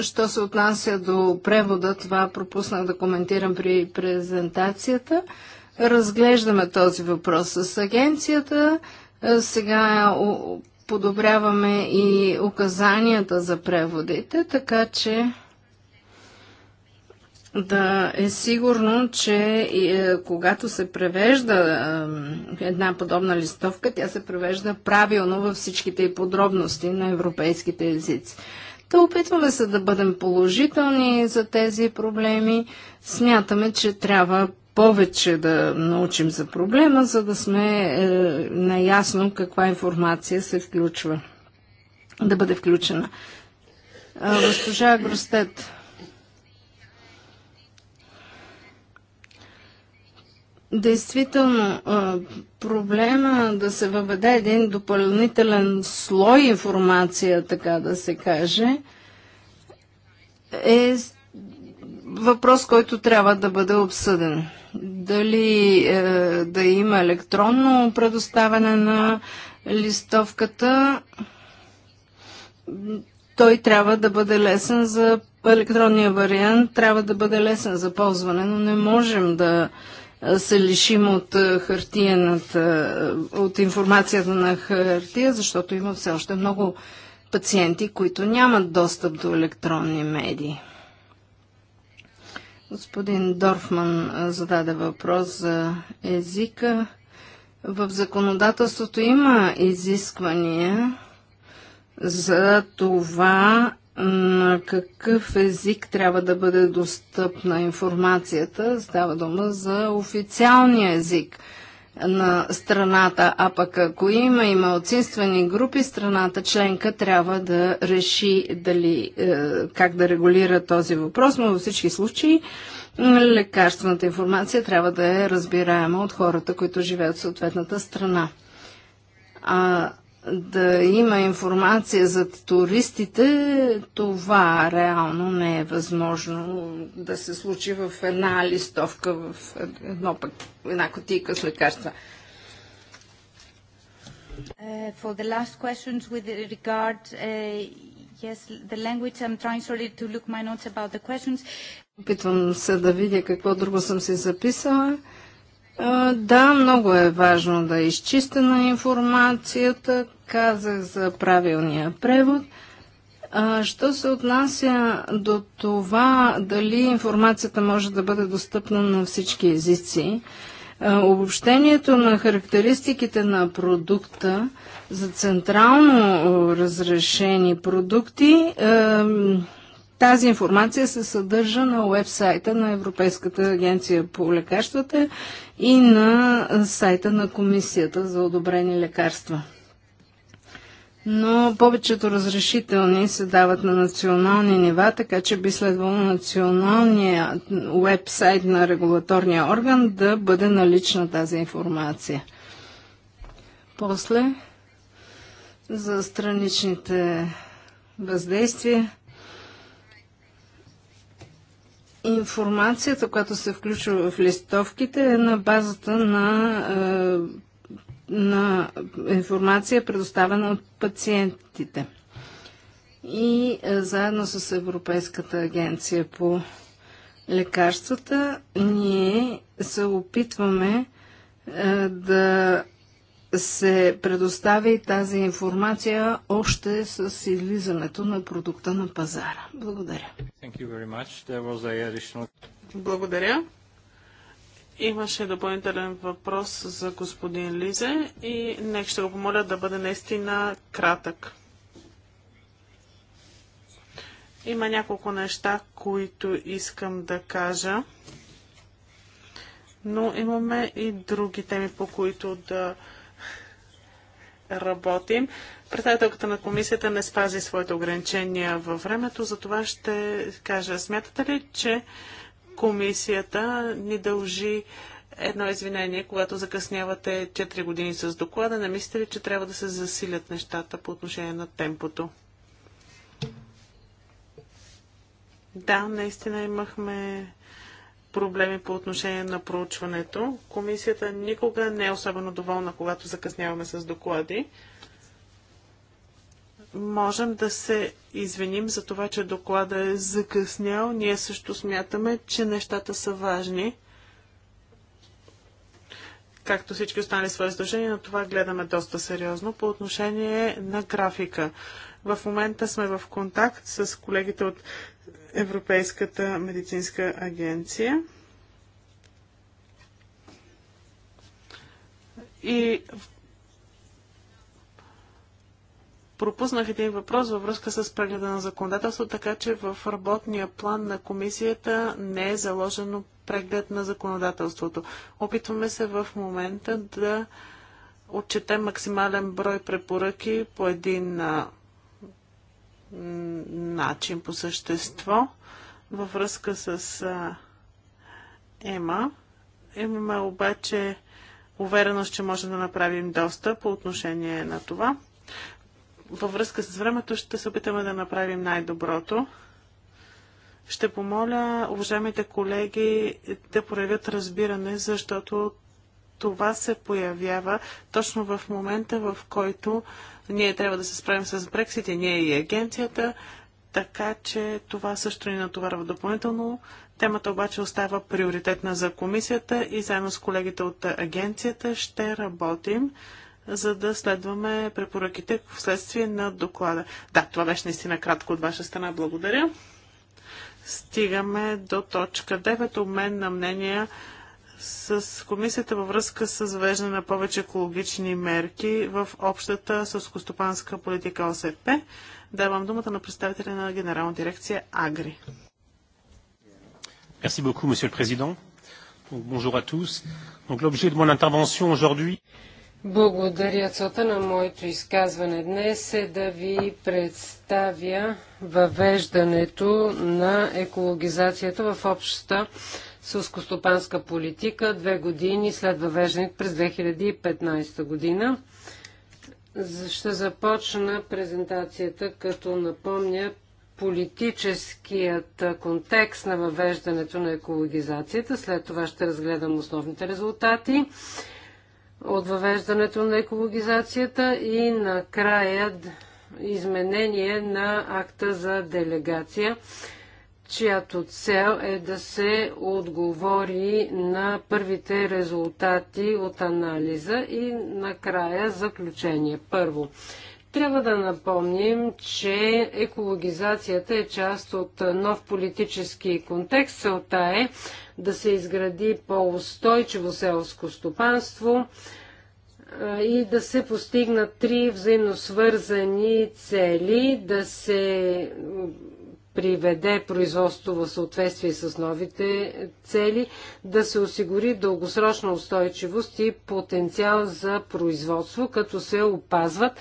що се отнася до превода, това пропуснах да коментирам при презентацията. Разглеждаме този въпрос с агенцията. Сега подобряваме и указанията за преводите, така че да е сигурно, че е, когато се превежда е, една подобна листовка, тя се превежда правилно във всичките и подробности на европейските езици. Та опитваме се да бъдем положителни за тези проблеми. Смятаме, че трябва повече да научим за проблема, за да сме е, наясно каква информация се включва, да бъде включена. госпожа Гростет, Действително, проблема да се въведе един допълнителен слой информация, така да се каже, е въпрос, който трябва да бъде обсъден. Дали е, да има електронно предоставяне на листовката, той трябва да бъде лесен за електронния вариант, трябва да бъде лесен за ползване, но не можем да се лишим от хартиената, от информацията на хартия, защото има все още много пациенти, които нямат достъп до електронни медии. Господин Дорфман зададе въпрос за езика. В законодателството има изисквания за това на какъв език трябва да бъде достъпна информацията. Става дума за официалния език на страната, а пък ако има и малцинствени групи, страната членка трябва да реши дали, е, как да регулира този въпрос, но във всички случаи лекарствената информация трябва да е разбираема от хората, които живеят в съответната страна. А да има информация за туристите, това реално не е възможно да се случи в една листовка, в едно пък, една котийка с лекарства. Uh, for the last questions with regard, uh, yes, the language, I'm trying sorry to look my notes about the questions. Опитвам се да видя какво друго съм си записала. Да, много е важно да е изчистена информацията. Казах за правилния превод. Що се отнася до това дали информацията може да бъде достъпна на всички езици, обобщението на характеристиките на продукта за централно разрешени продукти тази информация се съдържа на уебсайта на Европейската агенция по лекарствата и на сайта на Комисията за одобрени лекарства. Но повечето разрешителни се дават на национални нива, така че би следвало националния уебсайт на регулаторния орган да бъде налична тази информация. После за страничните въздействия информацията, която се включва в листовките, е на базата на, е, на информация, предоставена от пациентите. И е, заедно с Европейската агенция по лекарствата ние се опитваме е, да се предостави тази информация още с излизането на продукта на пазара. Благодаря. Additional... Благодаря. Имаше допълнителен въпрос за господин Лизе и нека ще го помоля да бъде наистина кратък. Има няколко неща, които искам да кажа, но имаме и други теми, по които да работим. Председателката на комисията не спази своите ограничения във времето, за това ще кажа, смятате ли, че комисията ни дължи едно извинение, когато закъснявате 4 години с доклада. Не мислите ли, че трябва да се засилят нещата по отношение на темпото? Да, наистина имахме проблеми по отношение на проучването. Комисията никога не е особено доволна, когато закъсняваме с доклади. Можем да се извиним за това, че доклада е закъснял. Ние също смятаме, че нещата са важни. Както всички останали свои издължения, на това гледаме доста сериозно. По отношение на графика. В момента сме в контакт с колегите от Европейската медицинска агенция. И пропуснах един въпрос във връзка с прегледа на законодателство, така че в работния план на комисията не е заложено преглед на законодателството. Опитваме се в момента да отчетем максимален брой препоръки по един начин по същество във връзка с а, Ема. Имаме обаче увереност, че можем да направим доста по отношение на това. Във връзка с времето ще се опитаме да направим най-доброто. Ще помоля уважаемите колеги да проявят разбиране, защото това се появява точно в момента, в който ние трябва да се справим с Брексит и ние и агенцията, така че това също ни натоварва допълнително. Темата обаче остава приоритетна за комисията и заедно с колегите от агенцията ще работим за да следваме препоръките в следствие на доклада. Да, това беше наистина кратко от ваша страна. Благодаря. Стигаме до точка 9. Обмен на мнения с комисията във връзка с въвеждане на повече екологични мерки в общата сълскостопанска политика ОСП. Давам думата на представителя на Генерална дирекция Агри. Merci beaucoup, Monsieur le Président. Donc, bonjour à tous. Donc, l'objet de mon intervention aujourd'hui. Благодаря. Целта на моето изказване днес е да ви представя въвеждането на екологизацията в общата селскостопанска политика две години след въвеждането през 2015 година. Ще започна презентацията, като напомня политическият контекст на въвеждането на екологизацията. След това ще разгледам основните резултати от въвеждането на екологизацията и накрая изменение на акта за делегация чиято цел е да се отговори на първите резултати от анализа и накрая заключение. Първо, трябва да напомним, че екологизацията е част от нов политически контекст. Целта е да се изгради по-устойчиво селско стопанство и да се постигнат три взаимосвързани цели, да се приведе производство в съответствие с новите цели, да се осигури дългосрочна устойчивост и потенциал за производство, като се опазват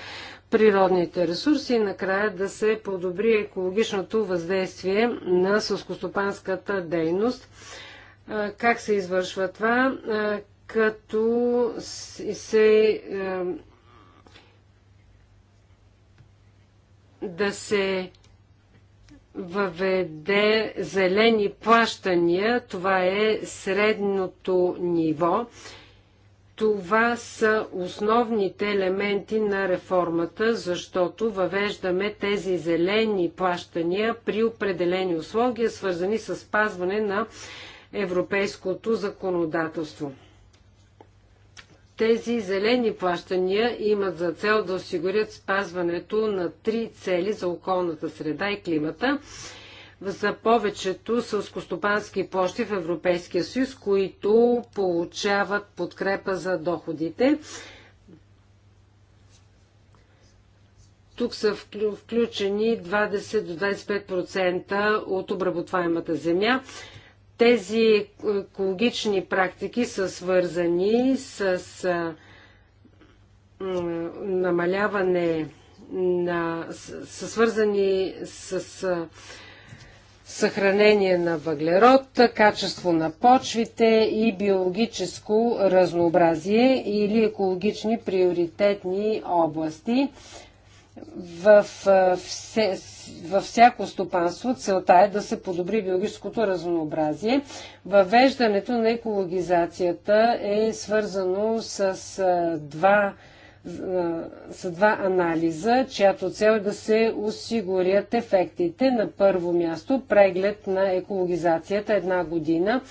природните ресурси и накрая да се подобри екологичното въздействие на сълскостопанската дейност. Как се извършва това? Като се да се въведе зелени плащания. Това е средното ниво. Това са основните елементи на реформата, защото въвеждаме тези зелени плащания при определени условия, свързани с пазване на европейското законодателство. Тези зелени плащания имат за цел да осигурят спазването на три цели за околната среда и климата за повечето сълскостопански площи в Европейския съюз, които получават подкрепа за доходите. Тук са включени 20 25% от обработваемата земя. Тези е, екологични практики са свързани с е, намаляване на, са свързани с е, съхранение на въглерод, качество на почвите и биологическо разнообразие или екологични приоритетни области в, все, във всяко стопанство целта е да се подобри биологическото разнообразие. Въвеждането на екологизацията е свързано с два с два анализа, чиято цел е да се осигурят ефектите. На първо място преглед на екологизацията една година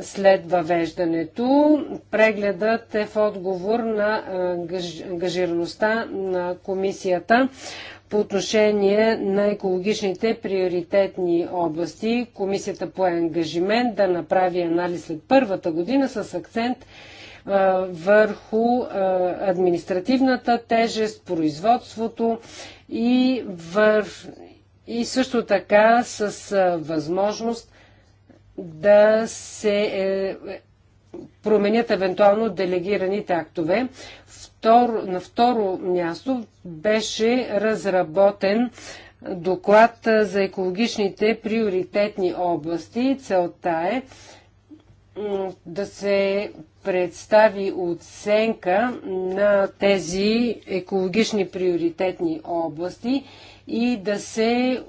след въвеждането. Прегледът е в отговор на ангажираността на комисията по отношение на екологичните приоритетни области. Комисията по ангажимент да направи анализ след първата година с акцент върху административната тежест, производството и, вър... и също така с възможност да се е, променят евентуално делегираните актове. Втор, на второ място беше разработен доклад е, за екологичните приоритетни области. Целта е да се представи оценка на тези екологични приоритетни области и да се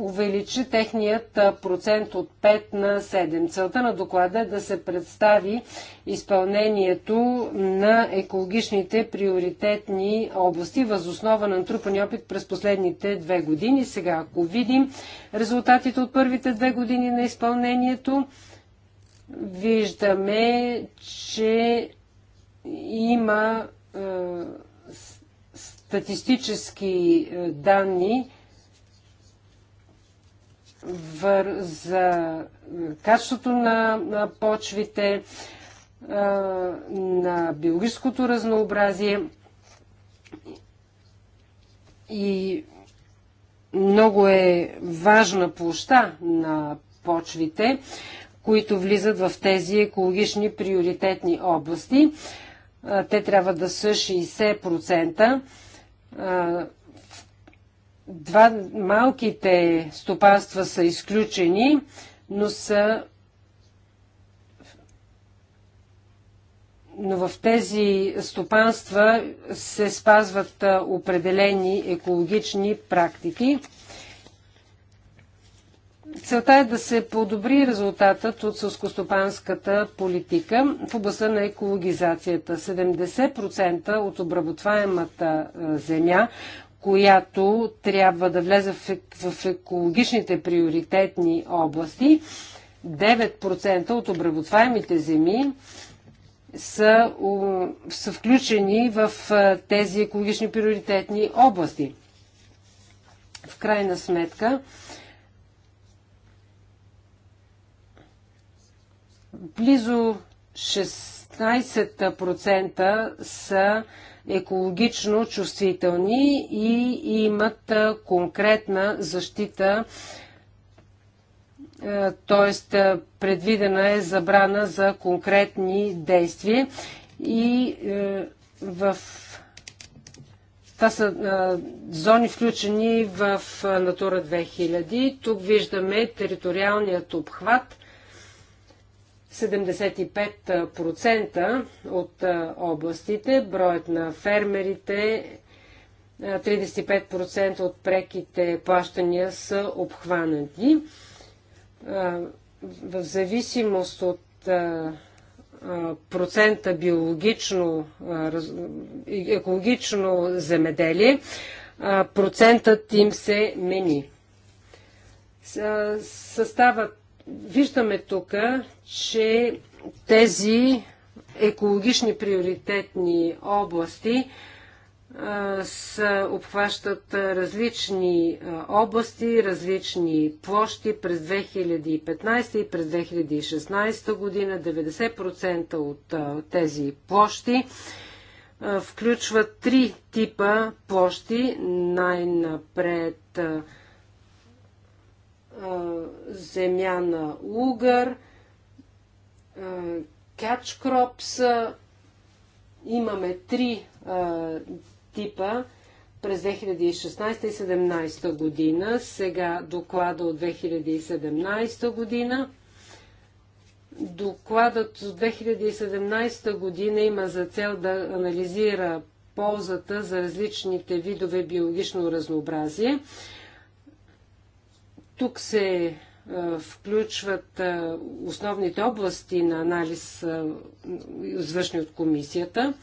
увеличи техният процент от 5 на 7. Целта на доклада е да се представи изпълнението на екологичните приоритетни области възоснова на натрупани опит през последните две години. Сега, ако видим резултатите от първите две години на изпълнението, виждаме, че има статистически е, данни за е, качеството на почвите, е, на биологическото разнообразие и много е важна площа на почвите, които влизат в тези екологични приоритетни области. Те трябва да са 60%. Два малките стопанства са изключени, но са но в тези стопанства се спазват определени екологични практики. Целта е да се подобри резултатът от сълскостопанската политика в областта на екологизацията. 70% от обработваемата е, земя, която трябва да влезе в екологичните приоритетни области, 9% от обработваемите земи са, са включени в е, тези екологични приоритетни области. В крайна сметка, близо 16% са екологично чувствителни и имат конкретна защита, т.е. предвидена е забрана за конкретни действия и е, в това са е, зони включени в Натура 2000. Тук виждаме териториалният обхват 75% от областите, броят на фермерите 35% от преките плащания са обхванати. В зависимост от процента биологично, екологично земеделие, процентът им се мени. Съставът Виждаме тук, че тези екологични приоритетни области се обхващат различни области, различни площи през 2015 и през 2016 година. 90% от тези площи включват три типа площи. Най-напред земя на угър, catch crops. Имаме три типа през 2016 и 2017 година. Сега доклада от 2017 година. Докладът от 2017 година има за цел да анализира ползата за различните видове биологично разнообразие тук се включват основните области на анализ, извършни от комисията.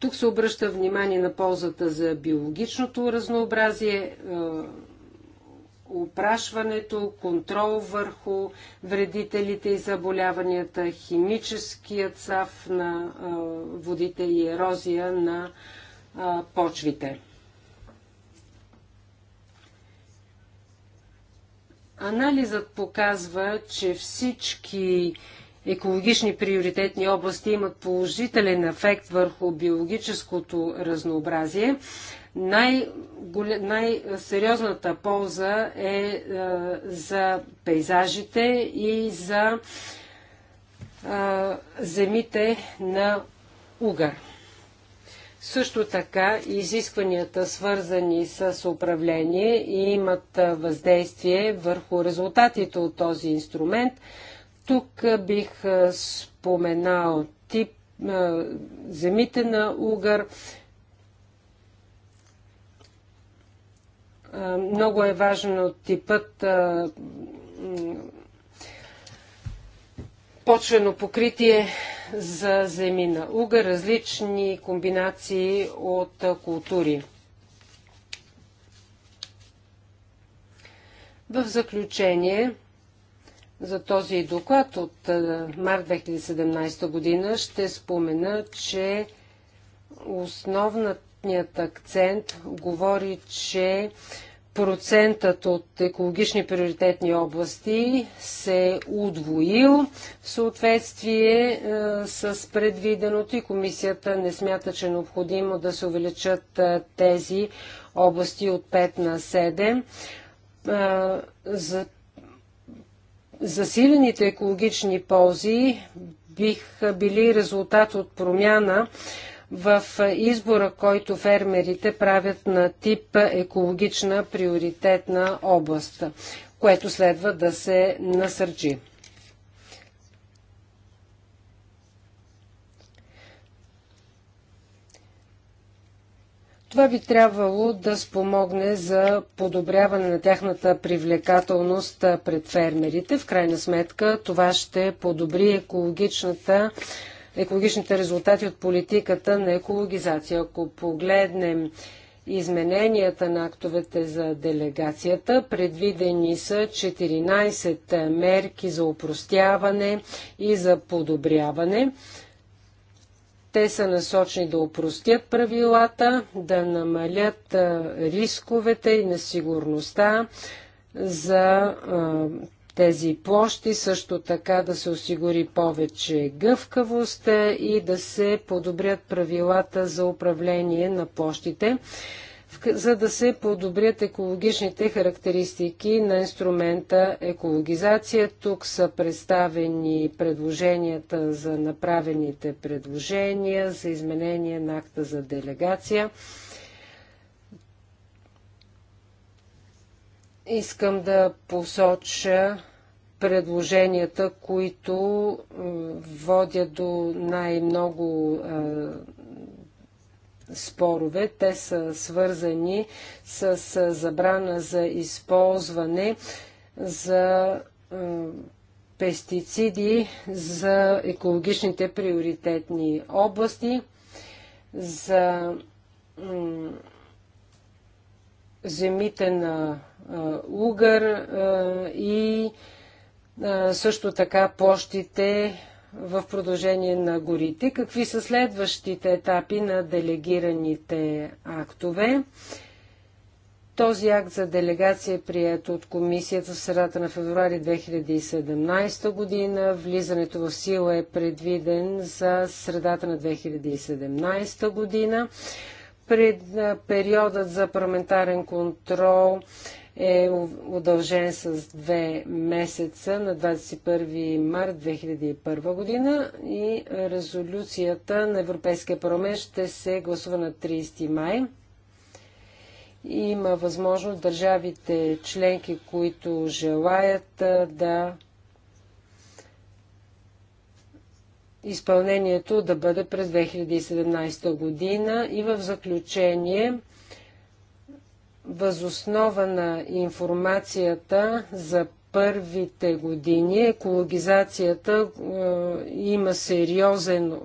Тук се обръща внимание на ползата за биологичното разнообразие, опрашването, контрол върху вредителите и заболяванията, химическият сав на водите и ерозия на почвите. Анализът показва, че всички екологични приоритетни области имат положителен ефект върху биологическото разнообразие. Най- най-сериозната полза е, е, за пейзажите и за е, земите на Угар. Също така изискванията, свързани с управление, имат въздействие върху резултатите от този инструмент. Тук бих споменал тип земите на угър. Много е важно типът почвено покритие за земина. Уга различни комбинации от култури. В заключение за този доклад от март 2017 година ще спомена, че основният акцент говори, че процентът от екологични приоритетни области се е удвоил в съответствие е, с предвиденото и комисията не смята, че е необходимо да се увеличат е, тези области от 5 на 7. Е, за засилените екологични ползи биха били резултат от промяна в избора, който фермерите правят на тип екологична приоритетна област, което следва да се насърчи. Това би трябвало да спомогне за подобряване на тяхната привлекателност пред фермерите. В крайна сметка това ще подобри екологичната екологичните резултати от политиката на екологизация. Ако погледнем измененията на актовете за делегацията, предвидени са 14 мерки за упростяване и за подобряване. Те са насочени да упростят правилата, да намалят рисковете и несигурността за тези площи, също така да се осигури повече гъвкавост е, и да се подобрят правилата за управление на площите, за да се подобрят екологичните характеристики на инструмента екологизация. Тук са представени предложенията за направените предложения за изменение на акта за делегация. Искам да посоча предложенията, които водят до най-много спорове. Те са свързани с забрана за използване за пестициди за екологичните приоритетни области, за земите на Угър и също така площите в продължение на горите. Какви са следващите етапи на делегираните актове? Този акт за делегация е прият от комисията в средата на февруари 2017 година. Влизането в сила е предвиден за средата на 2017 година. Пред, периодът за парламентарен контрол е удължен с две месеца на 21 март 2001 година и резолюцията на Европейския парламент ще се гласува на 30 май. Има възможност държавите членки, които желаят да изпълнението да бъде през 2017 година и в заключение Възоснова на информацията за първите години екологизацията е, има сериозен е,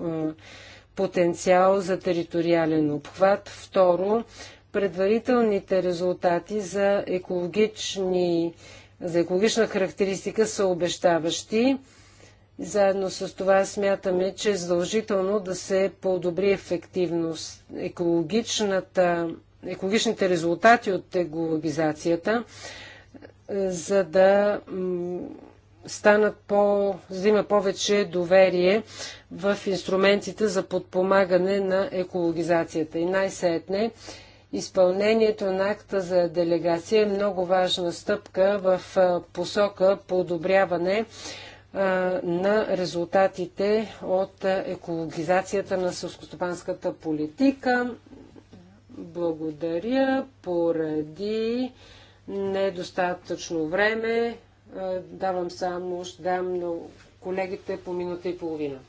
потенциал за териториален обхват. Второ, предварителните резултати за, екологични, за екологична характеристика са обещаващи. Заедно с това смятаме, че е задължително да се подобри ефективност. Екологичната екологичните резултати от екологизацията, е, за да станат по, за да има повече доверие в инструментите за подпомагане на екологизацията. И най-сетне изпълнението на акта за делегация е много важна стъпка в е, посока подобряване е, на резултатите от екологизацията на сълскостопанската политика. Благодаря. Поради недостатъчно време е, давам само, ще дам на колегите по минута и половина.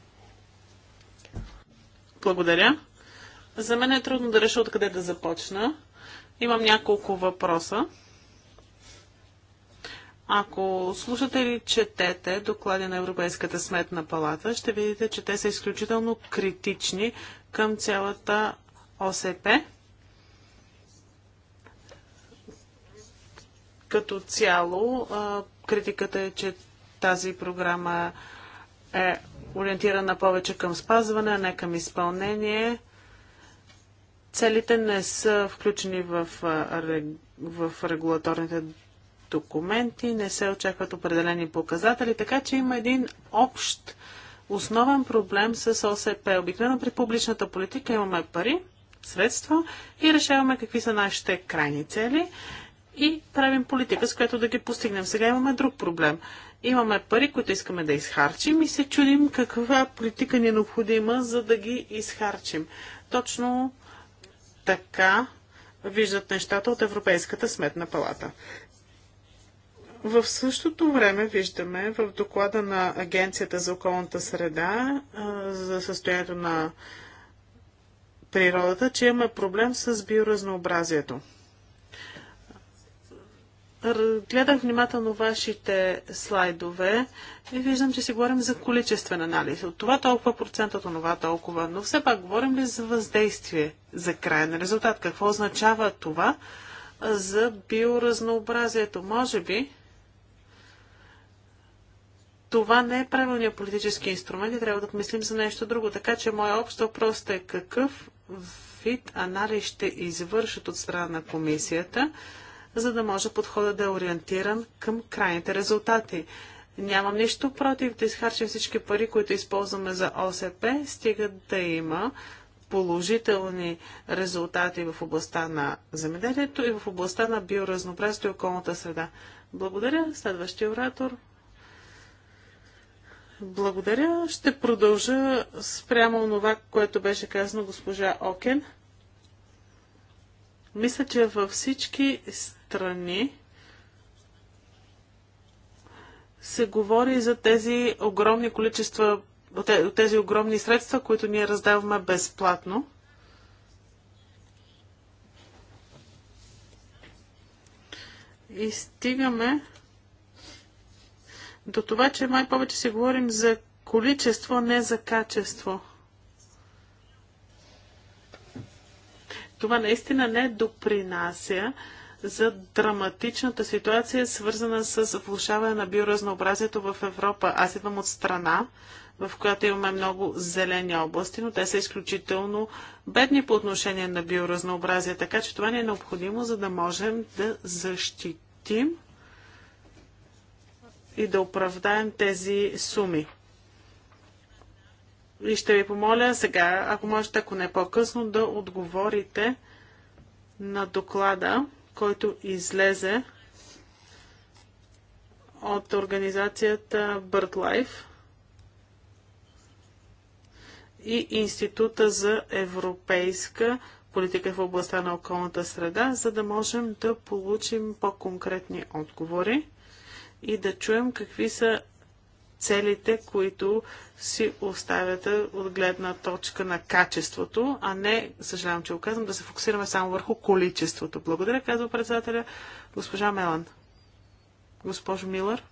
Благодаря. За мен е трудно да реша откъде да започна. Имам няколко въпроса. Ако слушате или четете доклади на Европейската сметна палата, ще видите, че те са изключително критични към цялата ОСП. Като цяло, критиката е, че тази програма е ориентирана повече към спазване, а не към изпълнение. Целите не са включени в, в регулаторните документи, не се очакват определени показатели, така че има един общ основен проблем с ОСП. Обикновено при публичната политика имаме пари, средства и решаваме какви са нашите крайни цели и правим политика, с която да ги постигнем. Сега имаме друг проблем. Имаме пари, които искаме да изхарчим и се чудим каква политика ни е необходима, за да ги изхарчим. Точно така виждат нещата от Европейската сметна палата. В същото време виждаме в доклада на Агенцията за околната среда за състоянието на природата, че имаме проблем с биоразнообразието гледах внимателно вашите слайдове и виждам, че си говорим за количествен анализ. От това толкова процент, от това толкова. Но все пак говорим ли за въздействие, за крайен резултат? Какво означава това за биоразнообразието? Може би това не е правилният политически инструмент и трябва да помислим за нещо друго. Така че моят общ въпрос е какъв вид анализ ще извършат от страна на комисията, за да може подходът да е ориентиран към крайните резултати. Нямам нищо против да изхарчим всички пари, които използваме за ОСП, стига да има положителни резултати в областта на земеделието и в областта на биоразнообразието и околната среда. Благодаря. Следващия оратор. Благодаря. Ще продължа спрямо това, което беше казано госпожа Окен. Мисля, че във всички страни се говори за тези огромни количества, тези огромни средства, които ние раздаваме безплатно. И стигаме до това, че май повече си говорим за количество, не за качество. Това наистина не допринася за драматичната ситуация, свързана с влушаване на биоразнообразието в Европа. Аз идвам от страна, в която имаме много зелени области, но те са изключително бедни по отношение на биоразнообразие. Така че това ни е необходимо, за да можем да защитим и да оправдаем тези суми. И ще ви помоля сега, ако можете, ако не по-късно, да отговорите на доклада който излезе от организацията BirdLife и Института за европейска политика в областта на околната среда, за да можем да получим по-конкретни отговори и да чуем какви са целите, които си оставяте от гледна точка на качеството, а не, съжалявам, че го казвам, да се фокусираме само върху количеството. Благодаря, казва председателя госпожа Мелан. Госпожо Милър.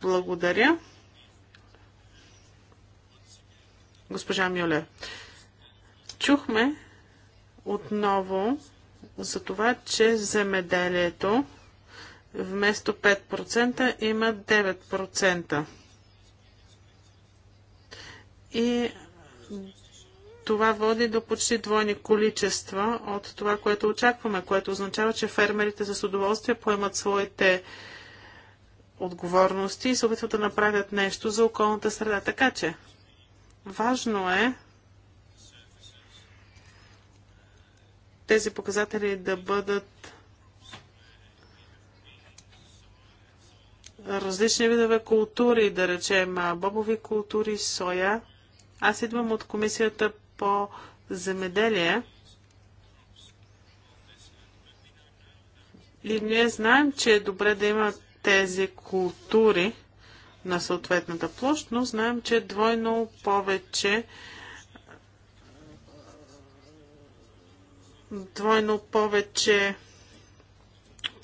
Благодаря. Госпожа Мюле. Чухме отново за това, че земеделието вместо 5% има 9%. И това води до почти двойни количества от това, което очакваме, което означава, че фермерите с удоволствие поемат своите отговорности и се опитват да направят нещо за околната среда. Така че, важно е тези показатели да бъдат различни видове култури, да речем бобови култури, соя. Аз идвам от комисията по земеделие. И ние знаем, че е добре да има тези култури на съответната площ, но знаем, че двойно повече двойно повече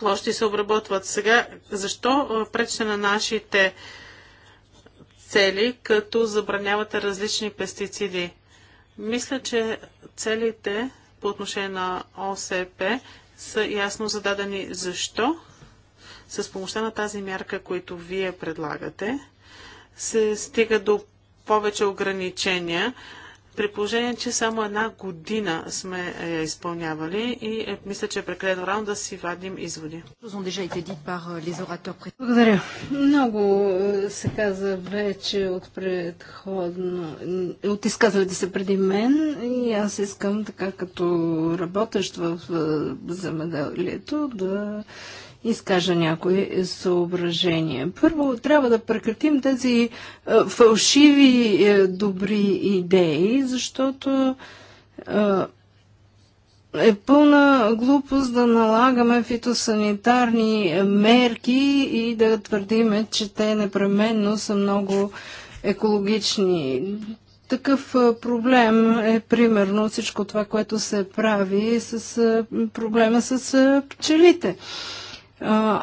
площи се обработват. Сега, защо пречите на нашите цели, като забранявате различни пестициди? Мисля, че целите по отношение на ОСП са ясно зададени защо с помощта на тази мярка, която вие предлагате, се стига до повече ограничения при положение, че само една година сме я е, изпълнявали и е, мисля, че е прекалено рано да си вадим изводи. Euh, Благодаря. Много е, се каза вече от предходно, е, от изказалите се преди мен и аз искам така като работещ в замеделието, да изкажа някои съображения. Първо, трябва да прекратим тези е, фалшиви е, добри идеи, защото е, е пълна глупост да налагаме фитосанитарни мерки и да твърдиме, че те непременно са много екологични. Такъв е, проблем е примерно всичко това, което се прави с е, проблема с пчелите.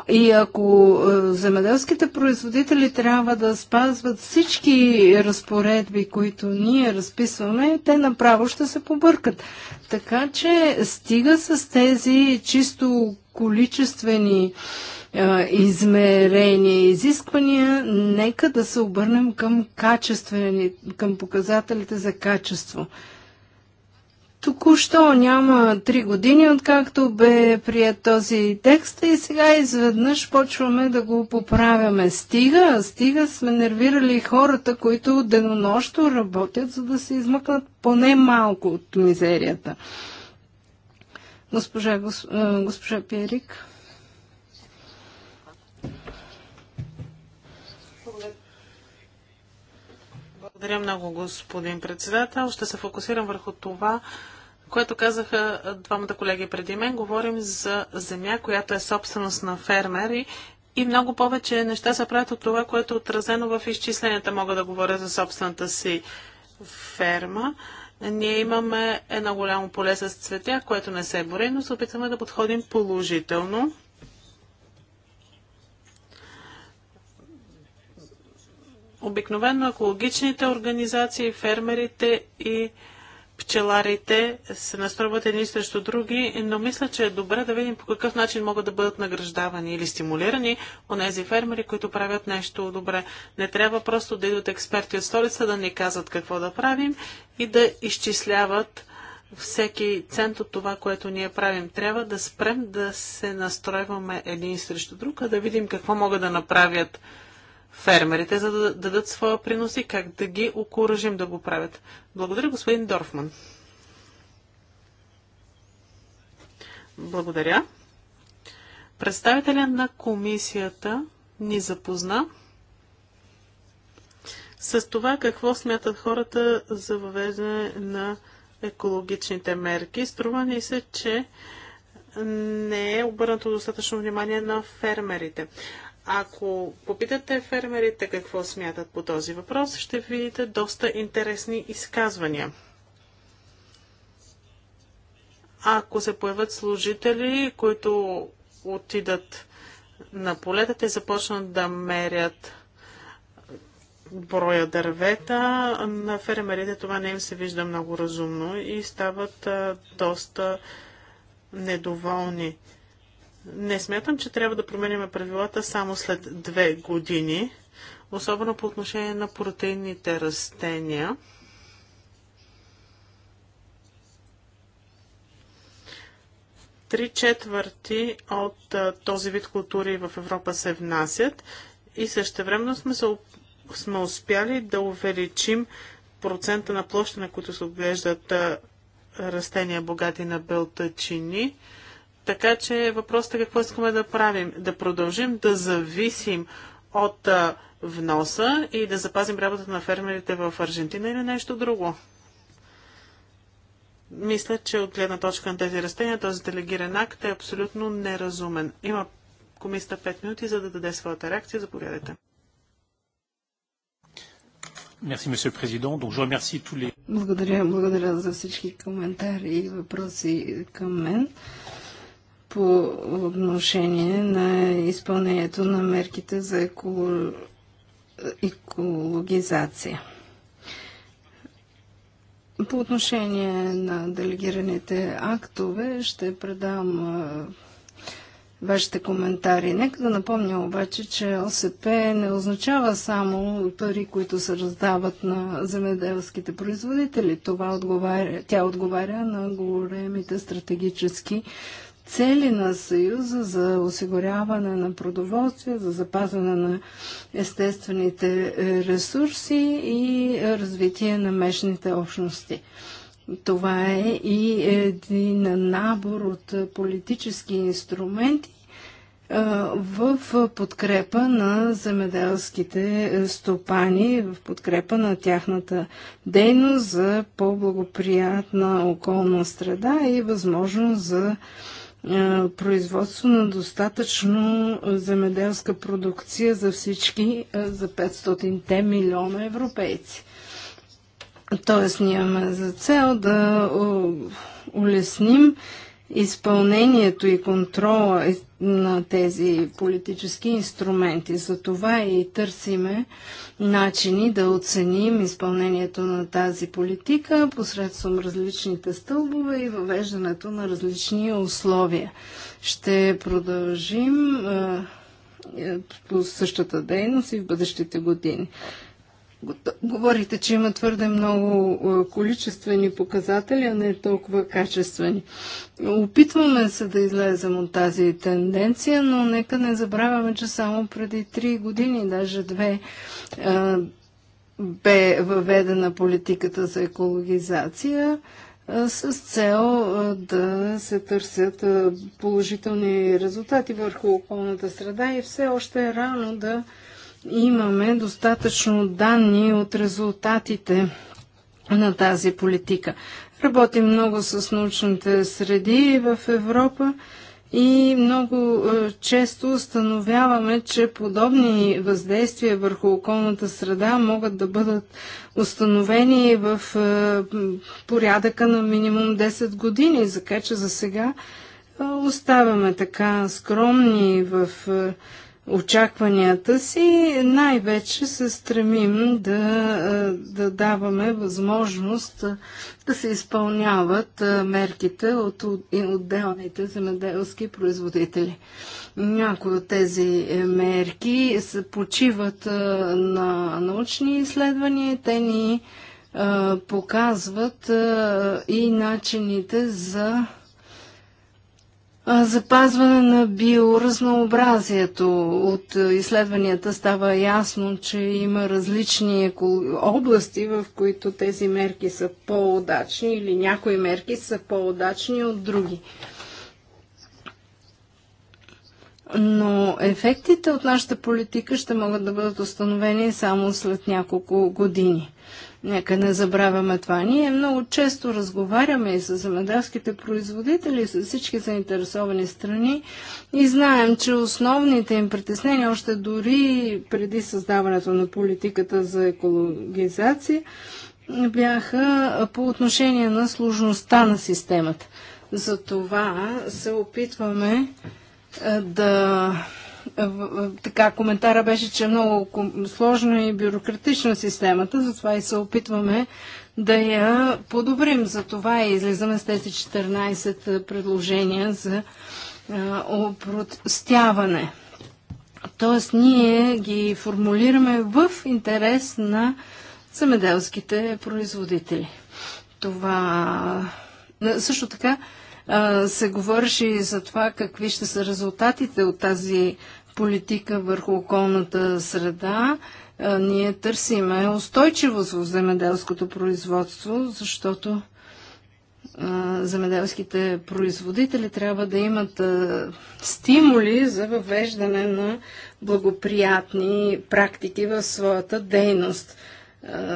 И ако земеделските производители трябва да спазват всички разпоредби, които ние разписваме, те направо ще се побъркат. Така че стига с тези чисто количествени измерения и изисквания, нека да се обърнем към, към показателите за качество. Току-що няма три години, откакто бе прият този текст и сега изведнъж почваме да го поправяме. Стига, стига сме нервирали хората, които денонощно работят, за да се измъкнат поне малко от мизерията. Госпожа, госпожа Пиерик. Благодаря много, господин председател. Ще се фокусирам върху това, което казаха двамата колеги преди мен, говорим за земя, която е собственост на фермери и много повече неща се правят от това, което е отразено в изчисленията. Мога да говоря за собствената си ферма. Ние имаме едно голямо поле с цветя, което не се бори, но се опитваме да подходим положително. Обикновено екологичните организации, фермерите и пчеларите се настройват едни срещу други, но мисля, че е добре да видим по какъв начин могат да бъдат награждавани или стимулирани онези фермери, които правят нещо добре. Не трябва просто да идват експерти от столица да ни казват какво да правим и да изчисляват всеки цент от това, което ние правим. Трябва да спрем да се настройваме един срещу друг, а да видим какво могат да направят фермерите, за да дадат своя принос и как да ги окоръжим да го правят. Благодаря, господин Дорфман. Благодаря. Представителя на комисията ни запозна с това какво смятат хората за въвеждане на екологичните мерки. Струва ни се, че не е обърнато достатъчно внимание на фермерите. Ако попитате фермерите какво смятат по този въпрос, ще видите доста интересни изказвания. Ако се появят служители, които отидат на полета, те започнат да мерят броя дървета. На фермерите това не им се вижда много разумно и стават доста недоволни. Не смятам, че трябва да променяме правилата само след две години, особено по отношение на протеинните растения. Три четвърти от а, този вид култури в Европа се внасят и същевременно сме, се, сме успяли да увеличим процента на площа, на които се отглеждат растения богати на белтъчини така че въпросът е какво искаме да правим. Да продължим да зависим от вноса и да запазим работата на фермерите в Аржентина или нещо друго. Мисля, че от гледна точка на тези растения, този делегиран акт е абсолютно неразумен. Има комисията 5 минути, за да даде своята реакция. Заповядайте. Благодаря, благодаря за всички коментари и въпроси към мен по отношение на изпълнението на мерките за еколо... екологизация. По отношение на делегираните актове ще предам вашите коментари. Нека да напомня обаче, че ОСП не означава само пари, които се раздават на земеделските производители. Това отговаря, тя отговаря на големите стратегически цели на Съюза за осигуряване на продоволствие, за запазване на естествените е, ресурси и развитие на местните общности. Това е и един набор от политически инструменти е, в подкрепа на земеделските стопани, в подкрепа на тяхната дейност за по-благоприятна околна среда и възможност за е, производство на достатъчно земеделска продукция за всички, е, за 500-те милиона европейци. Тоест, ние имаме за цел да улесним изпълнението и контрола, на тези политически инструменти. Затова и търсиме начини да оценим изпълнението на тази политика посредством различните стълбове и въвеждането на различни условия. Ще продължим е, по същата дейност и в бъдещите години. Говорите, че има твърде много е, количествени показатели, а не толкова качествени. Опитваме се да излезем от тази тенденция, но нека не забравяме, че само преди 3 години, даже две, е, бе въведена политиката за екологизация е, с цел да се търсят положителни резултати върху околната среда и все още е рано да имаме достатъчно данни от резултатите на тази политика. Работим много с научните среди в Европа и много е, често установяваме, че подобни въздействия върху околната среда могат да бъдат установени в е, порядъка на минимум 10 години, така че за сега е, оставаме така скромни в очакванията си, най-вече се стремим да, да даваме възможност да се изпълняват мерките от отделните земеделски производители. Някои от тези е, мерки се почиват на научни изследвания, те ни показват и начините за запазване на биоразнообразието. От изследванията става ясно, че има различни области, в които тези мерки са по-удачни или някои мерки са по-удачни от други. Но ефектите от нашата политика ще могат да бъдат установени само след няколко години. Нека не забравяме това. Ние много често разговаряме и с земеделските производители, и с всички заинтересовани страни и знаем, че основните им притеснения, още дори преди създаването на политиката за екологизация, бяха по отношение на сложността на системата. Затова се опитваме да така коментара беше, че е много сложна и бюрократична системата, затова и се опитваме да я подобрим. Затова и излизаме с тези 14 предложения за опростяване. Тоест ние ги формулираме в интерес на земеделските производители. Това също така се говореше и за това какви ще са резултатите от тази политика върху околната среда. Ние търсиме устойчивост в земеделското производство, защото земеделските производители трябва да имат стимули за въвеждане на благоприятни практики в своята дейност.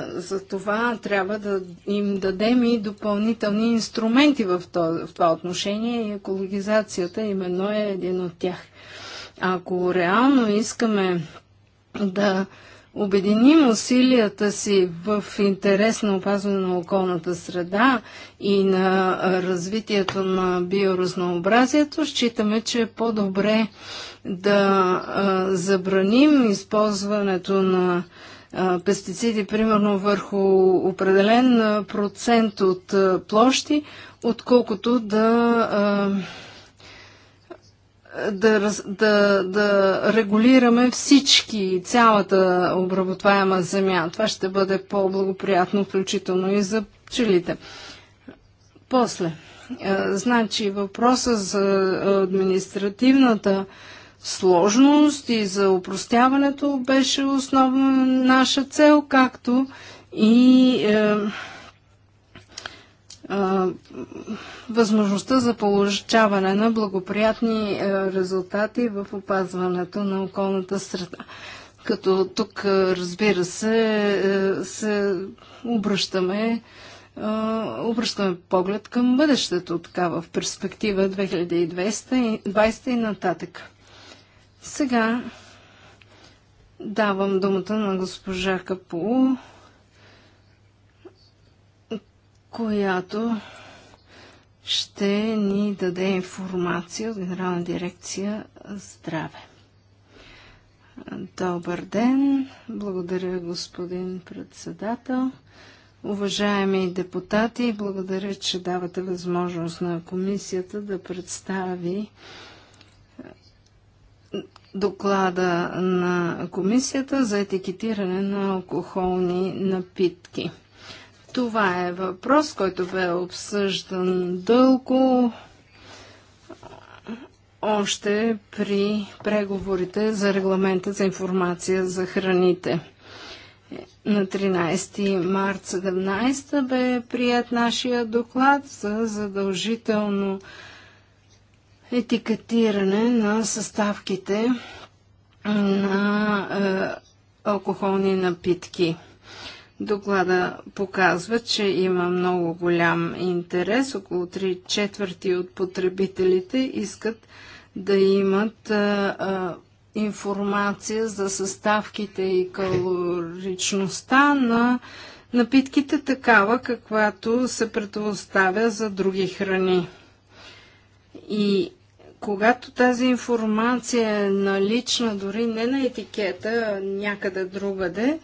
За това трябва да им дадем и допълнителни инструменти в това отношение и екологизацията именно е един от тях. Ако реално искаме да обединим усилията си в интерес на опазване на околната среда и на развитието на биоразнообразието, считаме, че е по-добре да а, забраним използването на а, пестициди, примерно върху определен процент от а, площи, отколкото да да, да, да регулираме всички, цялата обработваема земя. Това ще бъде по-благоприятно, включително и за пчелите. После, е, значи въпроса за административната сложност и за упростяването беше основна наша цел, както и е, възможността за получаване на благоприятни резултати в опазването на околната среда. Като тук, разбира се, се обръщаме, обръщаме поглед към бъдещето, така в перспектива 2020 и нататък. Сега давам думата на госпожа Капу която ще ни даде информация от Генерална дирекция Здраве. Добър ден! Благодаря, господин председател. Уважаеми депутати, благодаря, че давате възможност на комисията да представи доклада на комисията за етикетиране на алкохолни напитки. Това е въпрос, който бе обсъждан дълго още при преговорите за регламента за информация за храните. На 13 март 17 бе прият нашия доклад за задължително етикетиране на съставките на е, алкохолни напитки. Доклада показва, че има много голям интерес. Около 3 четвърти от потребителите искат да имат а, а, информация за съставките и калоричността на напитките такава, каквато се предоставя за други храни. И когато тази информация е налична дори не на етикета, а някъде другаде,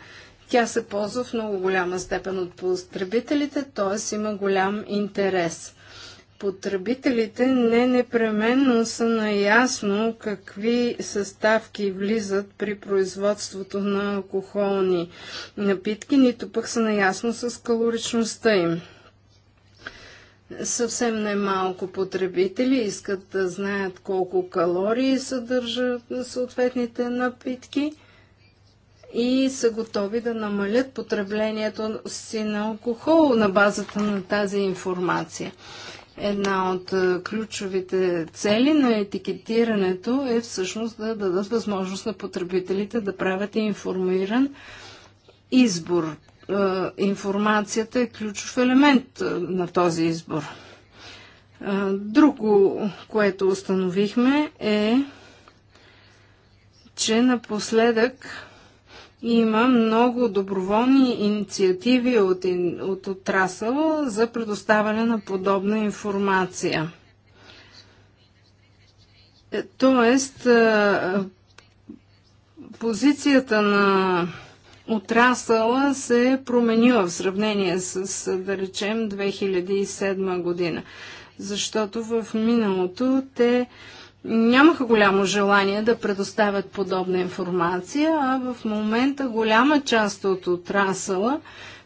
тя се ползва в много голяма степен от потребителите, т.е. има голям интерес. Потребителите не непременно са наясно какви съставки влизат при производството на алкохолни напитки, нито пък са наясно с калоричността им. Съвсем немалко потребители искат да знаят колко калории съдържат съответните напитки – и са готови да намалят потреблението си на алкохол на базата на тази информация. Една от е, ключовите цели на етикетирането е всъщност да дадат възможност на потребителите да правят информиран избор. Е, информацията е ключов елемент е, на този избор. Друго, което установихме е, че напоследък има много доброволни инициативи от, от отрасъл за предоставяне на подобна информация. Е, тоест, позицията на отрасъла се е променила в сравнение с, да речем, 2007 година. Защото в миналото те нямаха голямо желание да предоставят подобна информация, а в момента голяма част от отрасъла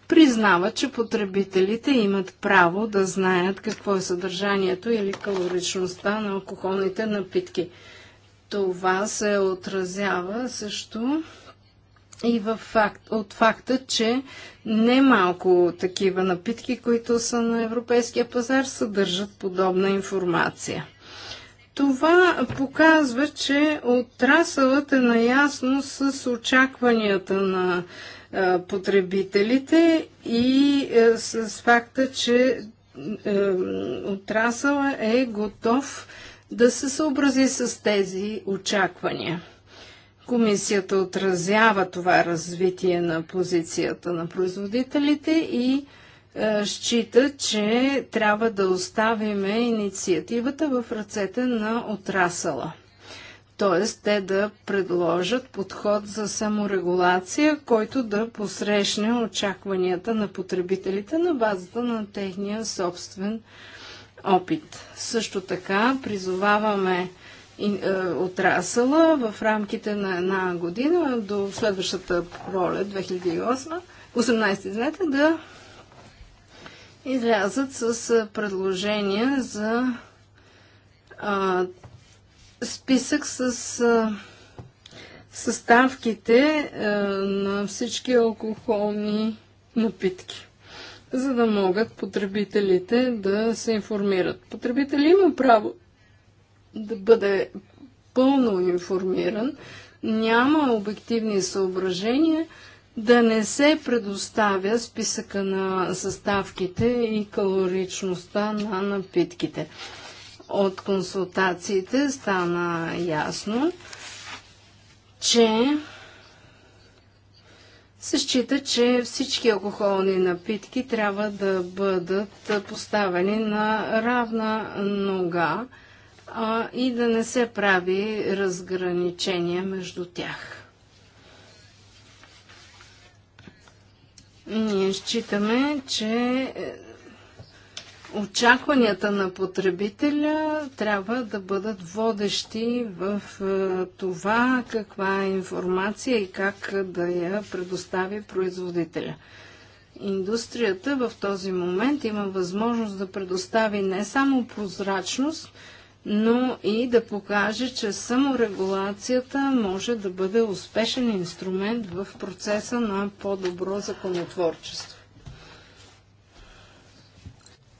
признава, че потребителите имат право да знаят какво е съдържанието или калоричността на алкохолните напитки. Това се отразява също и факт, от факта, че немалко такива напитки, които са на европейския пазар, съдържат подобна информация. Това показва, че отрасълът е наясно с очакванията на потребителите и с факта, че отрасълът е готов да се съобрази с тези очаквания. Комисията отразява това развитие на позицията на производителите и е, счита, че трябва да оставим инициативата в ръцете на отрасала. Тоест, те да предложат подход за саморегулация, който да посрещне очакванията на потребителите на базата на техния собствен опит. Също така призоваваме е, отрасъла в рамките на една година до следващата пролет 2008 18 извинете, да излязат с предложения за а, списък с а, съставките а, на всички алкохолни напитки, за да могат потребителите да се информират. Потребител има право да бъде пълно информиран, няма обективни съображения – да не се предоставя списъка на съставките и калоричността на напитките. От консултациите стана ясно, че се счита, че всички алкохолни напитки трябва да бъдат поставени на равна нога а, и да не се прави разграничение между тях. Ние считаме, че е, очакванията на потребителя трябва да бъдат водещи в е, това каква е информация и как да я предостави производителя. Индустрията в този момент има възможност да предостави не само прозрачност, но и да покаже, че саморегулацията може да бъде успешен инструмент в процеса на по-добро законотворчество.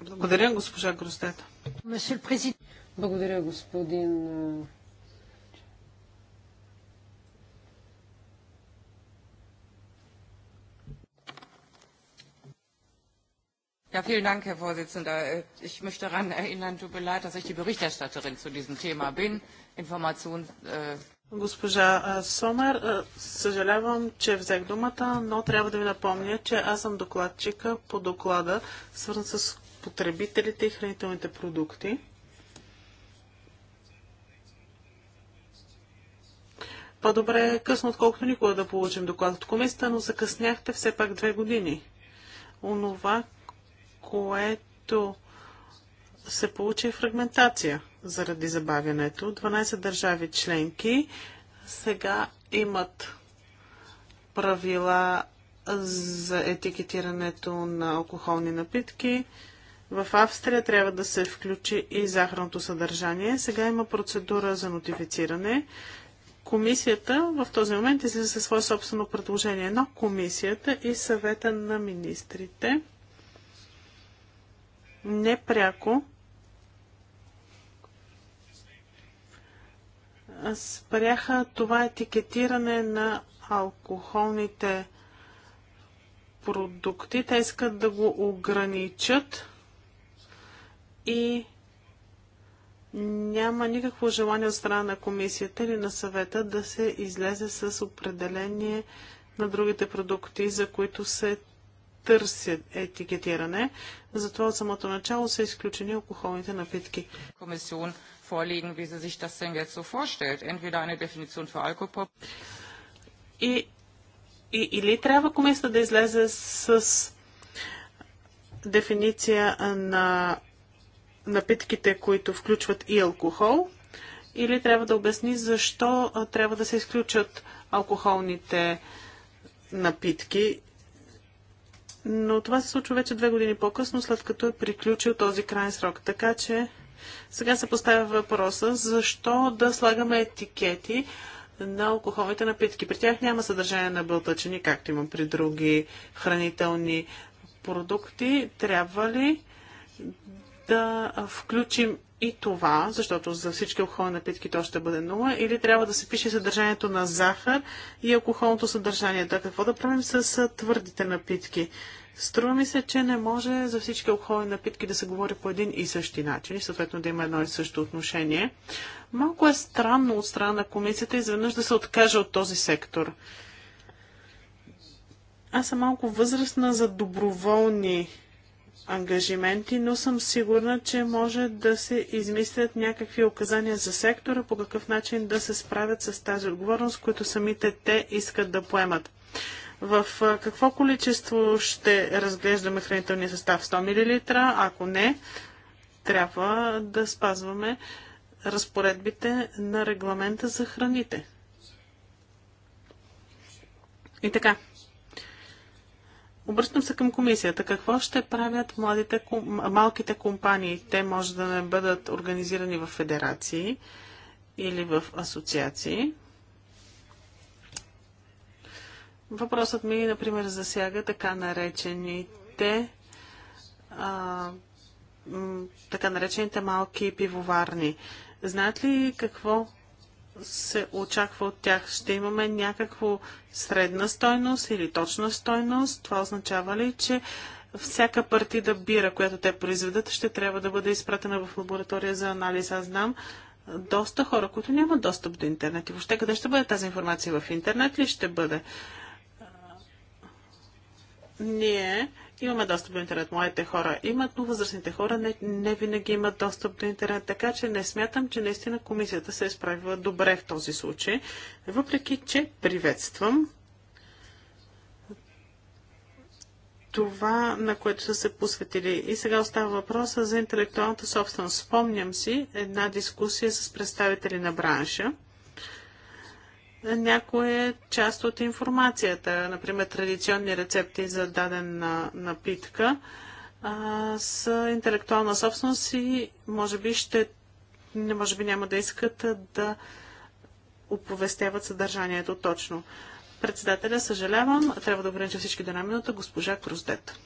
Благодаря, госпожа Гроздета. Благодаря, господин Ja, vielen Dank, Herr Vorsitzender. Äh, ich möchte daran erinnern, tut mir leid, dass ich die Berichterstatterin zu diesem Thema bin. Information. Äh, Госпожа Сомер, съжалявам, че взех думата, но трябва да ви напомня, че аз съм докладчика по доклада, свързан с потребителите и хранителните продукти. По-добре е късно, отколкото никога да получим доклад от комисията, но закъсняхте все пак две години. Онова, което се получи фрагментация заради забавянето. 12 държави членки сега имат правила за етикетирането на алкохолни напитки. В Австрия трябва да се включи и захарното съдържание. Сега има процедура за нотифициране. Комисията в този момент излиза със свое собствено предложение, но комисията и съвета на министрите непряко спряха това етикетиране на алкохолните продукти. Те искат да го ограничат и няма никакво желание от страна на комисията или на съвета да се излезе с определение на другите продукти, за които се търсят етикетиране, затова от самото начало са изключени алкохолните напитки. И, и, или трябва комисията да излезе с, дефиниция на напитките, които включват и алкохол, или трябва да обясни защо трябва да се изключат алкохолните напитки но това се случва вече две години по-късно, след като е приключил този крайен срок. Така че сега се поставя въпроса, защо да слагаме етикети на алкохолните напитки. При тях няма съдържание на бълтъчени, както има при други хранителни продукти. Трябва ли да включим и това, защото за всички алкохолни напитки то ще бъде 0, или трябва да се пише съдържанието на захар и алкохолното съдържание. Да, какво да правим с твърдите напитки? Струва ми се, че не може за всички алкохолни напитки да се говори по един и същи начин и съответно да има едно и също отношение. Малко е странно от страна на комисията изведнъж да се откаже от този сектор. Аз съм малко възрастна за доброволни ангажименти, но съм сигурна, че може да се измислят някакви указания за сектора, по какъв начин да се справят с тази отговорност, които самите те искат да поемат. В какво количество ще разглеждаме хранителния състав? 100 мл? Ако не, трябва да спазваме разпоредбите на регламента за храните. И така, Обръщам се към комисията. Какво ще правят младите, малките компании? Те може да не бъдат организирани в федерации или в асоциации. Въпросът ми, например, засяга така наречените а, така наречените малки пивоварни. Знаят ли какво се очаква от тях? Ще имаме някакво средна стойност или точна стойност? Това означава ли, че всяка партида бира, която те произведат, ще трябва да бъде изпратена в лаборатория за анализ? Аз знам доста хора, които нямат достъп до интернет. И въобще къде ще бъде тази информация? В интернет ли ще бъде? Ние Имаме достъп до интернет. Моите хора имат, но възрастните хора не, не винаги имат достъп до интернет. Така че не смятам, че наистина комисията се е справила добре в този случай. Въпреки, че приветствам това, на което са се посветили. И сега остава въпроса за интелектуалната собственост. Спомням си една дискусия с представители на бранша някоя част от информацията. Например, традиционни рецепти за дадена напитка а, интелектуална собственост и може би, ще, може би няма да искат да оповестяват съдържанието точно. Председателя, съжалявам, трябва да огранича всички до една минута. Госпожа Круздет.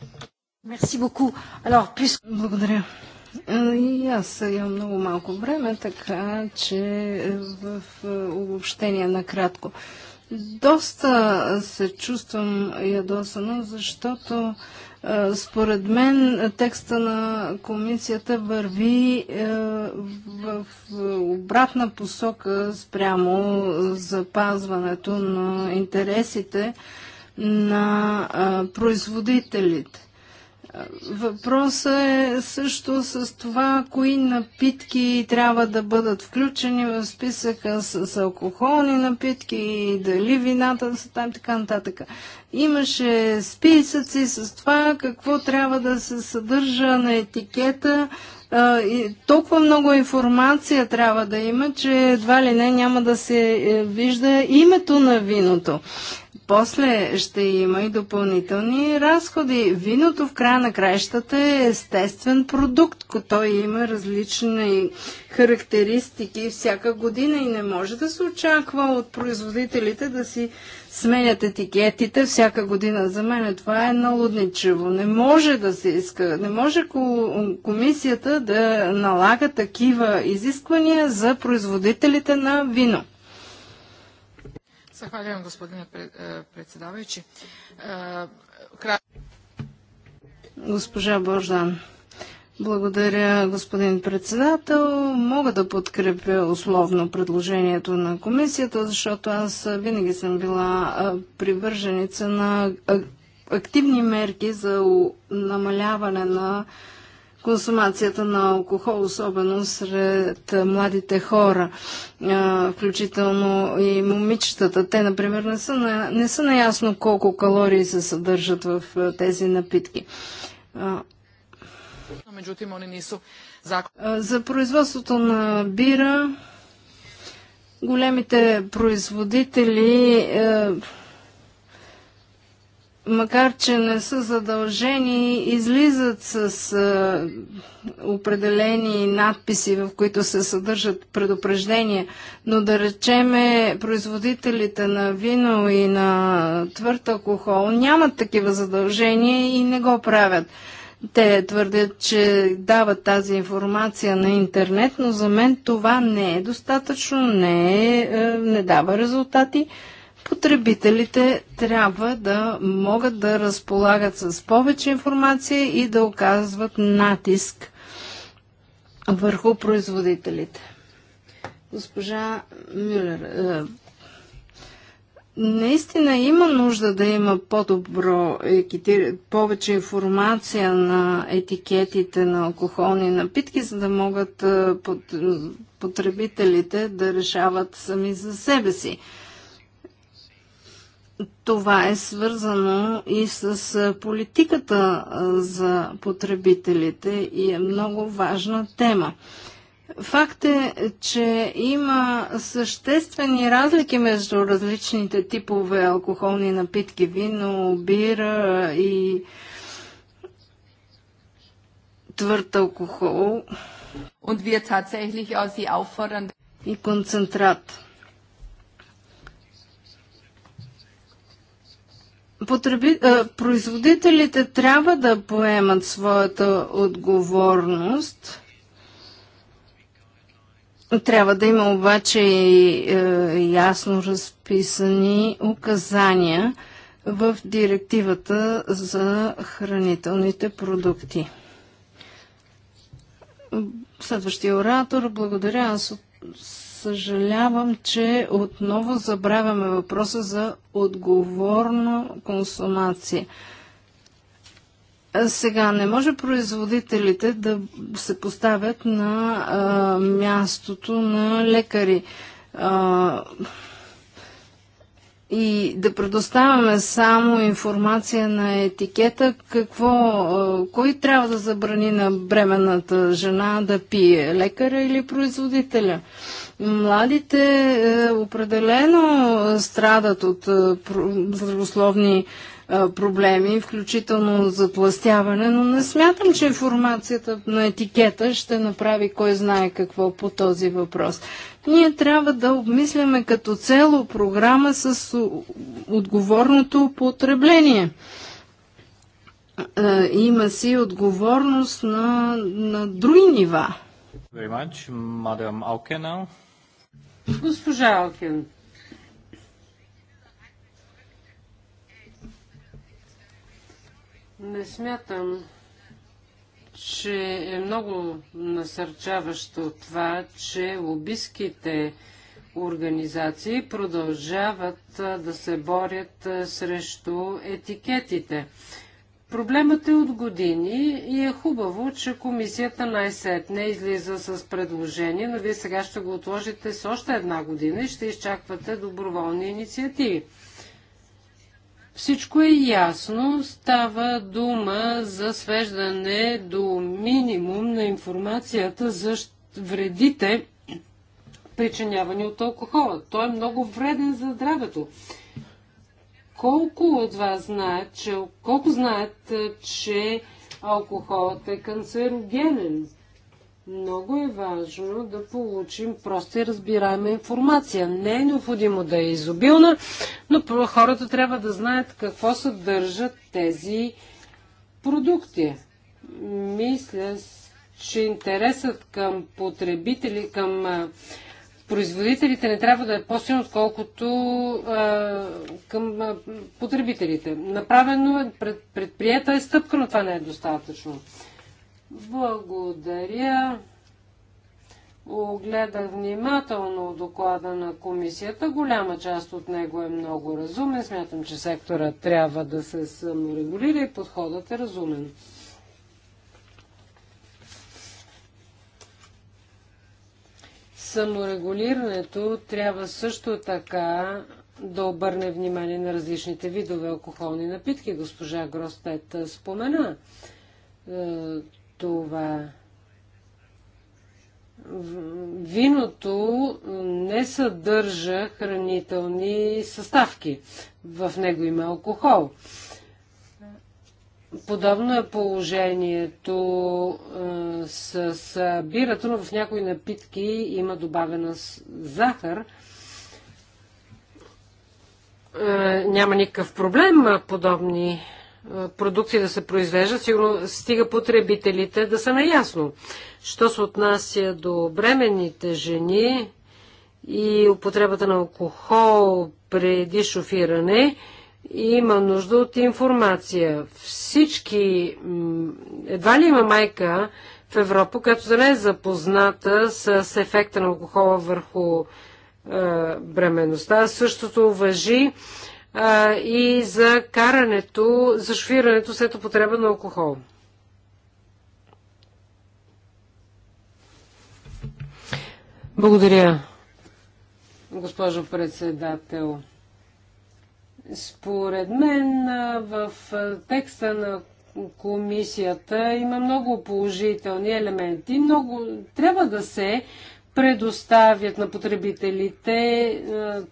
Благодаря. И аз имам много малко време, така че е, в е, обобщение кратко. Доста се чувствам ядосано, защото е, според мен текста на комисията върви в обратна посока спрямо запазването на интересите на производителите. Въпросът е също с това, кои напитки трябва да бъдат включени в списъка с алкохолни напитки и дали вината са там, така нататък. Имаше списъци с това, какво трябва да се съдържа на етикета. И толкова много информация трябва да има, че едва ли не няма да се е, вижда името на виното. После ще има и допълнителни разходи. Виното в края на краищата е естествен продукт. който има различни характеристики всяка година и не може да се очаква от производителите да си сменят етикетите всяка година. За мен това е налудничево. Не може да се иска, не може комисията да налага такива изисквания за производителите на вино. Zahvaljujem gospodine eh, eh, Госпожа Бождан, благодаря господин председател. Мога да подкрепя условно предложението на комисията, защото аз винаги съм била привърженица на активни мерки за намаляване на консумацията на алкохол, особено сред младите хора, включително и момичетата. Те, например, не са, на, не са наясно колко калории се съдържат в тези напитки. за производството на бира големите производители е, макар че не са задължени, излизат с а, определени надписи, в които се съдържат предупреждения. Но да речеме, производителите на вино и на твърд алкохол нямат такива задължения и не го правят. Те твърдят, че дават тази информация на интернет, но за мен това не е достатъчно, не, е, е не дава резултати потребителите трябва да могат да разполагат с повече информация и да оказват натиск върху производителите. Госпожа Мюллер, е, наистина има нужда да има по-добро повече информация на етикетите на алкохолни напитки, за да могат е, потребителите да решават сами за себе си това е свързано и с политиката за потребителите и е много важна тема. Факт е, че има съществени разлики между различните типове алкохолни напитки, вино, бира и твърд алкохол. И концентрат. потреби, а, производителите трябва да поемат своята отговорност. Трябва да има обаче и е, ясно разписани указания в директивата за хранителните продукти. Следващия оратор, благодаря. Аз съжалявам, че отново забравяме въпроса за отговорно консумация. Сега не може производителите да се поставят на а, мястото на лекари. А, и да предоставяме само информация на етикета, какво, кой трябва да забрани на бременната жена да пие, лекаря или производителя. Младите е, определено страдат от е, здравословни е, проблеми, включително затластяване, но не смятам, че информацията на етикета ще направи кой знае какво по този въпрос. Ние трябва да обмисляме като цяло програма с отговорното потребление. Е, има си отговорност на, на други нива. Very much, Madam Госпожа Алкин. Не смятам, че е много насърчаващо това, че лобистските организации продължават да се борят срещу етикетите. Проблемът е от години и е хубаво, че комисията най-сетне излиза с предложение, но вие сега ще го отложите с още една година и ще изчаквате доброволни инициативи. Всичко е ясно. Става дума за свеждане до минимум на информацията за вредите, причинявани от алкохола. Той е много вреден за здравето колко от вас знаят, че, колко знаят, че алкохолът е канцерогенен? Много е важно да получим проста и разбираема информация. Не е необходимо да е изобилна, но хората трябва да знаят какво съдържат тези продукти. Мисля, че интересът към потребители, към производителите не трябва да е по-силно, отколкото към потребителите. Направено е, пред, предприета е стъпка, но това не е достатъчно. Благодаря. Огледах внимателно доклада на комисията. Голяма част от него е много разумен. Смятам, че сектора трябва да се саморегулира и подходът е разумен. Саморегулирането трябва също така да обърне внимание на различните видове алкохолни напитки. Госпожа Гростет спомена е, това. Виното не съдържа хранителни съставки. В него има алкохол. Подобно е положението е, с, с бирата, но в някои напитки има добавена захар. Е, няма никакъв проблем подобни е, продукти да се произвеждат, сигурно стига потребителите да са наясно. Що се отнася до бременните жени и употребата на алкохол преди шофиране, има нужда от информация. Всички, едва ли има майка в Европа, която да не е запозната с ефекта на алкохола върху е, бременността. Същото въжи е, и за карането, за шофирането след употреба на алкохол. Благодаря, госпожо председател. Според мен в текста на комисията има много положителни елементи. Много трябва да се предоставят на потребителите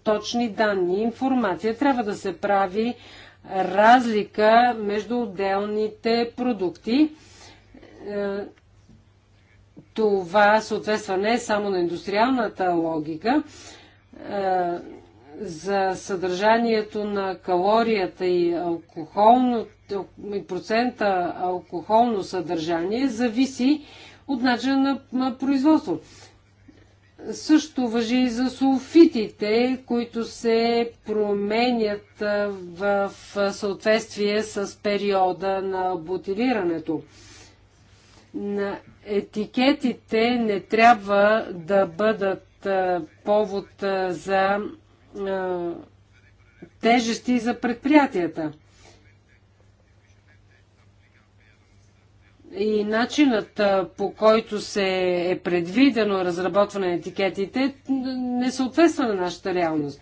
точни данни, информация. Трябва да се прави разлика между отделните продукти. това съответства не само на индустриалната логика, за съдържанието на калорията и, алкохолно, и процента алкохолно съдържание зависи от начина на производство. Също въжи и за сулфитите, които се променят в съответствие с периода на бутилирането. На етикетите не трябва да бъдат повод за тежести за предприятията. И начинът по който се е предвидено разработване на етикетите не съответства на нашата реалност.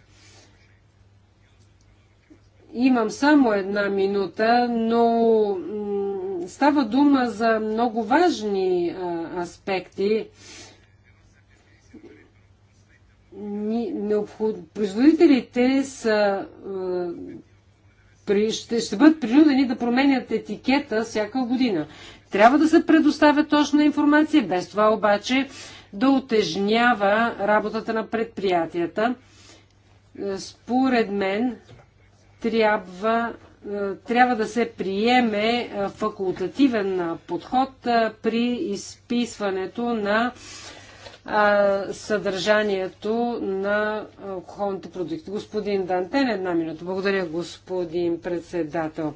Имам само една минута, но става дума за много важни аспекти необход... производителите са, е, при... ще, ще бъдат принудени да променят етикета всяка година. Трябва да се предоставя точна информация, без това обаче да отежнява работата на предприятията. Е, според мен трябва, е, трябва да се приеме факултативен подход при изписването на а, съдържанието на алкохолните продукти. Господин Дантен, една минута. Благодаря, господин председател.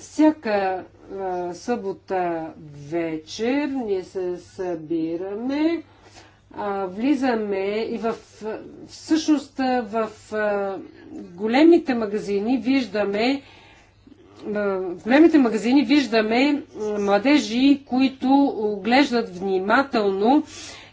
Всяка а, събота вечер ние се събираме, а, влизаме и в, всъщност в а, големите магазини виждаме в големите магазини виждаме младежи, които оглеждат внимателно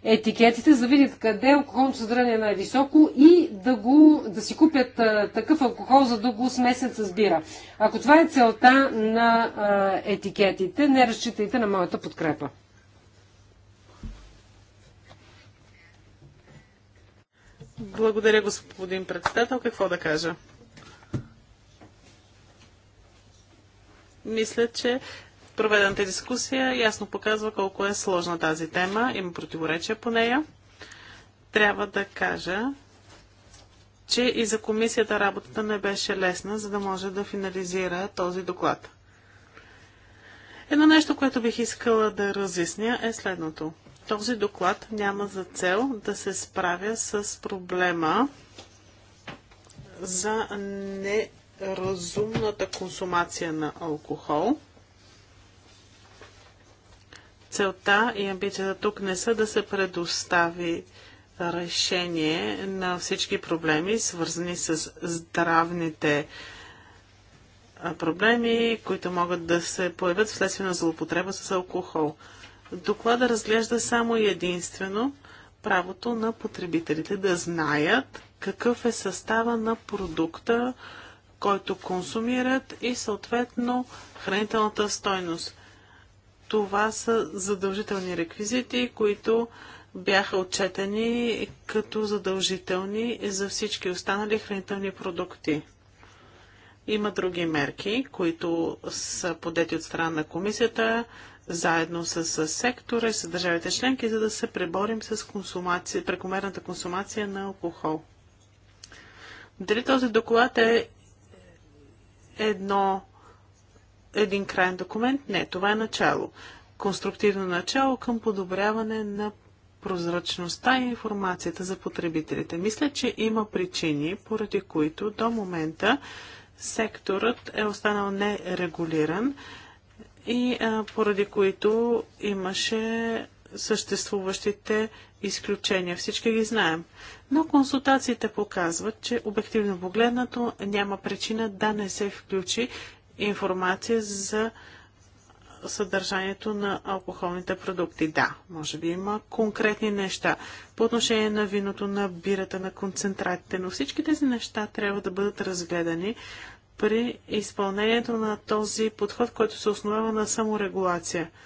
етикетите, за да видят къде алкохолното съдържание е най-високо и да, го, да си купят а, такъв алкохол, за да го смесят с бира. Ако това е целта на а, етикетите, не разчитайте на моята подкрепа. Благодаря, господин председател. Какво да кажа? Мисля, че проведената дискусия ясно показва колко е сложна тази тема. Има противоречия по нея. Трябва да кажа, че и за комисията работата не беше лесна, за да може да финализира този доклад. Едно нещо, което бих искала да разясня е следното. Този доклад няма за цел да се справя с проблема за не разумната консумация на алкохол. Целта и амбицията тук не са да се предостави решение на всички проблеми, свързани с здравните проблеми, които могат да се появят вследствие на злоупотреба с алкохол. Доклада разглежда само и единствено правото на потребителите да знаят какъв е състава на продукта, който консумират и съответно хранителната стойност. Това са задължителни реквизити, които бяха отчетени като задължителни за всички останали хранителни продукти. Има други мерки, които са подети от страна на комисията, заедно с, сектора и с държавите членки, за да се преборим с консумация, прекомерната консумация на алкохол. Дали този доклад е едно, един крайен документ. Не, това е начало. Конструктивно начало към подобряване на прозрачността и информацията за потребителите. Мисля, че има причини, поради които до момента секторът е останал нерегулиран и а, поради които имаше съществуващите изключения. Всички ги знаем но консултациите показват, че обективно погледнато няма причина да не се включи информация за съдържанието на алкохолните продукти. Да, може би има конкретни неща по отношение на виното, на бирата, на концентратите, но всички тези неща трябва да бъдат разгледани при изпълнението на този подход, който се основава на саморегулация –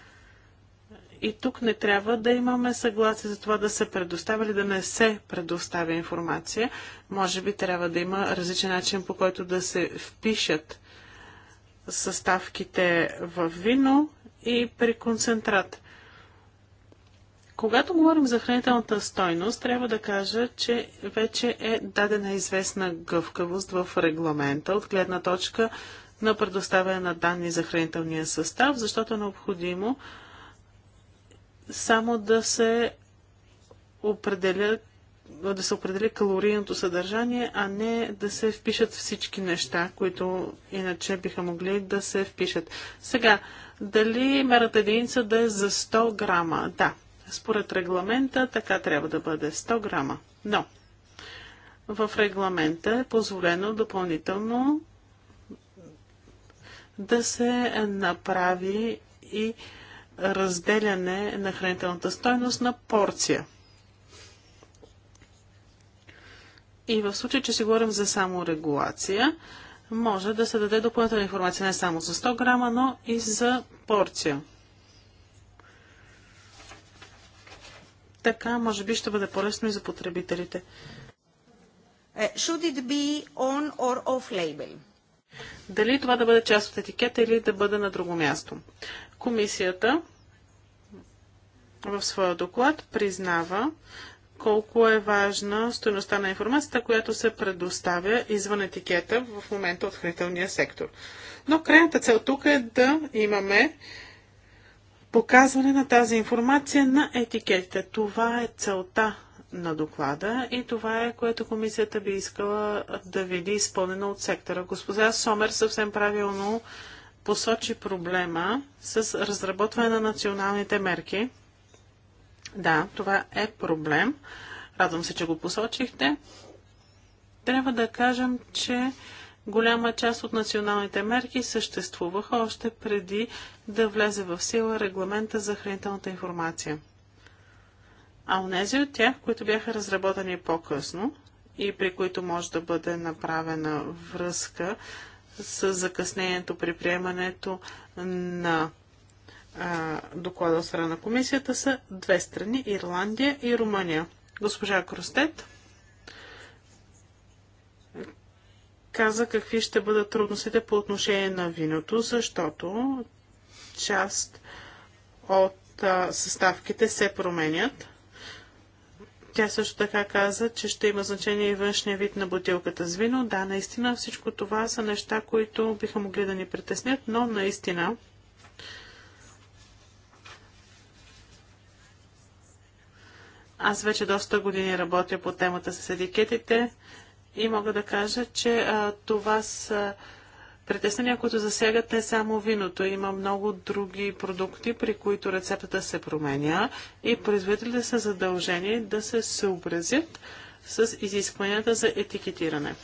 и тук не трябва да имаме съгласие за това да се предоставя или да не се предоставя информация. Може би трябва да има различен начин по който да се впишат съставките в вино и при концентрат. Когато говорим за хранителната стойност, трябва да кажа, че вече е дадена известна гъвкавост в регламента от гледна точка на предоставяне на данни за хранителния състав, защото е необходимо само да се определя да се определя калорийното съдържание, а не да се впишат всички неща, които иначе биха могли да се впишат. Сега, дали мерата единица да е за 100 грама? Да, според регламента така трябва да бъде 100 грама. Но в регламента е позволено допълнително да се направи и разделяне на хранителната стойност на порция. И в случай, че си говорим за саморегулация, може да се даде допълнителна информация не само за 100 грама, но и за порция. Така, може би, ще бъде по-лесно и за потребителите. Е, should it be on or off label? Дали това да бъде част от етикета или да бъде на друго място. Комисията в своя доклад признава колко е важна стоеността на информацията, която се предоставя извън етикета в момента от хранителния сектор. Но крайната цел тук е да имаме показване на тази информация на етикетите. Това е целта на доклада и това е което комисията би искала да види изпълнено от сектора. Госпожа Сомер съвсем правилно посочи проблема с разработване на националните мерки. Да, това е проблем. Радвам се, че го посочихте. Трябва да кажем, че голяма част от националните мерки съществуваха още преди да влезе в сила регламента за хранителната информация. А онези от тях, които бяха разработени по-късно и при които може да бъде направена връзка с закъснението при приемането на а, доклада от страна на комисията са две страни Ирландия и Румъния. Госпожа Кростет каза какви ще бъдат трудностите по отношение на виното, защото част от а, съставките се променят. Тя също така каза, че ще има значение и външния вид на бутилката с вино. Да, наистина всичко това са неща, които биха могли да ни притеснят, но наистина Аз вече доста години работя по темата с етикетите и мога да кажа, че а, това са притеснения, които засягат не само виното. Има много други продукти, при които рецептата се променя и производителите са задължени да се съобразят с изискванията за етикетиране.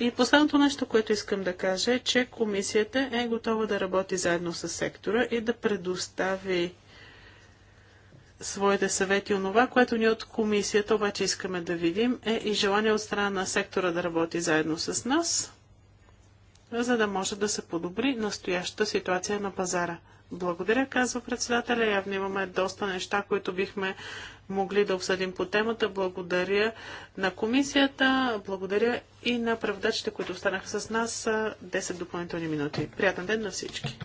И последното нещо, което искам да кажа е, че комисията е готова да работи заедно с сектора и да предостави своите съвети. Онова, което ние от комисията обаче искаме да видим е и желание от страна на сектора да работи заедно с нас за да може да се подобри настоящата ситуация на пазара. Благодаря, казва председателя. Явно имаме доста неща, които бихме могли да обсъдим по темата. Благодаря на комисията, благодаря и на преводачите, които останаха с нас 10 допълнителни минути. Приятен ден на всички!